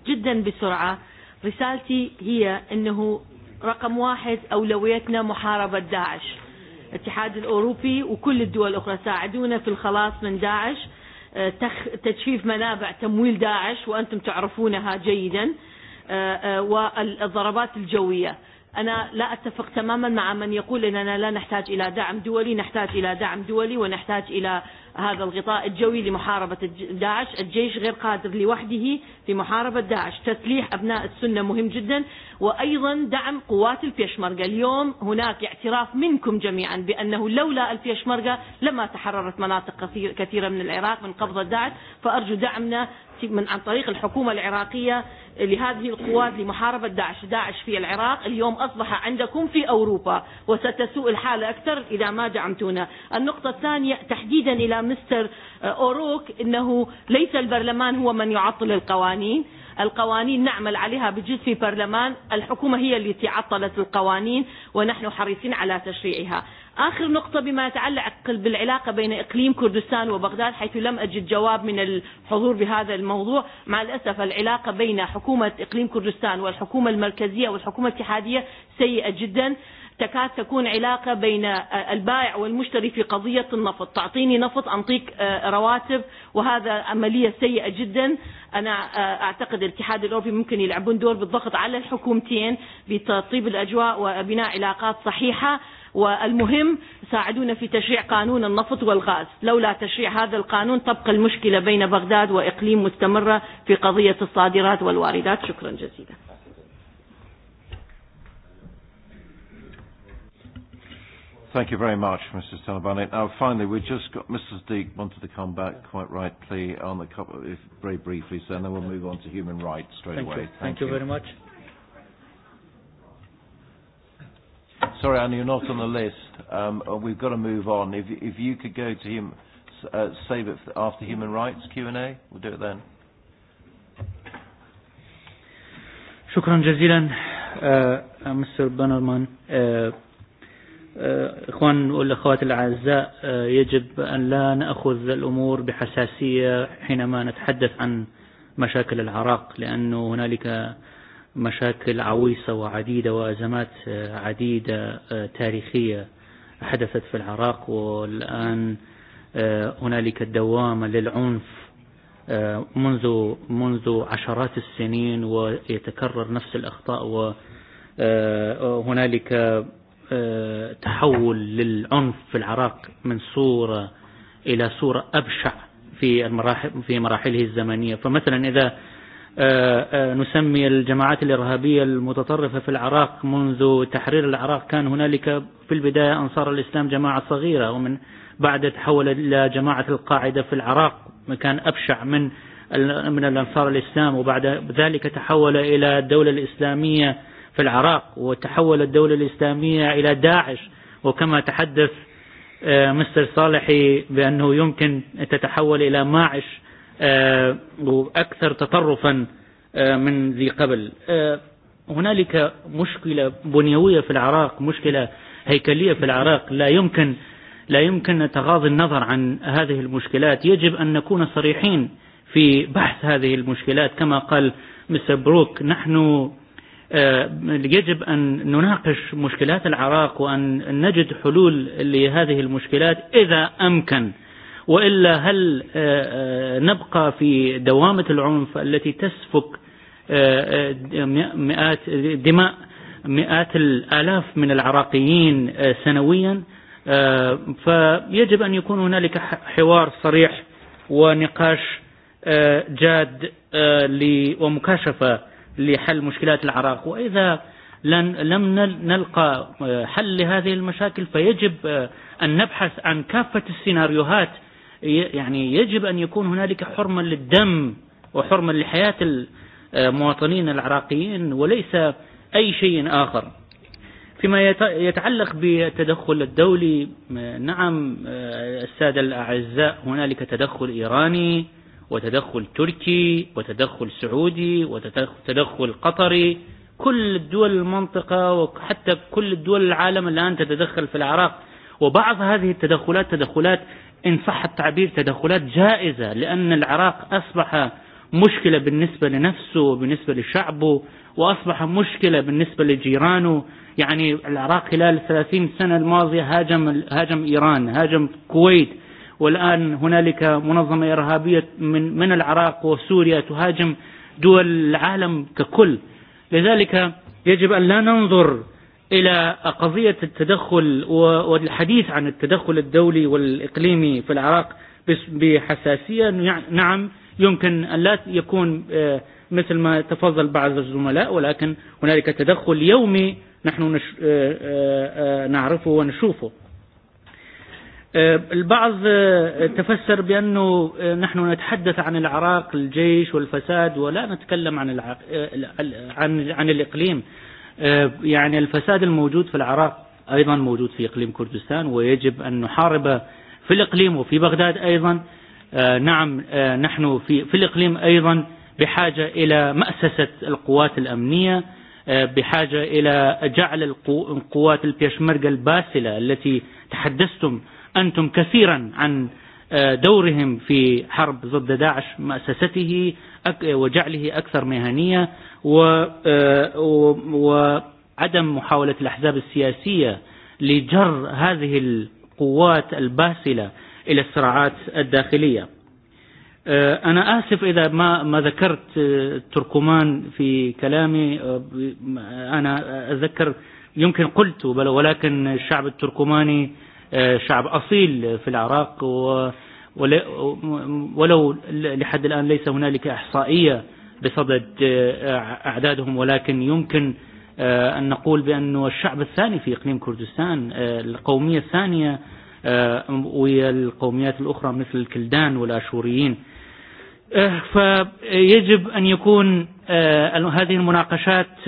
جدا بسرعة. رسالتي هي أنه رقم واحد أولويتنا محاربة داعش. الاتحاد الأوروبي وكل الدول الأخرى ساعدونا في الخلاص من داعش تجفيف منابع تمويل داعش وأنتم تعرفونها جيدا والضربات الجوية أنا لا أتفق تماما مع من يقول أننا لا نحتاج إلى دعم دولي نحتاج إلى دعم دولي ونحتاج إلى هذا الغطاء الجوي لمحاربة داعش الجيش غير قادر لوحده في محاربة داعش تسليح أبناء السنة مهم جدا وأيضا دعم قوات البيشمركة اليوم هناك اعتراف منكم جميعا بأنه لولا البيشمركة لما تحررت مناطق كثيرة من العراق من قبضة داعش فأرجو دعمنا من عن طريق الحكومة العراقية لهذه القوات لمحاربة داعش داعش في العراق اليوم أصبح عندكم في أوروبا وستسوء الحال أكثر إذا ما دعمتونا النقطة الثانية تحديدا إلى مستر أوروك أنه ليس البرلمان هو من يعطل القوانين القوانين نعمل عليها بجزء في برلمان الحكومة هي التي عطلت القوانين ونحن حريصين على تشريعها آخر نقطة بما يتعلق بالعلاقة بين إقليم كردستان وبغداد حيث لم أجد جواب من الحضور بهذا الموضوع مع الأسف العلاقة بين حكومة إقليم كردستان والحكومة المركزية والحكومة الاتحادية سيئة جدا تكاد تكون علاقة بين البائع والمشتري في قضية النفط تعطيني نفط أنطيك رواتب وهذا عملية سيئة جدا أنا أعتقد الاتحاد الأوروبي ممكن يلعبون دور بالضغط على الحكومتين بتطيب الأجواء وبناء علاقات صحيحة والمهم ساعدونا في تشريع قانون النفط والغاز لولا تشريع هذا القانون تبقى المشكلة بين بغداد وإقليم مستمرة في قضية الصادرات والواردات شكرا جزيلا Thank you very much, Mr. Talabani. Now, finally, we just got Mrs. Deek wanted to come back quite rightly on the couple, if very briefly, so then we'll move on to human rights straight Thank away. You. Thank, you very much. Sorry, Anna, you're not on the list. Um, we've got to move on. If, if you could go to him, uh, save it after human rights Q&A, we'll do it then. شكرا جزيلا Mr. Bannerman. إخوان والأخوات الأعزاء يجب أن لا نأخذ الأمور بحساسية حينما نتحدث عن مشاكل العراق لأنه هنالك مشاكل عويصة وعديدة وأزمات عديدة تاريخية حدثت في العراق والآن هنالك الدوامة للعنف منذ منذ عشرات السنين ويتكرر نفس الأخطاء وهنالك تحول للعنف في العراق من صورة إلى صورة أبشع في المراحل في مراحله الزمنية فمثلا إذا نسمي الجماعات الإرهابية المتطرفة في العراق منذ تحرير العراق كان هنالك في البداية أنصار الإسلام جماعة صغيرة ومن بعد تحول إلى جماعة القاعدة في العراق كان أبشع من من الأنصار الإسلام وبعد ذلك تحول إلى الدولة الإسلامية في العراق وتحول الدولة الإسلامية إلى داعش وكما تحدث مستر صالحي بأنه يمكن أن تتحول إلى ماعش وأكثر تطرفا من ذي قبل هنالك مشكلة بنيوية في العراق مشكلة هيكلية في العراق لا يمكن لا يمكن تغاضي النظر عن هذه المشكلات يجب أن نكون صريحين في بحث هذه المشكلات كما قال مستر بروك نحن يجب أن نناقش مشكلات العراق وأن نجد حلول لهذه المشكلات إذا أمكن وإلا هل نبقى في دوامة العنف التي تسفك مئات دماء مئات الآلاف من العراقيين سنويا فيجب أن يكون هنالك حوار صريح ونقاش جاد ومكاشفة لحل مشكلات العراق وإذا لم نلقى حل لهذه المشاكل فيجب أن نبحث عن كافة السيناريوهات يعني يجب أن يكون هنالك حرمة للدم وحرمة لحياة المواطنين العراقيين وليس أي شيء آخر فيما يتعلق بالتدخل الدولي نعم السادة الأعزاء هنالك تدخل إيراني وتدخل تركي وتدخل سعودي وتدخل قطري كل دول المنطقة وحتى كل دول العالم الآن تتدخل في العراق وبعض هذه التدخلات تدخلات إن صح التعبير تدخلات جائزة لأن العراق أصبح مشكلة بالنسبة لنفسه وبالنسبة لشعبه وأصبح مشكلة بالنسبة لجيرانه يعني العراق خلال 30 سنة الماضية هاجم, هاجم إيران هاجم الكويت والآن هنالك منظمة إرهابية من, من العراق وسوريا تهاجم دول العالم ككل لذلك يجب أن لا ننظر إلى قضية التدخل والحديث عن التدخل الدولي والإقليمي في العراق بحساسية نعم يمكن أن لا يكون مثل ما تفضل بعض الزملاء ولكن هنالك تدخل يومي نحن نعرفه ونشوفه البعض تفسر بأنه نحن نتحدث عن العراق الجيش والفساد ولا نتكلم عن عن عن الإقليم يعني الفساد الموجود في العراق أيضا موجود في إقليم كردستان ويجب أن نحارب في الإقليم وفي بغداد أيضا نعم نحن في في الإقليم أيضا بحاجة إلى مأسسة القوات الأمنية بحاجة إلى جعل القوات البيشمركة الباسلة التي تحدثتم أنتم كثيرا عن دورهم في حرب ضد داعش مؤسسته وجعله أكثر مهنية وعدم محاولة الأحزاب السياسية لجر هذه القوات الباسلة إلى الصراعات الداخلية أنا آسف إذا ما ما ذكرت تركمان في كلامي أنا أتذكر يمكن قلت ولكن الشعب التركماني شعب أصيل في العراق ولو لحد الآن ليس هنالك إحصائية بصدد أعدادهم ولكن يمكن أن نقول بأن الشعب الثاني في إقليم كردستان القومية الثانية والقوميات الأخرى مثل الكلدان والآشوريين فيجب أن يكون هذه المناقشات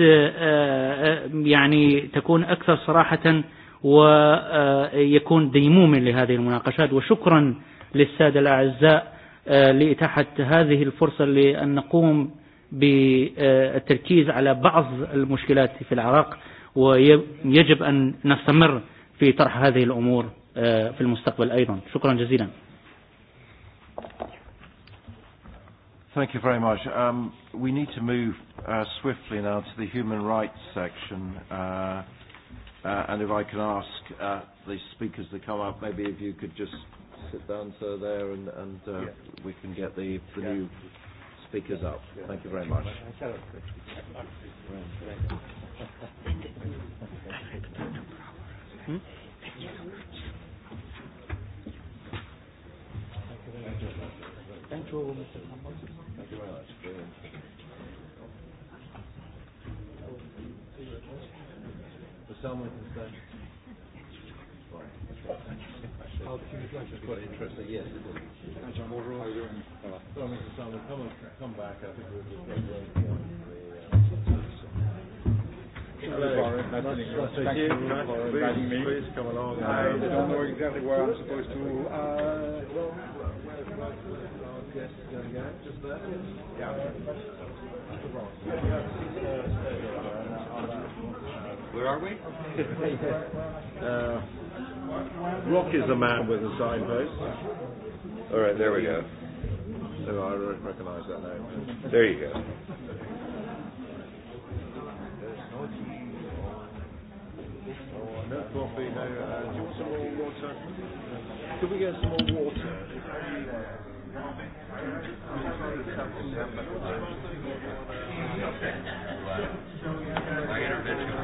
يعني تكون أكثر صراحة ويكون ديموما لهذه المناقشات وشكرا للسادة الأعزاء لإتاحة هذه الفرصة لأن نقوم بالتركيز على بعض المشكلات في العراق ويجب أن نستمر في طرح هذه الأمور في المستقبل أيضا شكرا جزيلا Thank you very much. Um, we need to move uh, swiftly now to the human rights section. Uh, and if I can ask uh, the speakers to come up, maybe if you could just sit down, sir, there, and, and uh, we can get the, the new speakers up. Thank you very much. Thank you, someone who's quite interesting, you back. Please come along. I don't know exactly where I'm supposed to. Uh, Yeah. Where are we? uh, Rock is a man with a signpost. All right, there we go. So I recognize that name. There you go. No coffee, no. do you want some more water? Could we get some more water? My intervention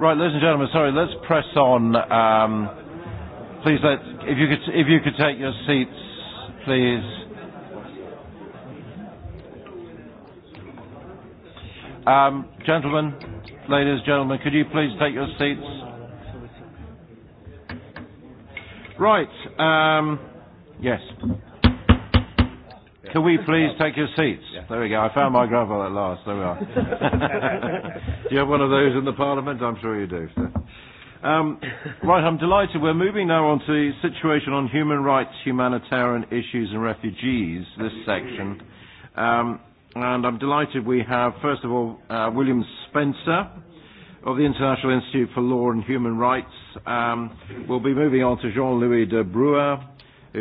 Right, ladies and gentlemen, sorry, let's press on. Um, please, let's, if, you could, if you could take your seats, please. Um, gentlemen, ladies and gentlemen, could you please take your seats? Right, um, yes. Can we please take your seats? There we go. I found my gravel at last. There we are. do you have one of those in the Parliament? I'm sure you do. Um, right, I'm delighted. We're moving now on to the situation on human rights, humanitarian issues and refugees, this section. Um, and I'm delighted we have, first of all, uh, William Spencer of the International Institute for Law and Human Rights. Um, we'll be moving on to Jean-Louis de Bruer.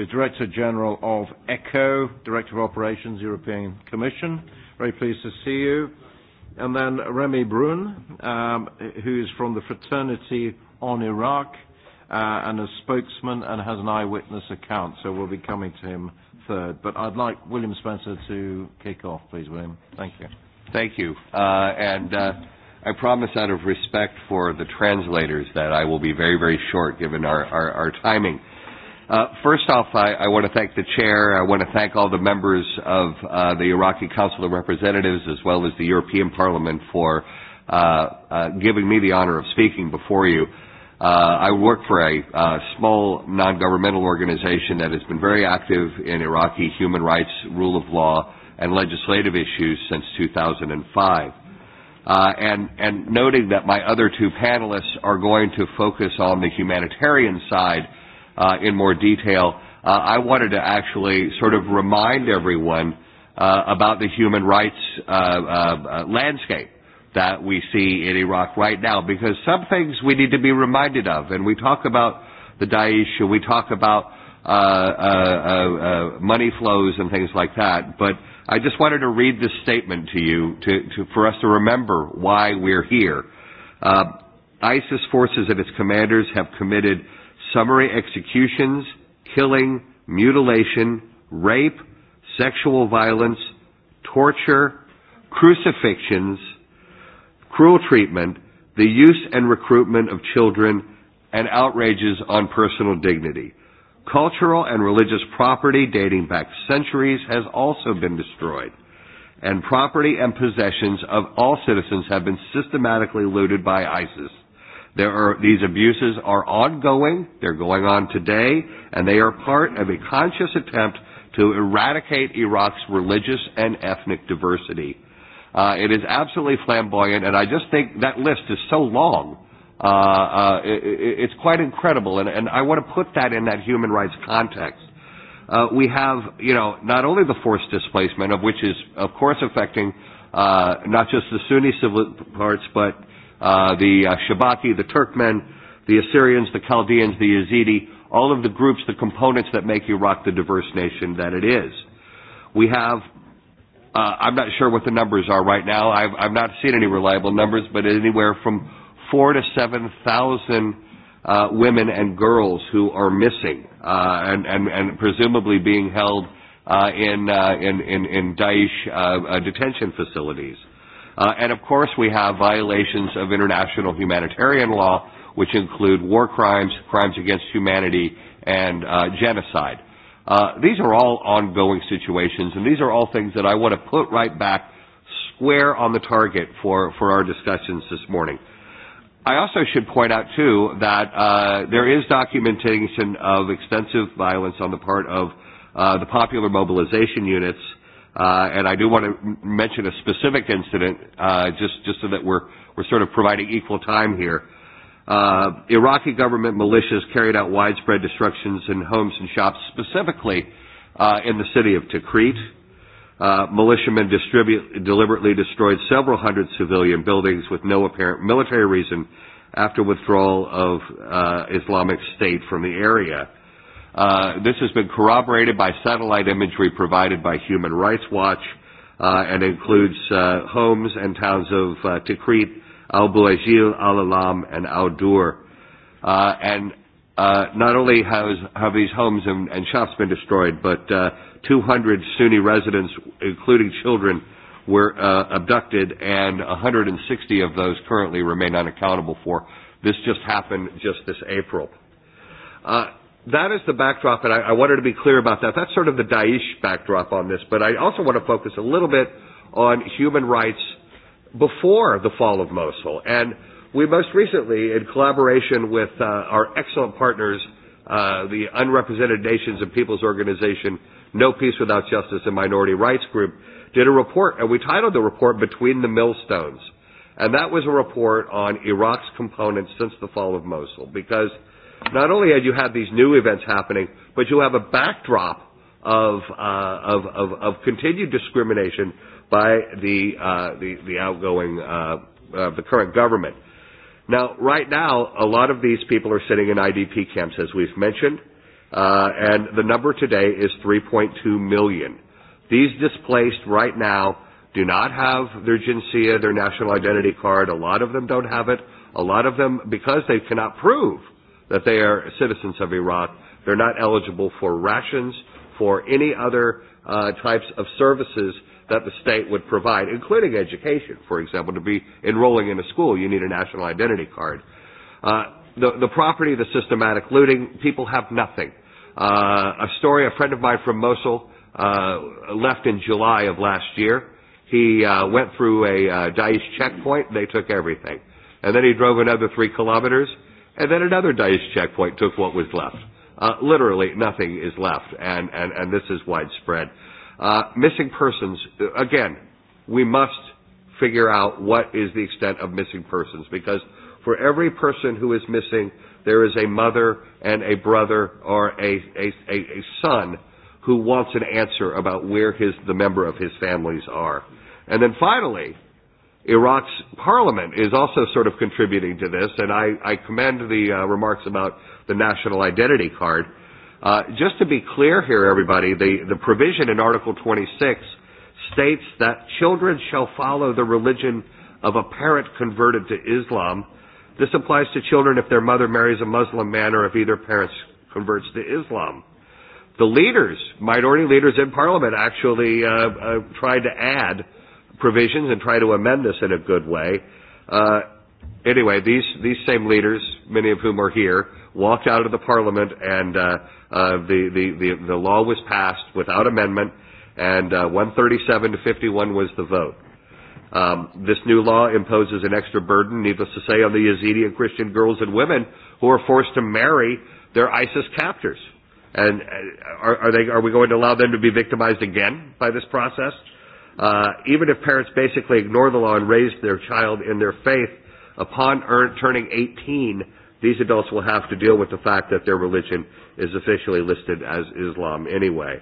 Director General of ECHO, Director of Operations, European Commission. Very pleased to see you. And then Remy Brun, um, who is from the Fraternity on Iraq and a spokesman and has an eyewitness account, so we'll be coming to him third. But I'd like William Spencer to kick off, please, William. Thank you. Thank you. Uh, and uh, I promise out of respect for the translators that I will be very, very short given our, our, our timing. First off, I want to thank the chair. I want to thank all the members of the Iraqi Council of Representatives as well as the European Parliament for giving me the honor of speaking before you. I work for a small non-governmental organization that has been very active in Iraqi human rights, rule of law, and legislative issues since 2005. And noting that my other two panelists are going to focus on the humanitarian side uh in more detail. Uh I wanted to actually sort of remind everyone uh about the human rights uh uh landscape that we see in Iraq right now, because some things we need to be reminded of, and we talk about the Daesh, and we talk about uh uh uh money flows and things like that, but I just wanted to read this statement to you to to for us to remember why we're here. ISIS forces and its commanders have committed summary executions, killing, mutilation, rape, sexual violence, torture, crucifixions, cruel treatment, the use and recruitment of children, and outrages on personal dignity. Cultural and religious property dating back centuries has also been destroyed, and property and possessions of all citizens have been systematically looted by ISIS There are, these abuses are ongoing, they're going on today, and they are part of a conscious attempt to eradicate Iraq's religious and ethnic diversity. Uh, it is absolutely flamboyant, and I just think that list is so long. Uh, uh, it's quite incredible, and, and I want to put that in that human rights context. Uh, we have, you know, not only the forced displacement, of which is, of course, affecting uh, not just the Sunni civil parts, but the Shabaki, the Turkmen, the Assyrians, the Chaldeans, the Yazidi, all of the groups, the components that make Iraq the diverse nation that it is. We have, uh, I'm not sure what the numbers are right now. I've, I've not seen any reliable numbers, but anywhere from four to 7,000 uh, women and girls who are missing uh, and, and, and presumably being held uh, in, uh, in, in, in Daesh uh, detention facilities. And of course we have violations of international humanitarian law, which include war crimes, crimes against humanity, and uh genocide. Uh These are all ongoing situations, and these are all things that I want to put right back square on the target for, for our discussions this morning. I also should point out, too, that uh there is documentation of extensive violence on the part of uh the popular mobilization units and I do want to mention a specific incident, uh, just just so that we're we're sort of providing equal time here. Uh, Iraqi government militias carried out widespread destructions in homes and shops, specifically uh, in the city of Tikrit. Uh, militiamen deliberately destroyed several hundred civilian buildings with no apparent military reason after withdrawal of uh, Islamic State from the area. This has been corroborated by satellite imagery provided by Human Rights Watch and includes homes and towns of Tikrit, Al-Bulajil, Al-Alam, and Al-Dur. And not only have these homes and shops been destroyed, but 200 Sunni residents, including children, were abducted, and 160 of those currently remain unaccountable for. This just happened just this April that is the backdrop, and I, I wanted to be clear about that. That's sort of the Daesh backdrop on this, but I also want to focus a little bit on human rights before the fall of Mosul. And we most recently, in collaboration with uh, our excellent partners, uh, the Unrepresented Nations and People's Organization, No Peace Without Justice, and Minority Rights Group, did a report, and we titled the report Between the Millstones. And that was a report on Iraq's components since the fall of Mosul, because – not only had you had these new events happening, but you have a backdrop of uh of of of continued discrimination by the uh the the outgoing uh the current government. Now right now a lot of these people are sitting in IDP camps as we've mentioned uh and the number today is 3.2 million. These displaced right now do not have their GINCIA, their national identity card. A lot of them don't have it. A lot of them because they cannot prove that they are citizens of Iraq. They're not eligible for rations, for any other types of services that the state would provide, including education, for example. To be enrolling in a school, you need a national identity card. The property, the systematic looting, people have nothing. A story, a friend of mine from Mosul left in July of last year. He went through a Daesh checkpoint. They took everything. And then he drove another three kilometers And then another dice checkpoint took what was left. Uh, literally, nothing is left, and, and, and this is widespread. Uh, missing persons, again, we must figure out what is the extent of missing persons, because for every person who is missing, there is a mother and a brother or a, a, a, a son who wants an answer about where his, the member of his families are. And then finally, Iraq's parliament is also sort of contributing to this, and I, I commend the uh, remarks about the national identity card. Uh, just to be clear here, everybody, the, the provision in Article 26 states that children shall follow the religion of a parent converted to Islam. This applies to children if their mother marries a Muslim man or if either parent converts to Islam. The leaders, minority leaders in parliament, actually uh, uh, tried to add provisions and try to amend this in a good way. Uh, anyway, these, these same leaders, many of whom are here, walked out of the parliament and uh, uh, the, the, the, the law was passed without amendment and uh, 137 to 51 was the vote. Um, this new law imposes an extra burden, needless to say, on the Yazidi and Christian girls and women who are forced to marry their ISIS captors. And are, are, they, are we going to allow them to be victimized again by this process? Uh even if parents basically ignore the law and raise their child in their faith, upon turning 18, these adults will have to deal with the fact that their religion is officially listed as Islam anyway.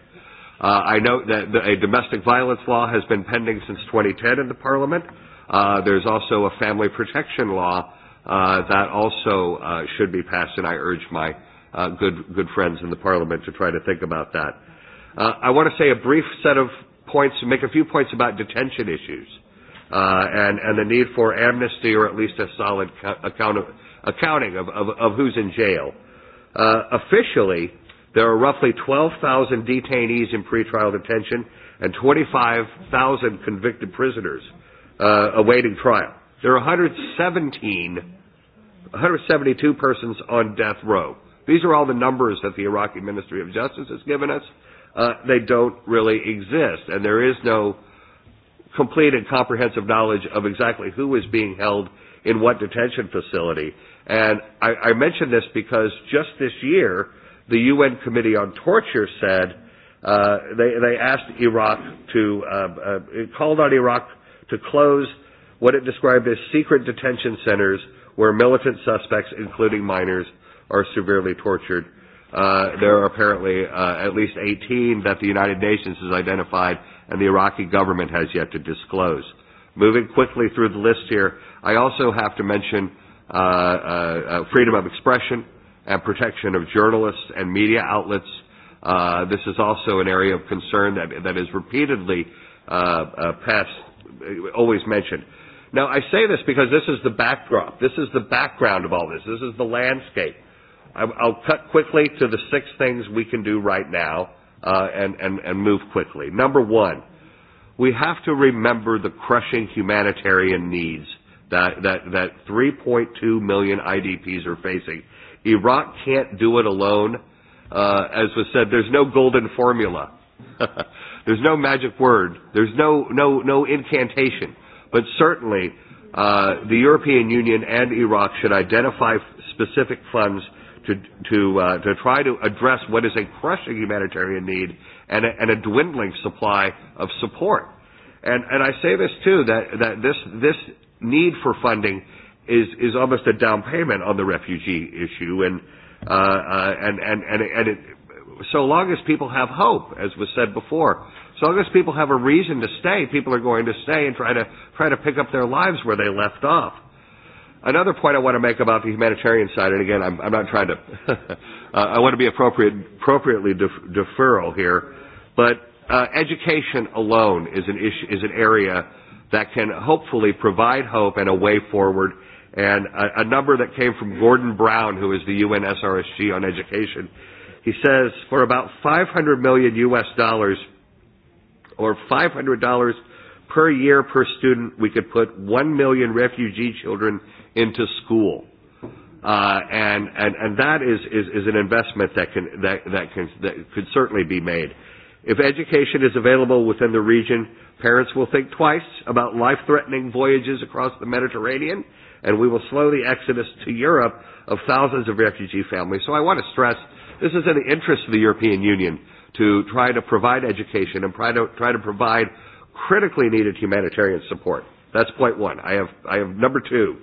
Uh I note that a domestic violence law has been pending since 2010 in the Parliament. Uh There's also a family protection law uh that also should be passed, and I urge my good good friends in the Parliament to try to think about that. Uh I want to say a brief set of points, make a few points about detention issues uh, and, and the need for amnesty or at least a solid account of, accounting of, of, of who's in jail. Uh, officially, there are roughly 12,000 detainees in pretrial detention and 25,000 convicted prisoners uh, awaiting trial. There are 117, 172 persons on death row. These are all the numbers that the Iraqi Ministry of Justice has given us they don't really exist. And there is no complete and comprehensive knowledge of exactly who is being held in what detention facility. And I, I mention this because just this year, the UN Committee on Torture said uh, they, they asked Iraq to, uh, uh, called on Iraq to close what it described as secret detention centers where militant suspects, including minors, are severely tortured there are apparently at least 18 that the United Nations has identified and the Iraqi government has yet to disclose. Moving quickly through the list here, I also have to mention freedom of expression and protection of journalists and media outlets. This is also an area of concern that that is repeatedly passed, always mentioned. Now, I say this because this is the backdrop. This is the background of all this. This is the landscape I'll cut quickly to the six things we can do right now and, and, and move quickly. Number one, we have to remember the crushing humanitarian needs that, that, that 3.2 million IDPs are facing. Iraq can't do it alone. Uh, as was said, there's no golden formula. there's no magic word. There's no, no, no incantation. But certainly, uh, the European Union and Iraq should identify specific funds to to to try to address what is a crushing humanitarian need and a, and a dwindling supply of support. And and I say this too that that this this need for funding is is almost a down payment on the refugee issue and uh, and and and so long as people have hope, as was said before, so long as people have a reason to stay, people are going to stay and try to try to pick up their lives where they left off. Another point I want to make about the humanitarian side, and again, I'm, I'm not trying to, uh, I want to be appropriate, appropriately deferral here, but uh, education alone is an issue, is an area that can hopefully provide hope and a way forward. And a, a number that came from Gordon Brown, who is the UN SRSG on education, he says for about 500 million U.S. dollars, or 500 dollars per year per student, we could put one million refugee children into school. Uh, and, and, and that is, is, is an investment that can, that, that can, that could certainly be made. If education is available within the region, parents will think twice about life-threatening voyages across the Mediterranean, and we will slow the exodus to Europe of thousands of refugee families. So I want to stress this is in the interest of the European Union to try to provide education and to, try to provide critically needed humanitarian support. That's point one. I have, I have number two.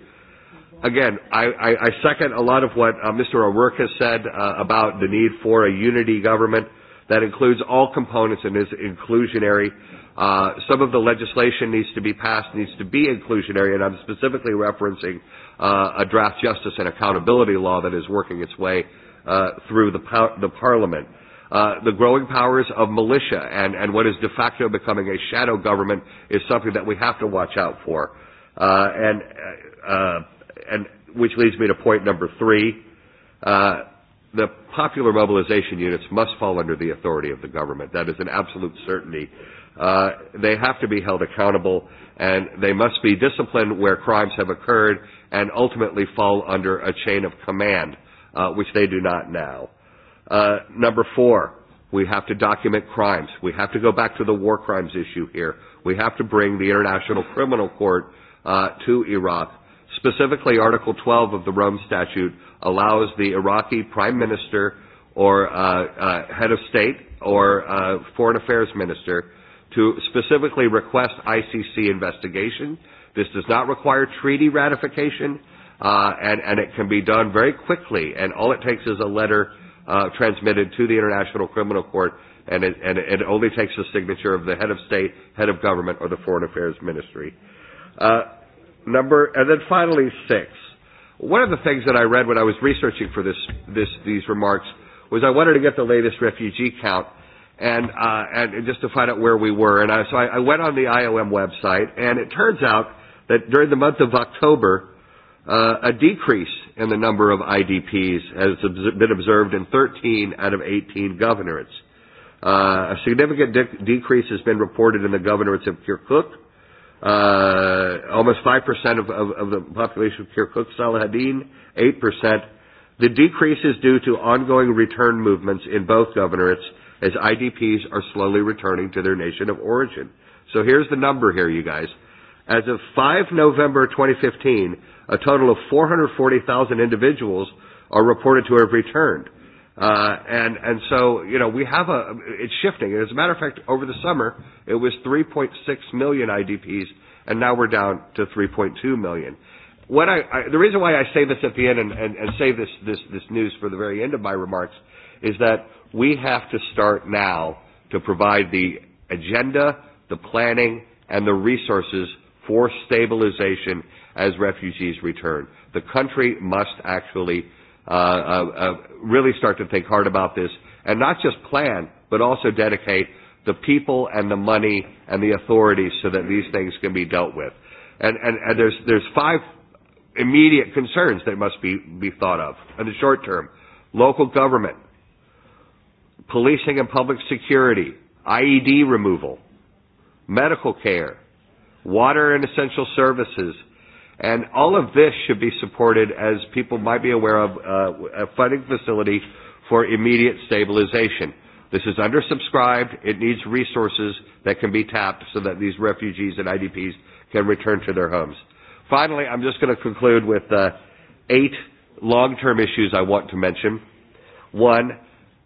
Again, I, I, I second a lot of what uh, Mr. O'Rourke has said uh, about the need for a unity government that includes all components and is inclusionary. Uh, some of the legislation needs to be passed, needs to be inclusionary, and I'm specifically referencing uh, a draft justice and accountability law that is working its way uh, through the, the Parliament the growing powers of militia and, and what is de facto becoming a shadow government is something that we have to watch out for. Uh, and, uh, and which leads me to point number three. Uh, the popular mobilization units must fall under the authority of the government. That is an absolute certainty. Uh, they have to be held accountable and they must be disciplined where crimes have occurred and ultimately fall under a chain of command, uh, which they do not now. Uh Number four, we have to document crimes. We have to go back to the war crimes issue here. We have to bring the International Criminal Court uh to Iraq. Specifically, Article 12 of the Rome Statute allows the Iraqi Prime Minister or uh Head of State or uh Foreign Affairs Minister to specifically request ICC investigation. This does not require treaty ratification, uh and it can be done very quickly, and all it takes is a letter uh, transmitted to the International Criminal Court, and it, and it only takes the signature of the head of state, head of government, or the foreign affairs ministry. Uh, number, and then finally six. One of the things that I read when I was researching for this, this, these remarks was I wanted to get the latest refugee count and, uh, and just to find out where we were. And I, so I, I went on the IOM website, and it turns out that during the month of October, uh, a decrease in the number of IDPs has been observed in 13 out of 18 governorates. A significant decrease has been reported in the governorates of Kirkuk. Almost 5% of the population of Kirkuk, Salahadin, 8%. The decrease is due to ongoing return movements in both governorates as IDPs are slowly returning to their nation of origin. So here's the number here, you guys. As of 5 November 2015, a total of 440,000 individuals are reported to have returned. Uh, and, and so, you know, we have a, it's shifting. As a matter of fact, over the summer, it was 3.6 million IDPs, and now we're down to 3.2 million. What I, I, the reason why I say this at the end and, and, and save this, this, this news for the very end of my remarks is that we have to start now to provide the agenda, the planning, and the resources for stabilization as refugees return. The country must actually really start to think hard about this and not just plan, but also dedicate the people and the money and the authorities so that these things can be dealt with. And, and, and there's, there's five immediate concerns that must be, be thought of in the short term. Local government, policing and public security, IED removal, medical care, water and essential services, And all of this should be supported, as people might be aware of, a funding facility for immediate stabilization. This is undersubscribed. It needs resources that can be tapped so that these refugees and IDPs can return to their homes. Finally, I'm just going to conclude with eight long-term issues I want to mention. One,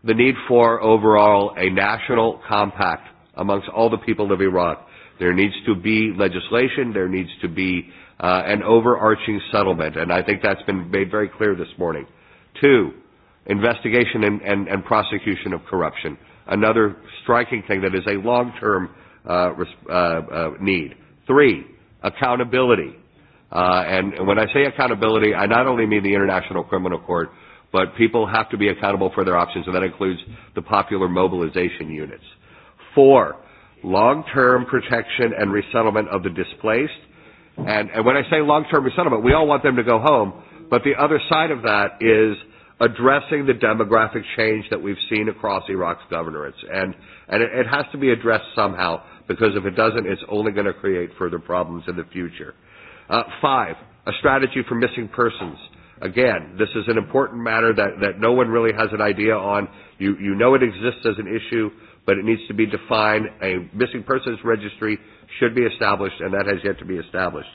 the need for overall a national compact amongst all the people of Iraq. There needs to be legislation. There needs to be uh an overarching settlement, and I think that's been made very clear this morning. Two, investigation and, and, and prosecution of corruption, another striking thing that is a long-term uh uh, need. Three, accountability. Uh, and when I say accountability, I not only mean the International Criminal Court, but people have to be accountable for their options, and that includes the popular mobilization units. Four, long-term protection and resettlement of the displaced And, and when I say long-term resettlement, we all want them to go home, but the other side of that is addressing the demographic change that we've seen across Iraq's governorates. And, and it, it has to be addressed somehow, because if it doesn't, it's only going to create further problems in the future. Uh, five, a strategy for missing persons. Again, this is an important matter that, that no one really has an idea on. You, you know it exists as an issue, but it needs to be defined. A missing persons registry should be established, and that has yet to be established.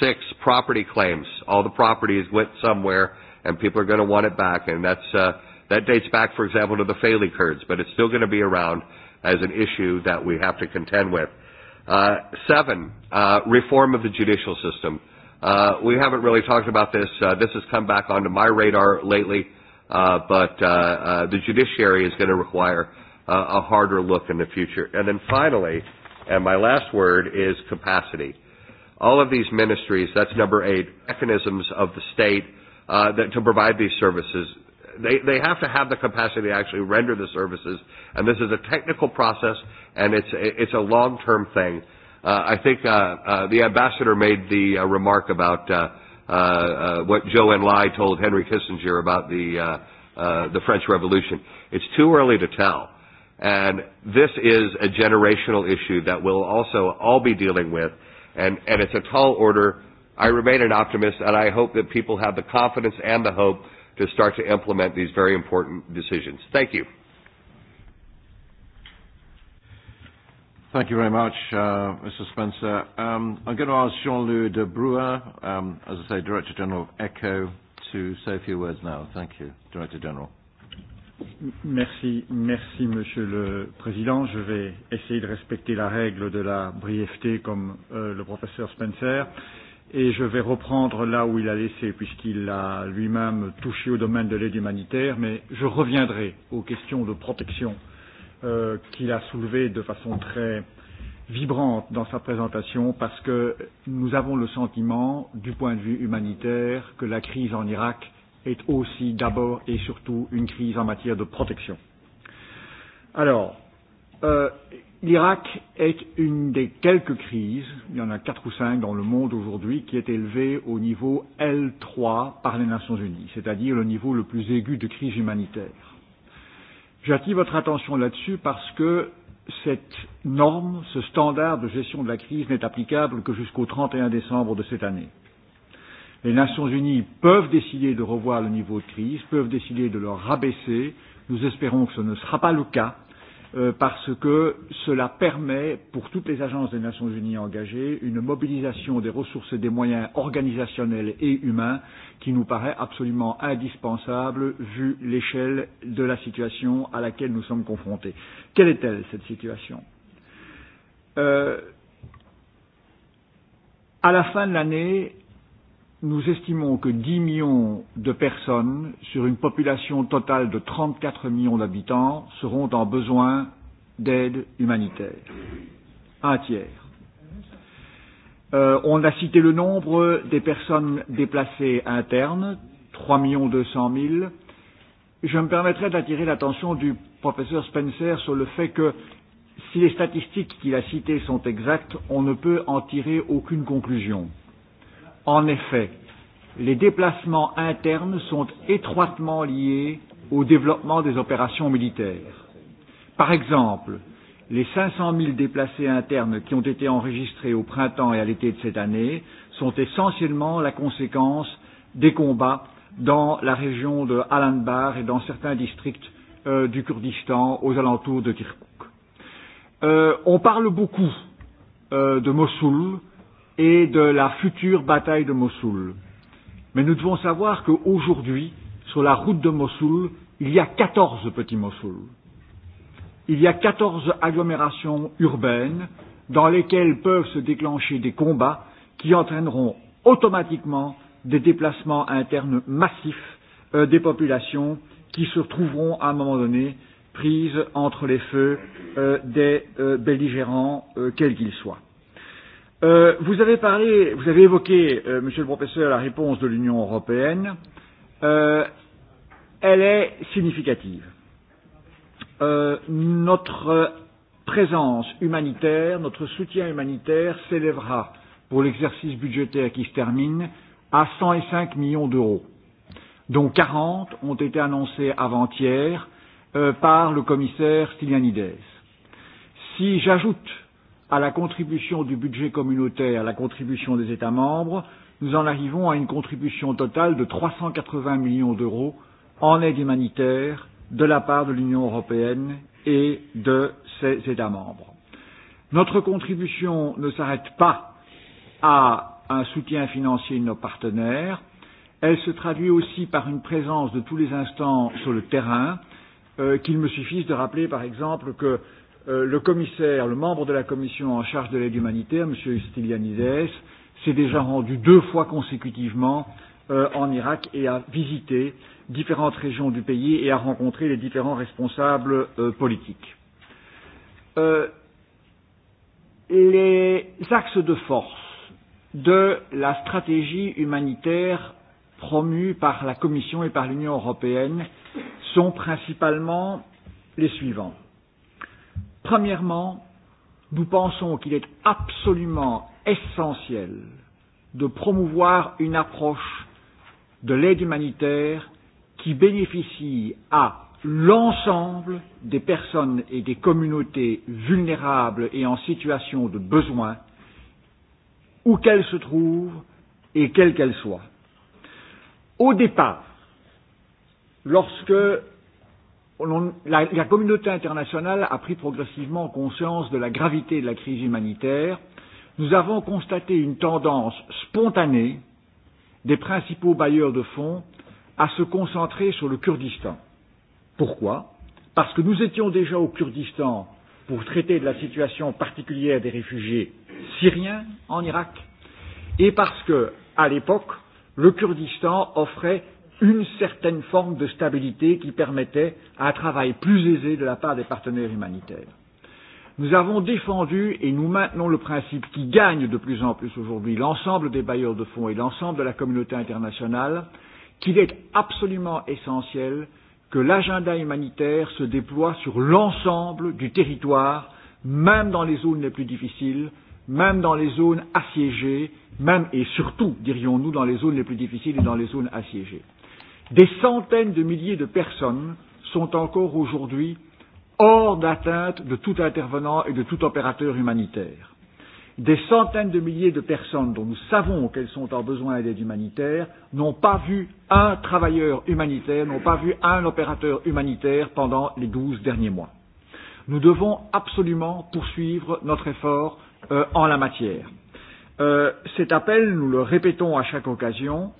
Six, property claims. All the property is went somewhere, and people are going to want it back, and that's uh, that dates back, for example, to the Faley Kurds, but it's still going to be around as an issue that we have to contend with. Uh, seven, uh, reform of the judicial system. Uh, we haven't really talked about this. Uh, this has come back onto my radar lately, uh, but uh, uh, the judiciary is going to require uh, a harder look in the future. And then finally, And my last word is capacity. All of these ministries, that's number eight, mechanisms of the state uh, that, to provide these services, they, they have to have the capacity to actually render the services. And this is a technical process, and it's, it's a long-term thing. Uh, I think uh, uh, the ambassador made the uh, remark about uh, uh, uh, what Joe and Lai told Henry Kissinger about the, uh, uh, the French Revolution. It's too early to tell. And this is a generational issue that we'll also all be dealing with, and, and it's a tall order. I remain an optimist, and I hope that people have the confidence and the hope to start to implement these very important decisions. Thank you. Thank you very much, uh, Mr. Spencer. Um, I'm going to ask Jean-Louis de Brewer, um, as I say, Director General of ECHO, to say a few words now. Thank you, Director General. Merci, merci Monsieur le Président. Je vais essayer de respecter la règle de la brièveté comme le professeur Spencer et je vais reprendre là où il a laissé puisqu'il a lui-même touché au domaine de l'aide humanitaire, mais je reviendrai aux questions de protection qu'il a soulevées de façon très vibrante dans sa présentation parce que nous avons le sentiment, du point de vue humanitaire, que la crise en Irak est aussi d'abord et surtout une crise en matière de protection. Alors, euh, l'Irak est une des quelques crises, il y en a quatre ou cinq dans le monde aujourd'hui, qui est élevée au niveau L3 par les Nations Unies, c'est-à-dire le niveau le plus aigu de crise humanitaire. J'attire votre attention là-dessus parce que cette norme, ce standard de gestion de la crise n'est applicable que jusqu'au 31 décembre de cette année. Les Nations Unies peuvent décider de revoir le niveau de crise, peuvent décider de le rabaisser. Nous espérons que ce ne sera pas le cas parce que cela permet pour toutes les agences des Nations Unies engagées une mobilisation des ressources et des moyens organisationnels et humains qui nous paraît absolument indispensable vu l'échelle de la situation à laquelle nous sommes confrontés. Quelle est-elle cette situation euh, À la fin de l'année, nous estimons que 10 millions de personnes sur une population totale de 34 millions d'habitants seront en besoin d'aide humanitaire. Un tiers. Euh, on a cité le nombre des personnes déplacées internes, 3 millions 200 000. Je me permettrai d'attirer l'attention du professeur Spencer sur le fait que si les statistiques qu'il a citées sont exactes, on ne peut en tirer aucune conclusion. En effet, les déplacements internes sont étroitement liés au développement des opérations militaires. Par exemple, les 500 000 déplacés internes qui ont été enregistrés au printemps et à l'été de cette année sont essentiellement la conséquence des combats dans la région de Al-Anbar et dans certains districts du Kurdistan aux alentours de Kirkuk. On parle beaucoup de Mossoul et de la future bataille de Mossoul. Mais nous devons savoir qu'aujourd'hui, sur la route de Mossoul, il y a 14 petits Mossoul. Il y a 14 agglomérations urbaines dans lesquelles peuvent se déclencher des combats qui entraîneront automatiquement des déplacements internes massifs des populations qui se trouveront à un moment donné prises entre les feux des belligérants quels qu'ils soient vous avez parlé, vous avez évoqué, Monsieur le Professeur, la réponse de l'Union européenne. Elle est significative. Notre présence humanitaire, notre soutien humanitaire s'élèvera pour l'exercice budgétaire qui se termine à 105 millions d'euros, dont 40 ont été annoncés avant-hier par le commissaire Stylianides. Si j'ajoute à la contribution du budget communautaire, à la contribution des États membres, nous en arrivons à une contribution totale de 380 millions d'euros en aide humanitaire de la part de l'Union européenne et de ses États membres. Notre contribution ne s'arrête pas à un soutien financier de nos partenaires, elle se traduit aussi par une présence de tous les instants sur le terrain, qu'il me suffise de rappeler par exemple que le commissaire, le membre de la commission en charge de l'aide humanitaire, M. Stylianides, s'est déjà rendu deux fois consécutivement en Irak et a visité différentes régions du pays et a rencontré les différents responsables politiques. Les axes de force de la stratégie humanitaire promue par la Commission et par l'Union européenne sont principalement les suivants Premièrement, nous pensons qu'il est absolument essentiel de promouvoir une approche de l'aide humanitaire qui bénéficie à l'ensemble des personnes et des communautés vulnérables et en situation de besoin, où qu'elles se trouvent et quelles qu'elles soient. Au départ, lorsque la, la communauté internationale a pris progressivement conscience de la gravité de la crise humanitaire. Nous avons constaté une tendance spontanée des principaux bailleurs de fonds à se concentrer sur le Kurdistan. Pourquoi Parce que nous étions déjà au Kurdistan pour traiter de la situation particulière des réfugiés syriens en Irak et parce que, à l'époque, le Kurdistan offrait une certaine forme de stabilité qui permettait un travail plus aisé de la part des partenaires humanitaires. Nous avons défendu et nous maintenons le principe qui gagne de plus en plus aujourd'hui l'ensemble des bailleurs de fonds et l'ensemble de la communauté internationale qu'il est absolument essentiel que l'agenda humanitaire se déploie sur l'ensemble du territoire, même dans les zones les plus difficiles, même dans les zones assiégées, même et surtout, dirions-nous, dans les zones les plus difficiles et dans les zones assiégées. Des centaines de milliers de personnes sont encore aujourd'hui hors d'atteinte de tout intervenant et de tout opérateur humanitaire. Des centaines de milliers de personnes dont nous savons qu'elles sont en besoin d'aide humanitaire n'ont pas vu un travailleur humanitaire, n'ont pas vu un opérateur humanitaire pendant les douze derniers mois. Nous devons absolument poursuivre notre effort en la matière. Cet appel, nous le répétons à chaque occasion,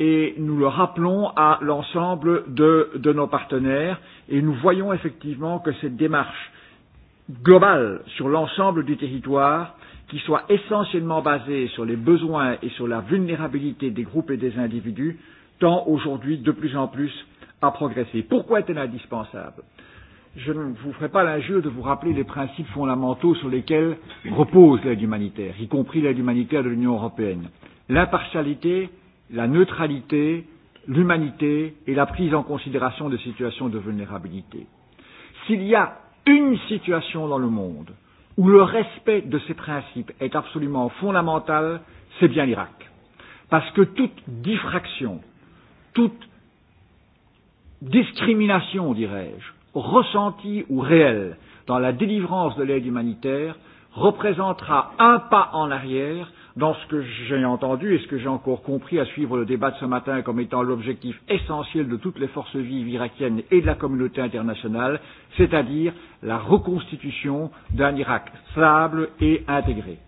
et nous le rappelons à l'ensemble de, de nos partenaires et nous voyons effectivement que cette démarche globale sur l'ensemble du territoire qui soit essentiellement basée sur les besoins et sur la vulnérabilité des groupes et des individus tend aujourd'hui de plus en plus à progresser. Pourquoi est-elle indispensable Je ne vous ferai pas l'injure de vous rappeler les principes fondamentaux sur lesquels repose l'aide humanitaire, y compris l'aide humanitaire de l'Union européenne. L'impartialité, la neutralité, l'humanité et la prise en considération des situations de vulnérabilité. S'il y a une situation dans le monde où le respect de ces principes est absolument fondamental, c'est bien l'Irak. Parce que toute diffraction, toute discrimination, dirais-je, ressentie ou réelle dans la délivrance de l'aide humanitaire représentera un pas en arrière dans ce que j'ai entendu et ce que j'ai encore compris à suivre le débat de ce matin comme étant l'objectif essentiel de toutes les forces vives irakiennes et de la communauté internationale, c'est-à-dire la reconstitution d'un Irak stable et intégré.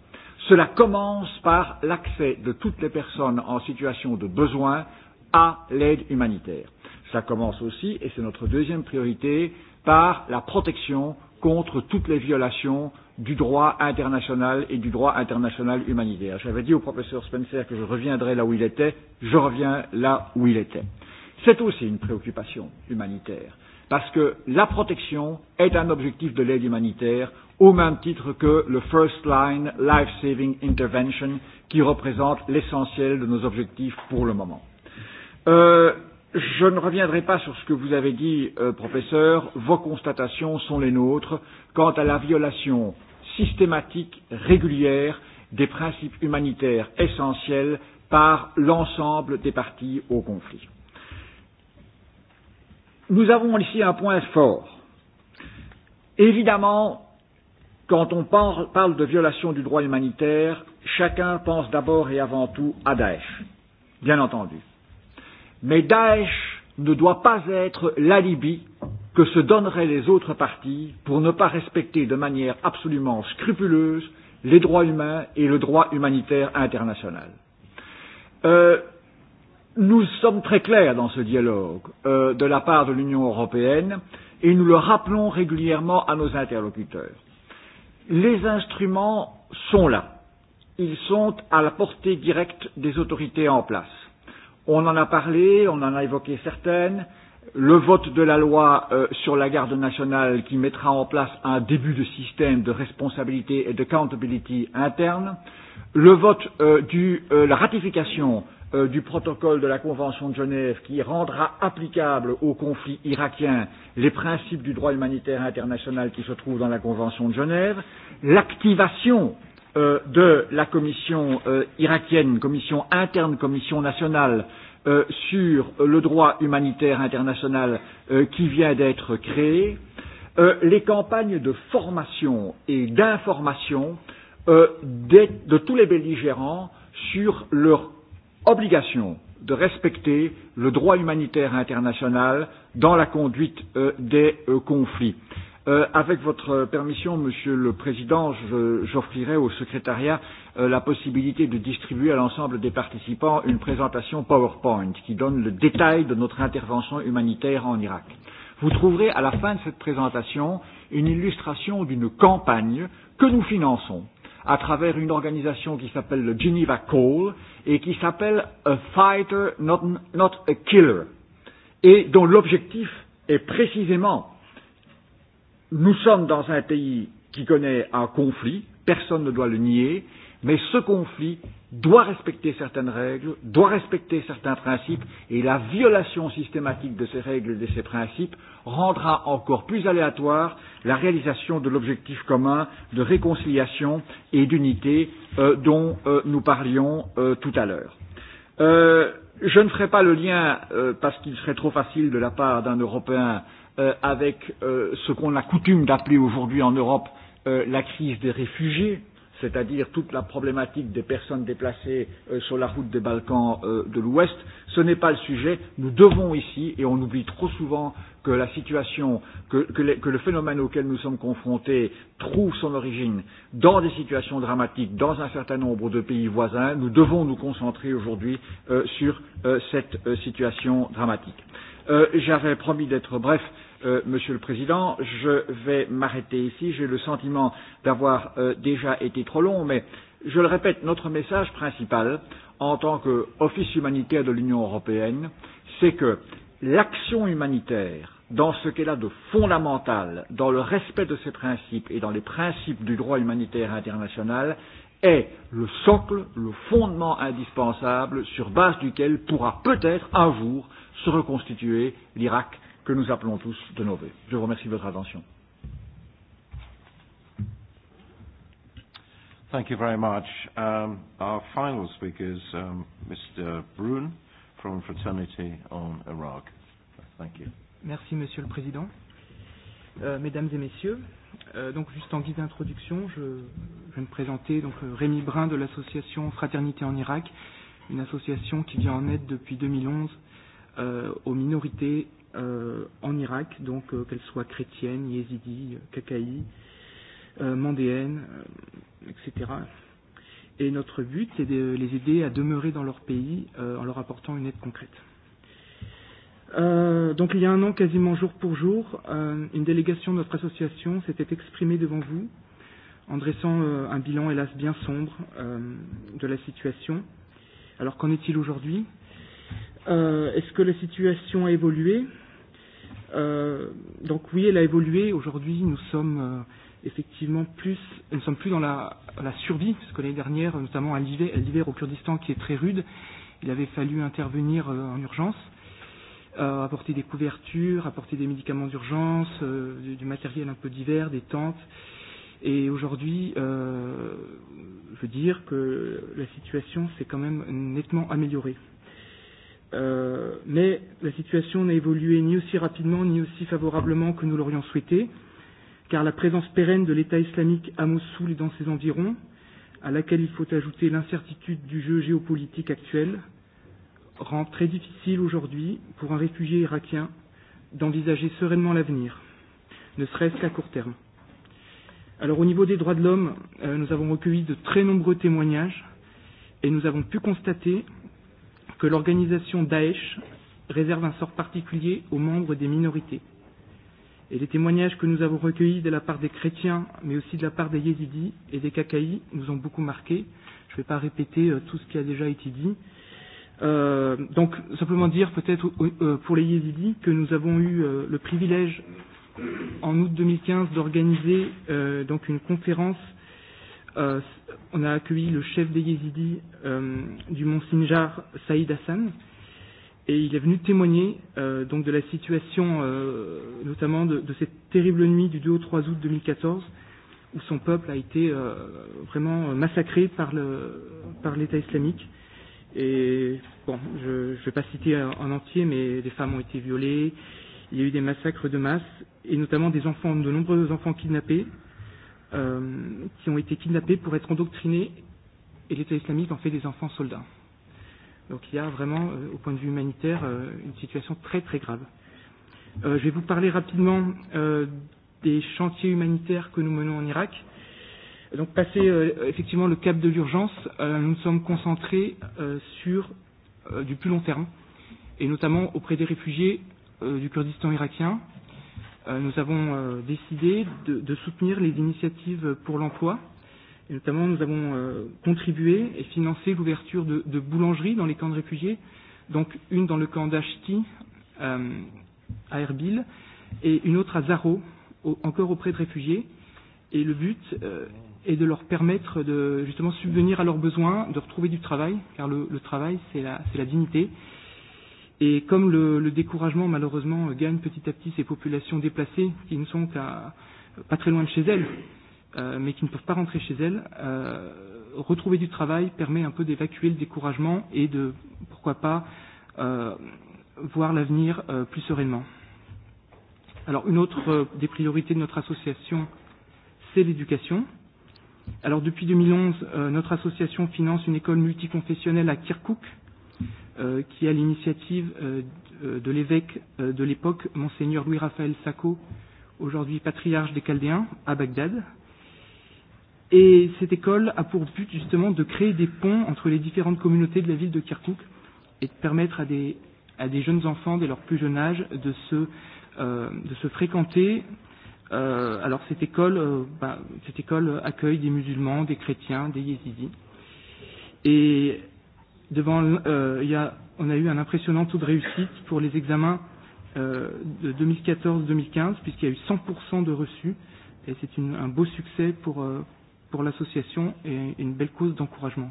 Cela commence par l'accès de toutes les personnes en situation de besoin à l'aide humanitaire. Cela commence aussi, et c'est notre deuxième priorité, par la protection contre toutes les violations du droit international et du droit international humanitaire. J'avais dit au professeur Spencer que je reviendrais là où il était, je reviens là où il était. C'est aussi une préoccupation humanitaire, parce que la protection est un objectif de l'aide humanitaire, au même titre que le First Line Life Saving Intervention, qui représente l'essentiel de nos objectifs pour le moment. Euh, Je ne reviendrai pas sur ce que vous avez dit, professeur. Vos constatations sont les nôtres quant à la violation systématique, régulière, des principes humanitaires essentiels par l'ensemble des parties au conflit. Nous avons ici un point fort. Évidemment, quand on parle de violation du droit humanitaire, chacun pense d'abord et avant tout à Daesh, bien entendu. Mais Daesh ne doit pas être l'alibi que se donneraient les autres partis pour ne pas respecter de manière absolument scrupuleuse les droits humains et le droit humanitaire international. Euh, nous sommes très clairs dans ce dialogue euh, de la part de l'Union européenne et nous le rappelons régulièrement à nos interlocuteurs. Les instruments sont là. Ils sont à la portée directe des autorités en place On en a parlé, on en a évoqué certaines. Le vote de la loi sur la garde nationale qui mettra en place un début de système de responsabilité et de accountability interne. Le vote du, la ratification du protocole de la Convention de Genève qui rendra applicable au conflit irakien les principes du droit humanitaire international qui se trouvent dans la Convention de Genève, l'activation de la commission irakienne, commission interne, commission nationale sur le droit humanitaire international qui vient d'être créé, les campagnes de formation et d'information de tous les belligérants sur leur obligation de respecter le droit humanitaire international dans la conduite des conflits. Avec votre permission, Monsieur le Président, j'offrirai au secrétariat la possibilité de distribuer à l'ensemble des participants une présentation PowerPoint qui donne le détail de notre intervention humanitaire en Irak. Vous trouverez à la fin de cette présentation une illustration d'une campagne que nous finançons à travers une organisation qui s'appelle le Geneva Call et qui s'appelle A Fighter, Not a Killer, et dont l'objectif est précisément Nous sommes dans un pays qui connaît un conflit, personne ne doit le nier, mais ce conflit doit respecter certaines règles, doit respecter certains principes, et la violation systématique de ces règles et de ces principes rendra encore plus aléatoire la réalisation de l'objectif commun de réconciliation et d'unité dont nous parlions tout à l'heure. Je ne ferai pas le lien parce qu'il serait trop facile de la part d'un Européen avec ce qu'on a coutume d'appeler aujourd'hui en Europe la crise des réfugiés, c'est-à-dire toute la problématique des personnes déplacées sur la route des Balkans de l'Ouest, ce n'est pas le sujet. Nous devons ici, et on oublie trop souvent que la situation, que, que le phénomène auquel nous sommes confrontés trouve son origine dans des situations dramatiques dans un certain nombre de pays voisins, nous devons nous concentrer aujourd'hui sur cette situation dramatique. J'avais promis d'être bref Monsieur le Président. Je vais m'arrêter ici. J'ai le sentiment d'avoir déjà été trop long, mais je le répète, notre message principal en tant qu'office humanitaire de l'Union européenne, c'est que l'action humanitaire, dans ce qu'elle a de fondamental, dans le respect de ses principes et dans les principes du droit humanitaire international, est le socle, le fondement indispensable sur base duquel pourra peut-être un jour se reconstituer l'Irak que nous appelons tous de nos vœux. Je vous remercie de votre attention. Thank you very much. Um, our final speaker is um, Mr. Brun from Fraternity on Iraq. Thank you. Merci, Monsieur le Président. Euh, mesdames et messieurs, euh, donc juste en guise d'introduction, je, vais me présenter donc Rémi Brun de l'association Fraternité en Irak, une association qui vient en aide depuis 2011 euh, aux minorités euh, en Irak, donc qu'elles soient chrétiennes, yézidis, kakaï, euh, mandéennes, etc. Et notre but, c'est de les aider à demeurer dans leur pays en leur apportant une aide concrète. Euh, donc il y a un an, quasiment jour pour jour, une délégation de notre association s'était exprimée devant vous en dressant un bilan, hélas, bien sombre de la situation. Alors qu'en est-il aujourd'hui euh, Est-ce que la situation a évolué donc oui, elle a évolué. Aujourd'hui, nous sommes effectivement plus, nous ne sommes plus dans la, la survie, parce que l'année dernière, notamment à l'hiver au Kurdistan qui est très rude, il avait fallu intervenir en urgence, apporter des couvertures, apporter des médicaments d'urgence, du, matériel un peu divers, des tentes. Et aujourd'hui, je veux dire que la situation s'est quand même nettement améliorée mais la situation n'a évolué ni aussi rapidement ni aussi favorablement que nous l'aurions souhaité, car la présence pérenne de l'État islamique à Mossoul et dans ses environs, à laquelle il faut ajouter l'incertitude du jeu géopolitique actuel, rend très difficile aujourd'hui pour un réfugié irakien d'envisager sereinement l'avenir, ne serait-ce qu'à court terme. Alors au niveau des droits de l'homme, nous avons recueilli de très nombreux témoignages et nous avons pu constater que l'organisation Daesh réserve un sort particulier aux membres des minorités. Et les témoignages que nous avons recueillis de la part des chrétiens, mais aussi de la part des yézidis et des kakaïs, nous ont beaucoup marqués. Je ne vais pas répéter tout ce qui a déjà été dit. Euh, donc, simplement dire peut-être pour les yézidis que nous avons eu le privilège en août 2015 d'organiser donc une conférence on a accueilli le chef des Yézidis du Mont Sinjar, Saïd Hassan, et il est venu témoigner donc de la situation, notamment de, de cette terrible nuit du 2 au 3 août 2014, où son peuple a été vraiment massacré par le par l'État islamique. Et bon, je ne vais pas citer en entier, mais des femmes ont été violées, il y a eu des massacres de masse, et notamment des enfants, de nombreux enfants kidnappés, qui ont été kidnappés pour être endoctrinés et l'État islamique en fait des enfants soldats. Donc il y a vraiment, au point de vue humanitaire, une situation très très grave. Je vais vous parler rapidement des chantiers humanitaires que nous menons en Irak. Donc passé effectivement le cap de l'urgence, nous nous sommes concentrés sur du plus long terme, et notamment auprès des réfugiés du Kurdistan irakien, nous avons décidé de, de soutenir les initiatives pour l'emploi. Et notamment, nous avons contribué et financé l'ouverture de, de boulangeries dans les camps de réfugiés, donc une dans le camp d'Ashti à Erbil et une autre à Zaro, encore auprès de réfugiés. Et le but est de leur permettre de justement subvenir à leurs besoins, de retrouver du travail, car le, le travail, c'est la, la dignité. Et comme le, le découragement, malheureusement, gagne petit à petit ces populations déplacées qui ne sont qu'à pas très loin de chez elles, mais qui ne peuvent pas rentrer chez elles, retrouver du travail permet un peu d'évacuer le découragement et de, pourquoi pas, euh, voir l'avenir plus sereinement. Alors, une autre des priorités de notre association, c'est l'éducation. Alors, depuis 2011, euh, notre association finance une école multiconfessionnelle à Kirkuk, qui, à l'initiative de l'évêque de l'époque, Monseigneur Louis-Raphaël Sacco, aujourd'hui patriarche des Chaldéens, à Bagdad. Et cette école a pour but justement de créer des ponts entre les différentes communautés de la ville de Kirkuk et de permettre à des, à des jeunes enfants dès leur plus jeune âge de se, de se fréquenter. alors cette école, bah, cette école accueille des musulmans, des chrétiens, des yézidis. Et devant, euh, il y a, on a eu un impressionnant taux de réussite pour les examens euh, de 2014-2015, puisqu'il y a eu 100% de reçus, et c'est un beau succès pour, pour l'association et une belle cause d'encouragement.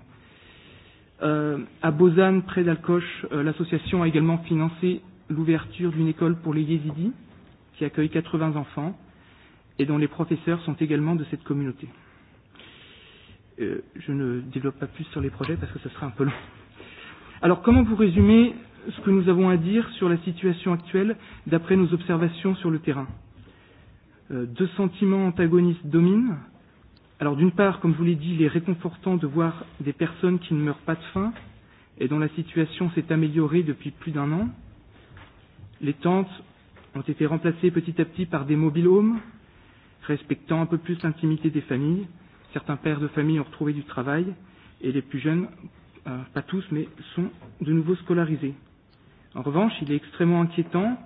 Euh, à Lausanne, près d'Alcoche, l'association a également financé l'ouverture d'une école pour les yézidis, qui accueille 80 enfants, et dont les professeurs sont également de cette communauté. Euh, je ne développe pas plus sur les projets parce que ce sera un peu long. Alors comment vous résumez ce que nous avons à dire sur la situation actuelle d'après nos observations sur le terrain Deux sentiments antagonistes dominent. Alors d'une part, comme vous l'ai dit, il est réconfortant de voir des personnes qui ne meurent pas de faim et dont la situation s'est améliorée depuis plus d'un an. Les tentes ont été remplacées petit à petit par des mobile homes, respectant un peu plus l'intimité des familles. Certains pères de famille ont retrouvé du travail et les plus jeunes pas tous, mais sont de nouveau scolarisés. En revanche, il est extrêmement inquiétant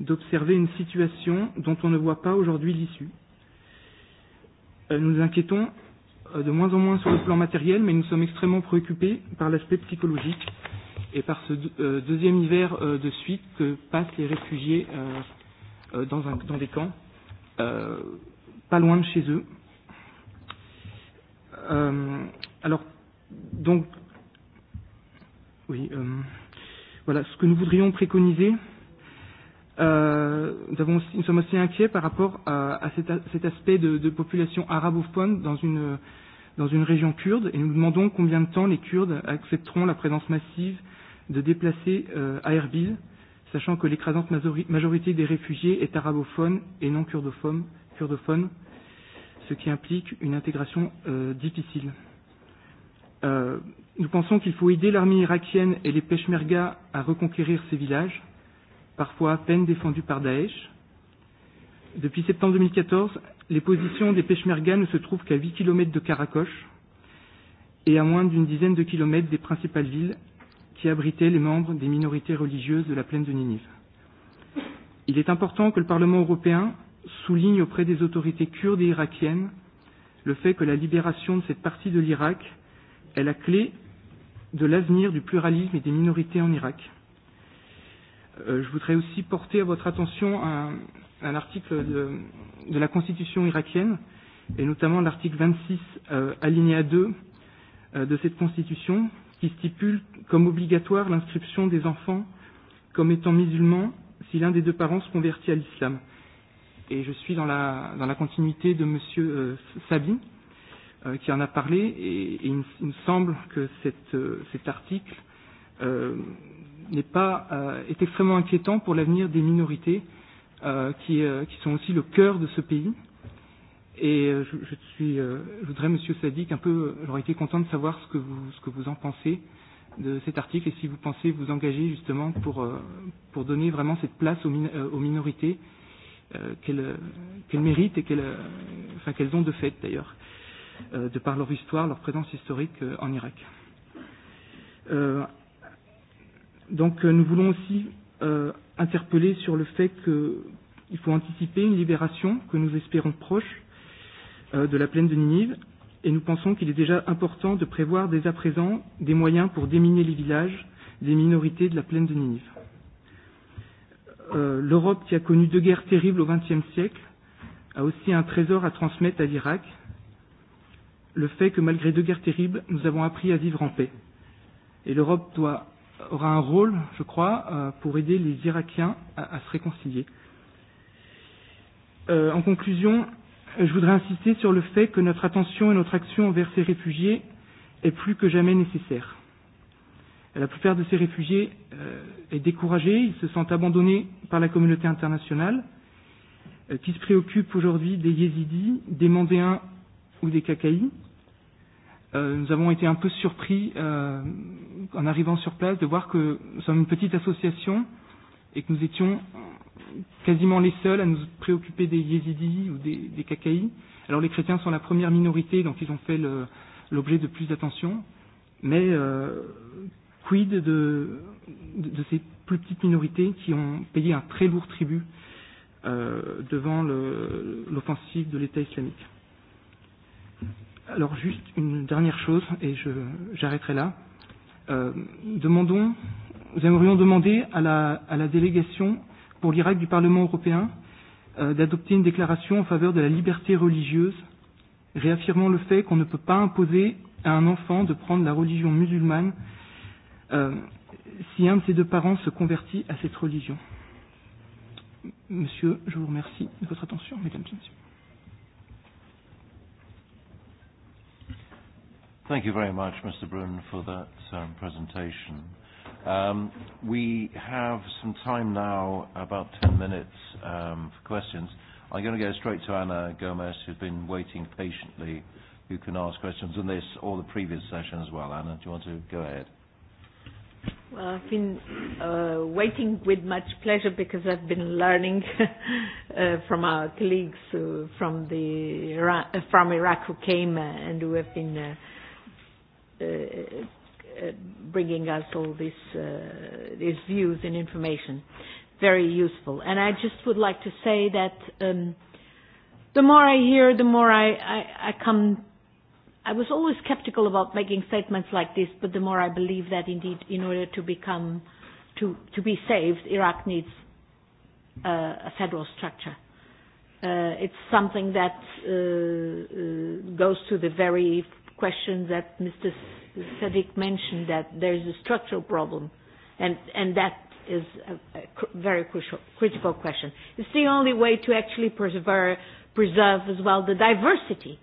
d'observer une situation dont on ne voit pas aujourd'hui l'issue. Nous nous inquiétons de moins en moins sur le plan matériel, mais nous sommes extrêmement préoccupés par l'aspect psychologique et par ce deuxième hiver de suite que passent les réfugiés dans, un, dans des camps, pas loin de chez eux. Alors, donc, Oui. Voilà, ce que nous voudrions préconiser, euh, nous, avons aussi, nous sommes assez inquiets par rapport à, à, cet, cet aspect de, de population arabophone dans une, dans une région kurde et nous demandons combien de temps les Kurdes accepteront la présence massive de déplacés à Erbil, sachant que l'écrasante majorité des réfugiés est arabophone et non kurdophone, kurdophone ce qui implique une intégration difficile. Euh, Nous pensons qu'il faut aider l'armée irakienne et les Peshmerga à reconquérir ces villages, parfois à peine défendus par Daesh. Depuis septembre 2014, les positions des Peshmerga ne se trouvent qu'à 8 km de Karakoche et à moins d'une dizaine de kilomètres des principales villes qui abritaient les membres des minorités religieuses de la plaine de Ninive. Il est important que le Parlement européen souligne auprès des autorités kurdes et irakiennes le fait que la libération de cette partie de l'Irak est la clé de l'avenir du pluralisme et des minorités en Irak. Je voudrais aussi porter à votre attention un, un article de, de la Constitution irakienne, et notamment l'article 26, alinéa 2 de cette Constitution, qui stipule comme obligatoire l'inscription des enfants comme étant musulmans si l'un des deux parents se convertit à l'islam. Et je suis dans la, dans la continuité de Monsieur Sabi, qui en a parlé et il me semble que cet article n'est pas est extrêmement inquiétant pour l'avenir des minorités qui qui sont aussi le cœur de ce pays et je je suis je voudrais monsieur Sadik un peu j'aurais été content de savoir ce que vous ce que vous en pensez de cet article et si vous pensez vous engager justement pour pour donner vraiment cette place aux aux minorités qu'elles qu'elles méritent et qu'elles enfin qu'elles ont de fait d'ailleurs de par leur histoire, leur présence historique en Irak. Donc nous voulons aussi interpeller sur le fait qu'il faut anticiper une libération que nous espérons proche de la plaine de Ninive et nous pensons qu'il est déjà important de prévoir dès à présent des moyens pour déminer les villages des minorités de la plaine de Ninive. L'Europe, qui a connu deux guerres terribles au XXe siècle, a aussi un trésor à transmettre à l'Irak le fait que malgré deux guerres terribles, nous avons appris à vivre en paix. Et l'Europe doit, aura un rôle, je crois, pour aider les Irakiens à, se réconcilier. en conclusion, je voudrais insister sur le fait que notre attention et notre action envers ces réfugiés est plus que jamais nécessaire. La plupart de ces réfugiés euh, est découragée, ils se sentent abandonnés par la communauté internationale, qui se préoccupe aujourd'hui des yézidis, des mandéens ou des cacaïs. Nous avons été un peu surpris en arrivant sur place de voir que nous sommes une petite association et que nous étions quasiment les seuls à nous préoccuper des yézidis ou des, des cacaïs. Alors les chrétiens sont la première minorité, donc ils ont fait l'objet de plus d'attention. Mais quid de, de, ces plus petites minorités qui ont payé un très lourd tribut devant l'offensive de l'État islamique Alors juste une dernière chose, et j'arrêterai là. Euh, demandons, nous aimerions demander à la, à la délégation pour l'Irak du Parlement européen euh, d'adopter une déclaration en faveur de la liberté religieuse, réaffirmant le fait qu'on ne peut pas imposer à un enfant de prendre la religion musulmane euh, si un de ses deux parents se convertit à cette religion. Monsieur, je vous remercie de votre attention, mesdames et messieurs. Thank you very much, Mr. Brun, for that um, presentation. Um, we have some time now, about 10 minutes um, for questions. I'm going to go straight to Anna Gomez, who's been waiting patiently, who can ask questions on this or the previous session as well. Anna, do you want to go ahead? Well, I've been uh, waiting with much pleasure because I've been learning uh, from our colleagues uh, from the Iraq, from Iraq who came uh, and who have been uh, bringing us all uh these views and information. Very useful. And I just would like to say that um the more I hear, the more I I come. I was always skeptical about making statements like this, but the more I believe that indeed, in order to become to to be saved, Iraq needs a federal structure. It's something that goes to the very question that Mr. Sadiq mentioned that there is a structural problem, and and that is a very crucial critical question. It's the only way to actually preserve preserve as well the diversity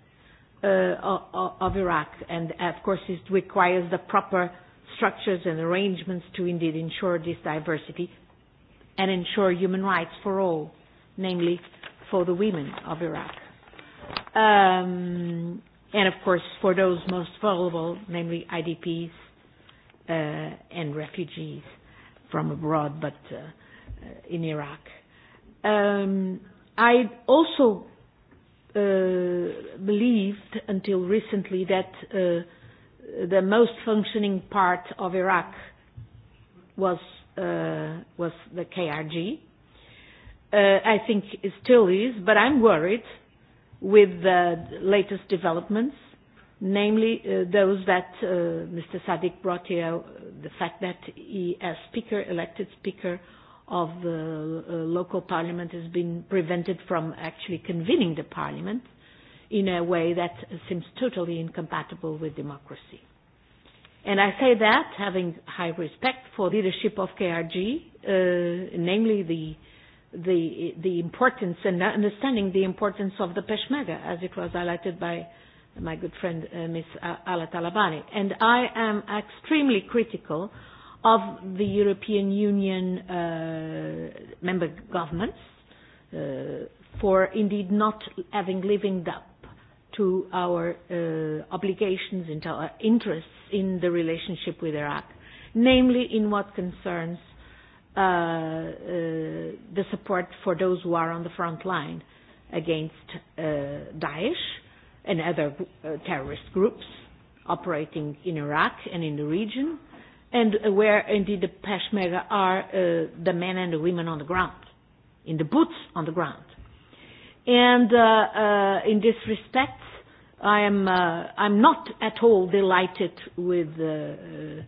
of Iraq, and of course it requires the proper structures and arrangements to indeed ensure this diversity and ensure human rights for all, namely for the women of Iraq. Um, and of course for those most vulnerable, namely IDPs uh, and refugees from abroad, but uh, in Iraq. Um, I also uh, believed until recently that uh, the most functioning part of Iraq was uh, was the KRG. Uh, I think it still is, but I'm worried with the latest developments, namely those that Mr. Sadik brought here, the fact that he, as speaker, elected speaker of the local parliament, has been prevented from actually convening the parliament in a way that seems totally incompatible with democracy. And I say that having high respect for leadership of KRG, namely the the the importance and understanding the importance of the Peshmerga, as it was highlighted by my good friend Ms. Ala Talabani. And I am extremely critical of the European Union member governments for indeed not having living up to our obligations and our interests in the relationship with Iraq, namely in what concerns the support for those who are on the front line against uh Daesh and other terrorist groups operating in Iraq and in the region, and where indeed the Peshmerga are the men and the women on the ground, in the boots on the ground. And uh in this respect, I am I'm not at all delighted with uh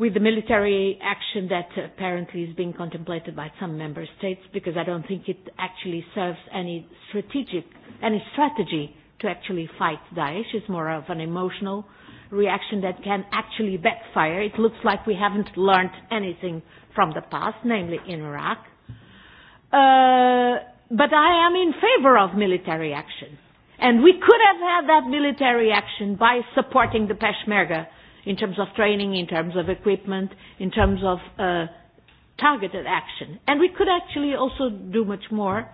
with the military action that apparently is being contemplated by some member states because I don't think it actually serves any strategic any strategy to actually fight Daesh. It's more of an emotional reaction that can actually backfire. It looks like we haven't learned anything from the past, namely in Iraq. Uh, but I am in favor of military action. And we could have had that military action by supporting the Peshmerga in terms of training, in terms of equipment, in terms of targeted action. And we could actually also do much more,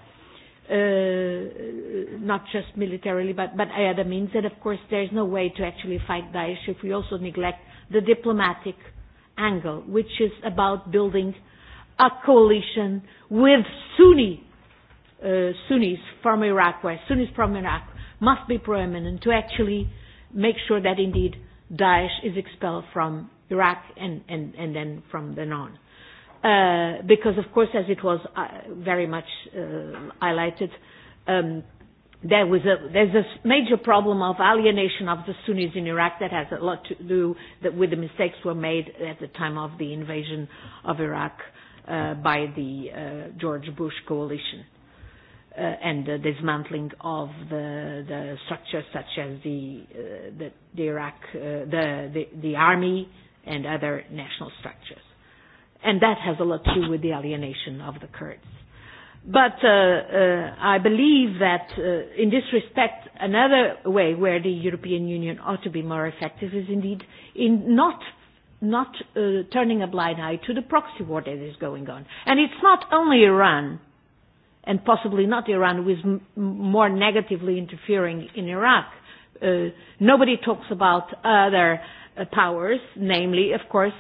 not just militarily, but by other means. And of course, there is no way to actually fight Daesh if we also neglect the diplomatic angle, which is about building a coalition with Sunni Sunnis from Iraq, where Sunnis from Iraq must be preeminent to actually make sure that indeed Daesh is expelled from Iraq and, and, and then from then on. Uh, because, of course, as it was very much uh, highlighted, um, there was a, there's a major problem of alienation of the Sunnis in Iraq that has a lot to do that with the mistakes were made at the time of the invasion of Iraq uh, by the uh, George Bush coalition and the dismantling of the structures such as the the Iraq the the army and other national structures. And that has a lot to do with the alienation of the Kurds. But I believe that in this respect another way where the European Union ought to be more effective is indeed in not not turning a blind eye to the proxy war that is going on. And it's not only Iran and possibly not Iran, who is more negatively interfering in Iraq. Nobody talks about other powers, namely, of course,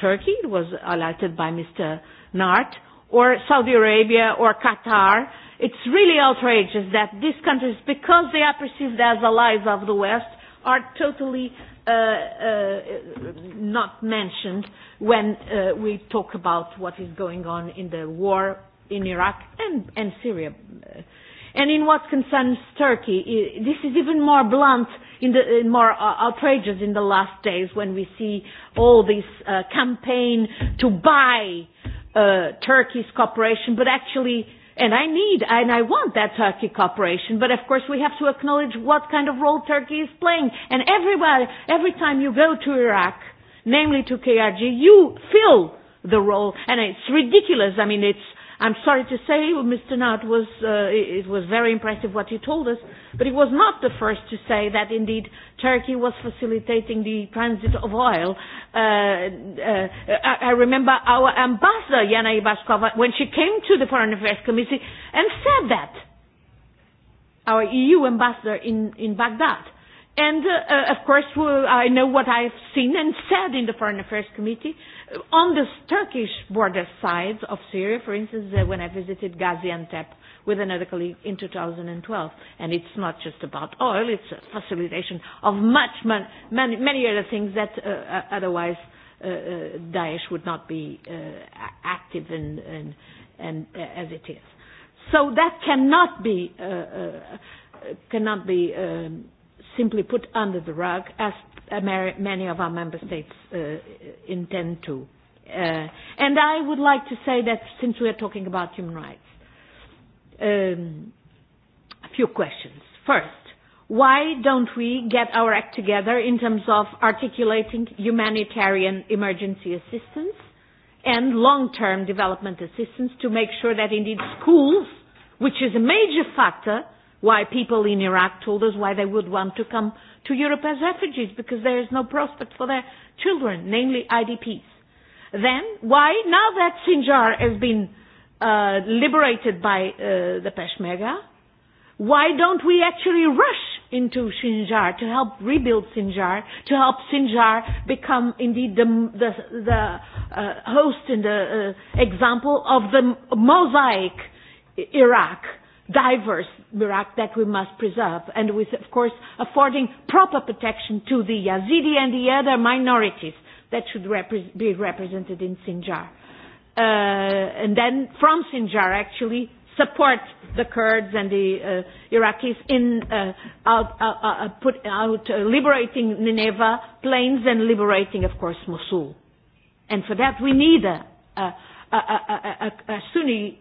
Turkey, it was alerted by Mr. Nart, or Saudi Arabia or Qatar. It's really outrageous that these countries, because they are perceived as allies of the West, are totally not mentioned when we talk about what is going on in the war in Iraq and, and Syria. And in what concerns Turkey, this is even more blunt, in the, more outrageous in the last days when we see all this campaign to buy Turkey's cooperation, but actually and I need and I want that Turkey cooperation, but of course we have to acknowledge what kind of role Turkey is playing. And everybody, every time you go to Iraq, namely to KRG, you fill the role, and it's ridiculous. I mean, it's I'm sorry to say, Mr. Nutt was, it was very impressive what he told us, but he was not the first to say that indeed Turkey was facilitating the transit of oil. I remember our ambassador, Yana Ibaskova, when she came to the Foreign Affairs Committee and said that. Our EU ambassador in, in Baghdad. And of course, I know what I've seen and said in the Foreign Affairs Committee On the Turkish border sides of Syria, for instance, when I visited Gaziantep with another colleague in 2012, and it's not just about oil, it's a facilitation of much, many, many other things that otherwise Daesh would not be active and, and as it is. So that cannot be, cannot be simply put under the rug as many of our member states intend to. And I would like to say that since we are talking about human rights, a few questions. First, why don't we get our act together in terms of articulating humanitarian emergency assistance and long-term development assistance to make sure that indeed schools, which is a major factor why people in Iraq told us why they would want to come to Europe as refugees because there is no prospect for their children, namely IDPs. Then, why, now that Sinjar has been uh, liberated by uh, the Peshmerga, why don't we actually rush into Sinjar to help rebuild Sinjar, to help Sinjar become indeed the, the, the uh, host and the uh, example of the mosaic Iraq diverse Iraq that we must preserve and with of course affording proper protection to the Yazidi and the other minorities that should be represented in Sinjar. And then from Sinjar actually support the Kurds and the Iraqis in out put out liberating Nineveh plains and liberating of course Mosul. And for that we need a Sunni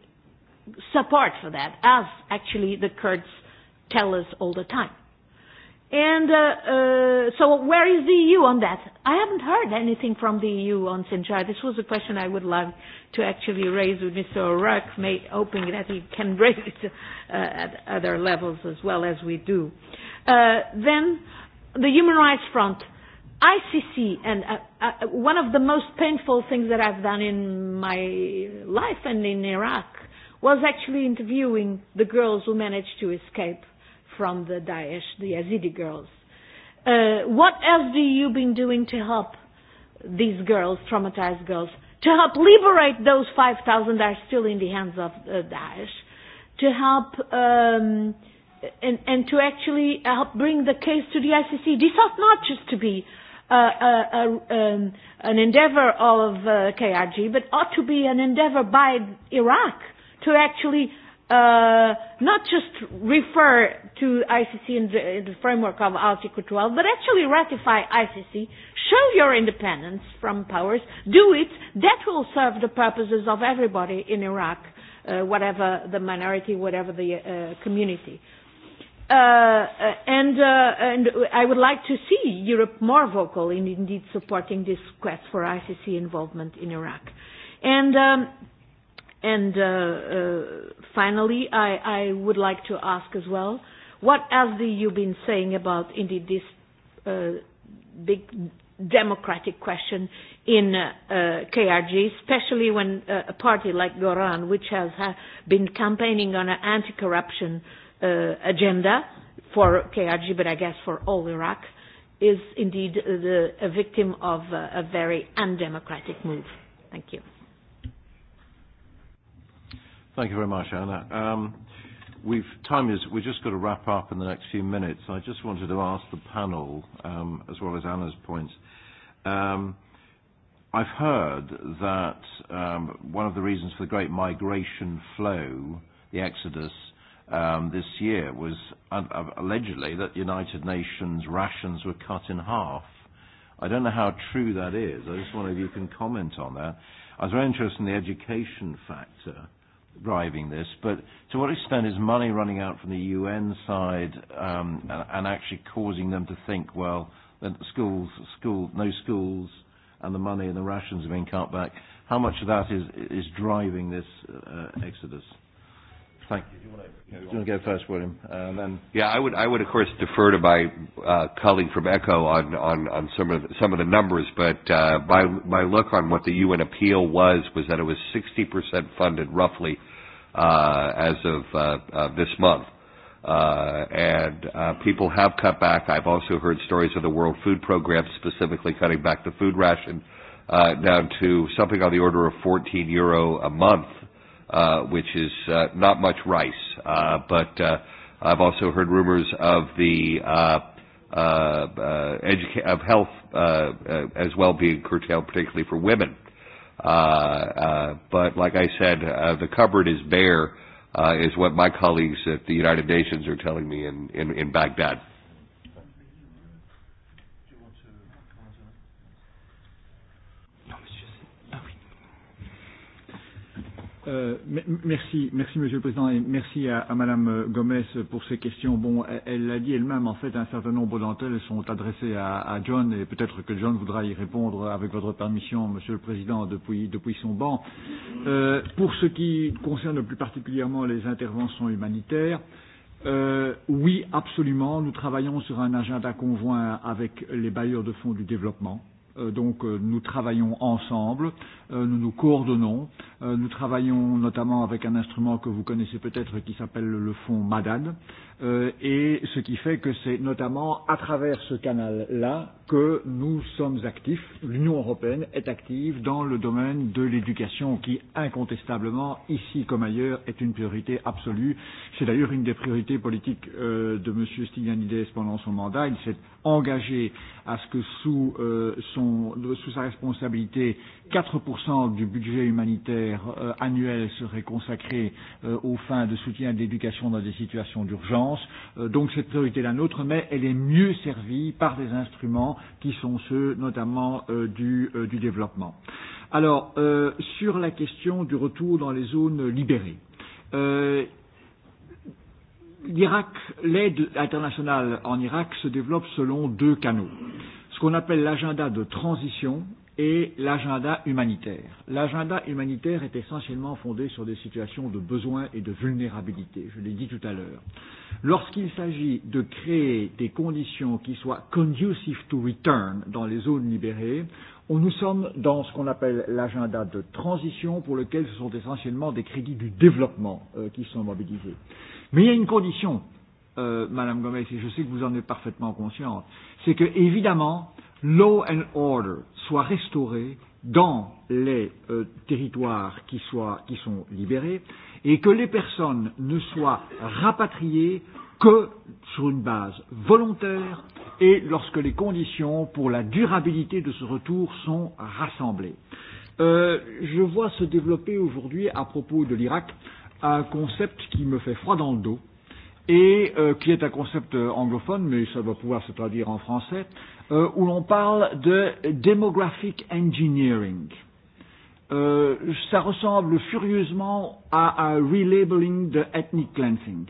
support for that, as actually the Kurds tell us all the time. And so where is the EU on that? I haven't heard anything from the EU on Sinjar. This was a question I would love to actually raise with Mr. O'Rourke, hoping that he can raise it at other levels as well as we do. then the Human Rights Front. ICC, and one of the most painful things that I've done in my life and in Iraq was actually interviewing the girls who managed to escape from the Daesh, the Yazidi girls. Uh, what else do you been doing to help these girls, traumatized girls, to help liberate those 5,000 that are still in the hands of Daesh, to help um, and, and to actually help bring the case to the ICC. This ought not just to be uh, an endeavor of KRG, but ought to be an endeavor by Iraq to actually not just refer to ICC in the framework of Article 12, but actually ratify ICC, show your independence from powers, do it. That will serve the purposes of everybody in Iraq, whatever the minority, whatever the community. And and I would like to see Europe more vocal in indeed supporting this quest for ICC involvement in Iraq. And And finally, I I would like to ask as well, what has the EU been saying about indeed this big democratic question in KRG, especially when a party like Goran, which has been campaigning on an anti-corruption agenda for KRG, but I guess for all Iraq, is indeed a victim of a very undemocratic move. Thank you. Thank you very much, Anna. Um, we've time is we've just got to wrap up in the next few minutes. I just wanted to ask the panel, um, as well as Anna's points. Um, I've heard that um, one of the reasons for the great migration flow, the exodus um, this year, was allegedly that United Nations rations were cut in half. I don't know how true that is. I just wonder if you can comment on that. I was very interested in the education factor driving this, but to what extent is money running out from the UN side um, and actually causing them to think, well, schools, school, no schools, and the money and the rations have been cut back? How much of that is is driving this exodus? Thank you. Do you want to go first, William? then... Yeah, I would, I would of course defer to my uh, colleague from ECHO on, on, on some, of the, some of the numbers, but uh, my, my look on what the UN appeal was was that it was 60% funded roughly uh, as of uh, uh, this month. Uh, and uh, people have cut back. I've also heard stories of the World Food Program specifically cutting back the food ration uh, down to something on the order of 14 euro a month uh, which is uh, not much rice. Uh, but uh, I've also heard rumors of the uh, uh, uh, of health uh, uh, as well being curtailed, particularly for women. Uh, uh, but like I said, uh, the cupboard is bare, uh, is what my colleagues at the United Nations are telling me in, in, in Baghdad. Merci, merci Monsieur le Président et merci à, à Madame Gomez pour ces questions. Bon, elle l'a dit elle-même, en fait, un certain nombre d'entre elles sont adressées à, à John et peut-être que John voudra y répondre avec votre permission, Monsieur le Président, depuis, depuis son banc. Euh, pour ce qui concerne plus particulièrement les interventions humanitaires, euh, oui, absolument, nous travaillons sur un agenda conjoint avec les bailleurs de fonds du développement. Donc nous travaillons ensemble, nous nous coordonnons Nous travaillons notamment avec un instrument que vous connaissez peut-être qui s'appelle le fonds MADAD, et ce qui fait que c'est notamment à travers ce canal-là que nous sommes actifs, l'Union européenne est active dans le domaine de l'éducation qui incontestablement, ici comme ailleurs, est une priorité absolue. C'est d'ailleurs une des priorités politiques de M. Stylianides pendant son mandat. Il s'est engagé à ce que sous, son, sous sa responsabilité, 4% du budget humanitaire annuel serait consacré aux fins de soutien de l'éducation dans des situations d'urgence. Donc cette priorité est la nôtre, mais elle est mieux servie par des instruments qui sont ceux notamment du, du développement. Alors, sur la question du retour dans les zones libérées. Euh, L'Irak, l'aide internationale en Irak se développe selon deux canaux. Ce qu'on appelle l'agenda de transition, et l'agenda humanitaire. L'agenda humanitaire est essentiellement fondé sur des situations de besoin et de vulnérabilité, je l'ai dit tout à l'heure. Lorsqu'il s'agit de créer des conditions qui soient conducive to return dans les zones libérées, nous sommes dans ce qu'on appelle l'agenda de transition pour lequel ce sont essentiellement des crédits du développement qui sont mobilisés. Mais il y a une condition, euh, Madame Gomez, et je sais que vous en êtes parfaitement consciente, c'est que, évidemment, law and order soit restauré dans les territoires qui, soient, qui sont libérés et que les personnes ne soient rapatriées que sur une base volontaire et lorsque les conditions pour la durabilité de ce retour sont rassemblées. Euh, je vois se développer aujourd'hui à propos de l'Irak un concept qui me fait froid dans le dos et qui est un concept anglophone mais ça va pouvoir se traduire en français où l'on parle de demographic engineering. Euh, ça ressemble furieusement à un relabeling de ethnic cleansing.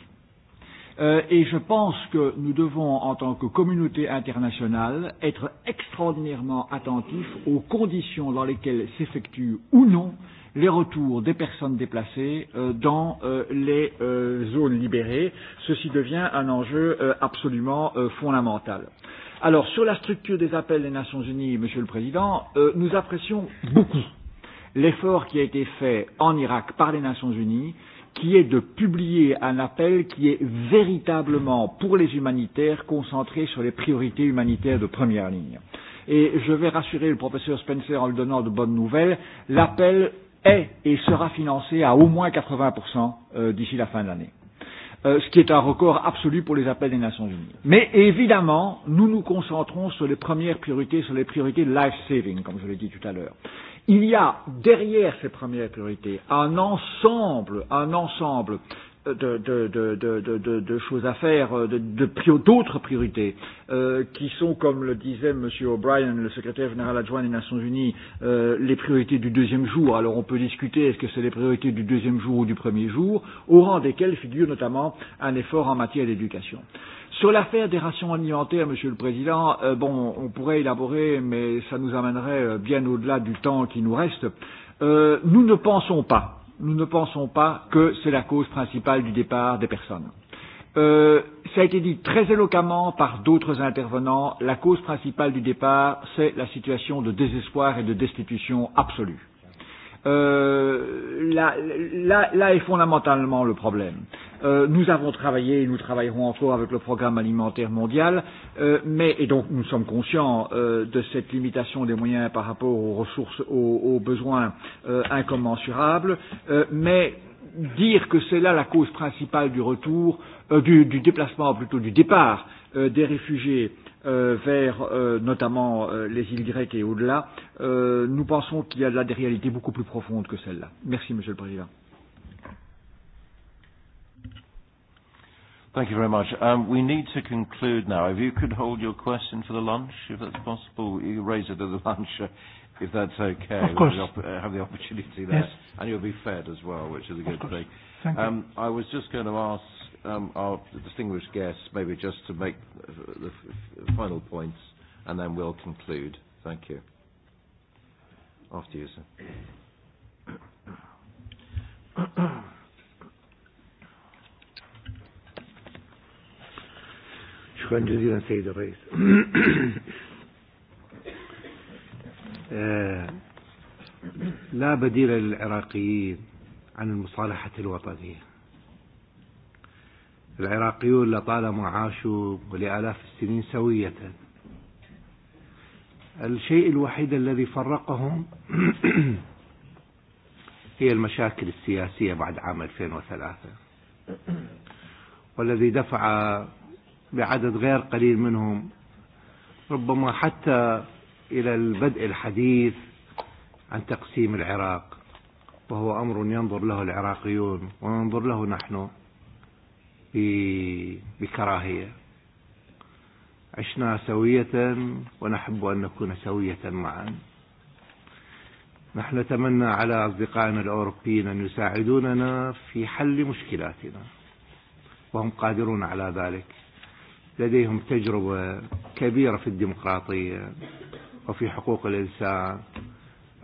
Euh, et je pense que nous devons, en tant que communauté internationale, être extraordinairement attentifs aux conditions dans lesquelles s'effectuent ou non les retours des personnes déplacées dans les zones libérées. Ceci devient un enjeu absolument fondamental. Alors, sur la structure des appels des Nations Unies, Monsieur le Président, nous apprécions beaucoup l'effort qui a été fait en Irak par les Nations Unies, qui est de publier un appel qui est véritablement, pour les humanitaires, concentré sur les priorités humanitaires de première ligne. Et je vais rassurer le professeur Spencer en lui donnant de bonnes nouvelles, l'appel est et sera financé à au moins 80% d'ici la fin de l'année ce qui est un record absolu pour les appels des Nations Unies. Mais évidemment, nous nous concentrons sur les premières priorités, sur les priorités life-saving, comme je l'ai dit tout à l'heure. Il y a derrière ces premières priorités un ensemble, un ensemble de, de, de, de, de, choses à faire, de, de, d'autres priorités, euh, qui sont, comme le disait M. O'Brien, le secrétaire général adjoint des Nations Unies, euh, les priorités du deuxième jour. Alors on peut discuter est-ce que c'est les priorités du deuxième jour ou du premier jour, au rang desquelles figure notamment un effort en matière d'éducation. Sur l'affaire des rations alimentaires, Monsieur le Président, euh, bon, on pourrait élaborer, mais ça nous amènerait bien au-delà du temps qui nous reste. Euh, nous ne pensons pas nous ne pensons pas que c'est la cause principale du départ des personnes. Euh, ça a été dit très éloquemment par d'autres intervenants, la cause principale du départ, c'est la situation de désespoir et de destitution absolue là, là, là est fondamentalement le problème. Nous avons travaillé et nous travaillerons encore avec le programme alimentaire mondial, mais et donc nous sommes conscients de cette limitation des moyens par rapport aux ressources, aux besoins incommensurables, mais dire que c'est là la cause principale du retour, du déplacement plutôt du départ des réfugiés vers notamment les îles grecques et au-delà, nous pensons qu'il y a là des réalités beaucoup plus profondes que celles-là. Merci, Monsieur le Président. Thank you very much. Um, we need to conclude now. If you could hold your question for the lunch, if that's possible, you raise it at the lunch, if that's okay. Of course. have the opportunity there. And you'll be fed as well, which is a good thing. Um, I was just going to ask um, our distinguished guests maybe just to make the final points, and then we'll conclude. Thank you. After you, sir. شكرا جزيلا سيد الرئيس لا بديل للعراقيين عن المصالحة الوطنية العراقيون لطالما عاشوا لآلاف السنين سوية الشيء الوحيد الذي فرقهم هي المشاكل السياسية بعد عام 2003 والذي دفع بعدد غير قليل منهم ربما حتى إلى البدء الحديث عن تقسيم العراق وهو أمر ينظر له العراقيون وننظر له نحن بكراهية عشنا سوية ونحب أن نكون سوية معا نحن نتمنى على أصدقائنا الأوروبيين أن يساعدوننا في حل مشكلاتنا وهم قادرون على ذلك لديهم تجربة كبيرة في الديمقراطية وفي حقوق الإنسان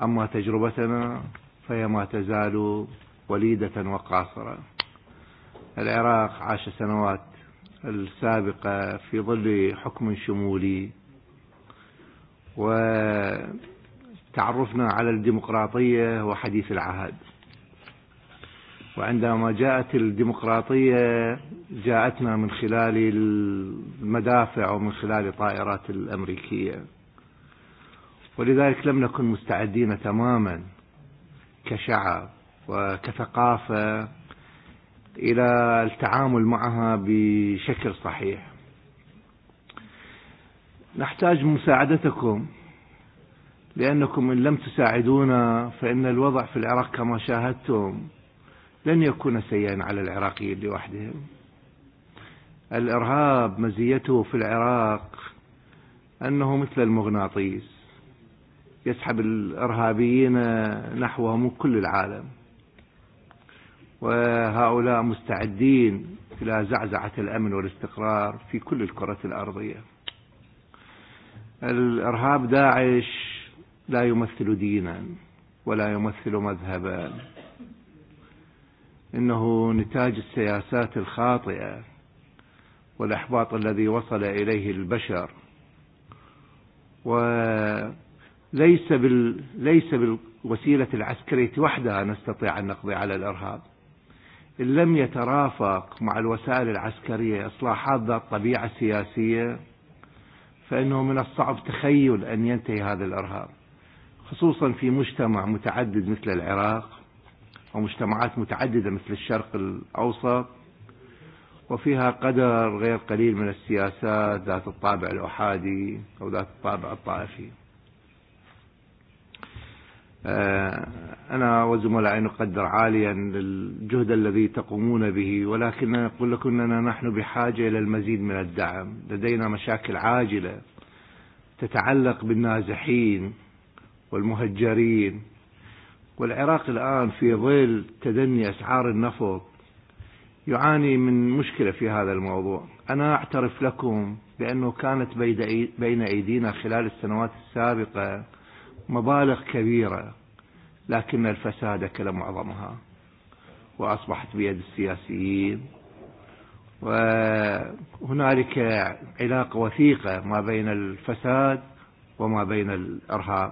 أما تجربتنا فهي ما تزال وليدة وقاصرة العراق عاش سنوات السابقة في ظل حكم شمولي وتعرفنا على الديمقراطية وحديث العهد وعندما جاءت الديمقراطية جاءتنا من خلال المدافع ومن خلال الطائرات الأمريكية ولذلك لم نكن مستعدين تماما كشعب وكثقافه إلى التعامل معها بشكل صحيح نحتاج مساعدتكم لأنكم إن لم تساعدونا فإن الوضع في العراق كما شاهدتم لن يكون سيئا على العراقيين لوحدهم الإرهاب مزيته في العراق أنه مثل المغناطيس يسحب الإرهابيين نحوه من كل العالم وهؤلاء مستعدين إلى زعزعة الأمن والاستقرار في كل الكرة الأرضية الإرهاب داعش لا يمثل دينا ولا يمثل مذهبا إنه نتاج السياسات الخاطئة والإحباط الذي وصل إليه البشر وليس بال... ليس بالوسيلة العسكرية وحدها نستطيع أن نقضي على الإرهاب لم يترافق مع الوسائل العسكرية إصلاحات ذات طبيعة سياسية فإنه من الصعب تخيل أن ينتهي هذا الإرهاب خصوصا في مجتمع متعدد مثل العراق ومجتمعات متعددة مثل الشرق الأوسط وفيها قدر غير قليل من السياسات ذات الطابع الأحادي أو ذات الطابع الطائفي أنا وزملائي نقدر عاليا الجهد الذي تقومون به ولكن أقول لكم أننا نحن بحاجة إلى المزيد من الدعم لدينا مشاكل عاجلة تتعلق بالنازحين والمهجرين والعراق الآن في ظل تدني أسعار النفط يعاني من مشكلة في هذا الموضوع أنا أعترف لكم بأنه كانت بين أيدينا خلال السنوات السابقة مبالغ كبيرة لكن الفساد أكل معظمها وأصبحت بيد السياسيين وهنالك علاقة وثيقة ما بين الفساد وما بين الإرهاب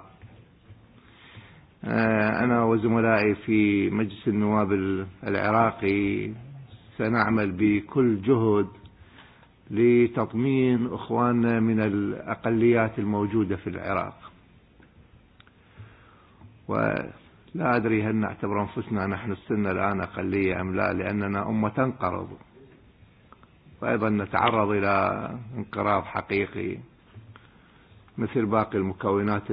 أنا وزملائي في مجلس النواب العراقي سنعمل بكل جهد لتطمين اخواننا من الاقليات الموجوده في العراق. لا أدري هل نعتبر أنفسنا نحن السنة الآن أقلية أم لا لأننا أمة تنقرض وأيضا نتعرض إلى انقراض حقيقي مثل باقي المكونات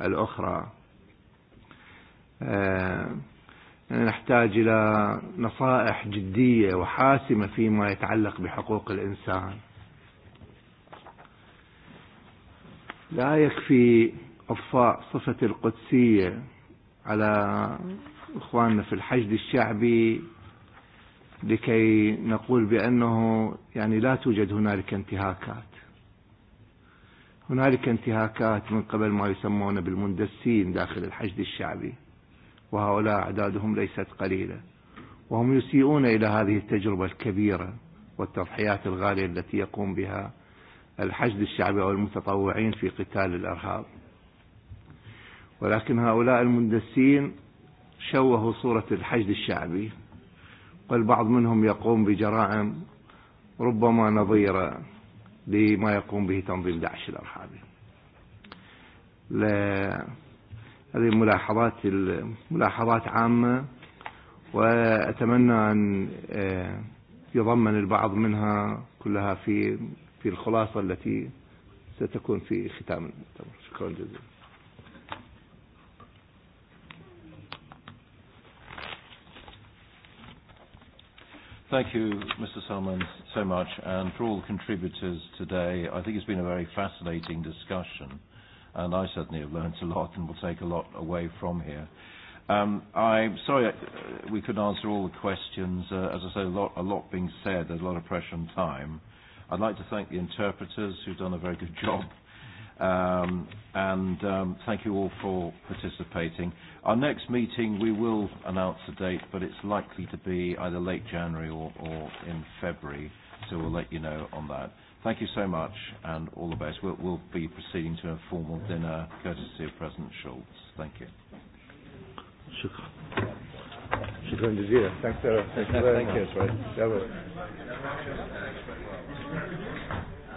الأخرى نحتاج إلى نصائح جدية وحاسمة فيما يتعلق بحقوق الإنسان لا يكفي اطفاء صفة القدسية على إخواننا في الحشد الشعبي لكي نقول بأنه يعني لا توجد هنالك انتهاكات هنالك انتهاكات من قبل ما يسمون بالمندسين داخل الحشد الشعبي وهؤلاء أعدادهم ليست قليله وهم يسيئون إلى هذه التجربه الكبيره والتضحيات الغاليه التي يقوم بها الحشد الشعبي أو في قتال الإرهاب ولكن هؤلاء المندسين شوهوا صورة الحشد الشعبي والبعض منهم يقوم بجرائم ربما نظيرة لما يقوم به تنظيم داعش الإرهابي هذه ملاحظات ملاحظات عامة وأتمنى أن يضمن البعض منها كلها في في الخلاصة التي ستكون في ختام شكرا جزيلا Thank you, Mr. Selman, so much, and for all the contributors today. I think it's been a very fascinating discussion, and I certainly have learnt a lot and will take a lot away from here. Um, I'm sorry we couldn't answer all the questions. as I said, a lot, a lot being said. There's a lot of pressure on time. I'd like to thank the interpreters who've done a very good job Um, and um, thank you all for participating. Our next meeting, we will announce the date, but it's likely to be either late January or, or in February, so we'll let you know on that. Thank you so much, and all the best. We'll, we'll be proceeding to a formal dinner courtesy of President Schultz. Thank you. Thanks, Thank you.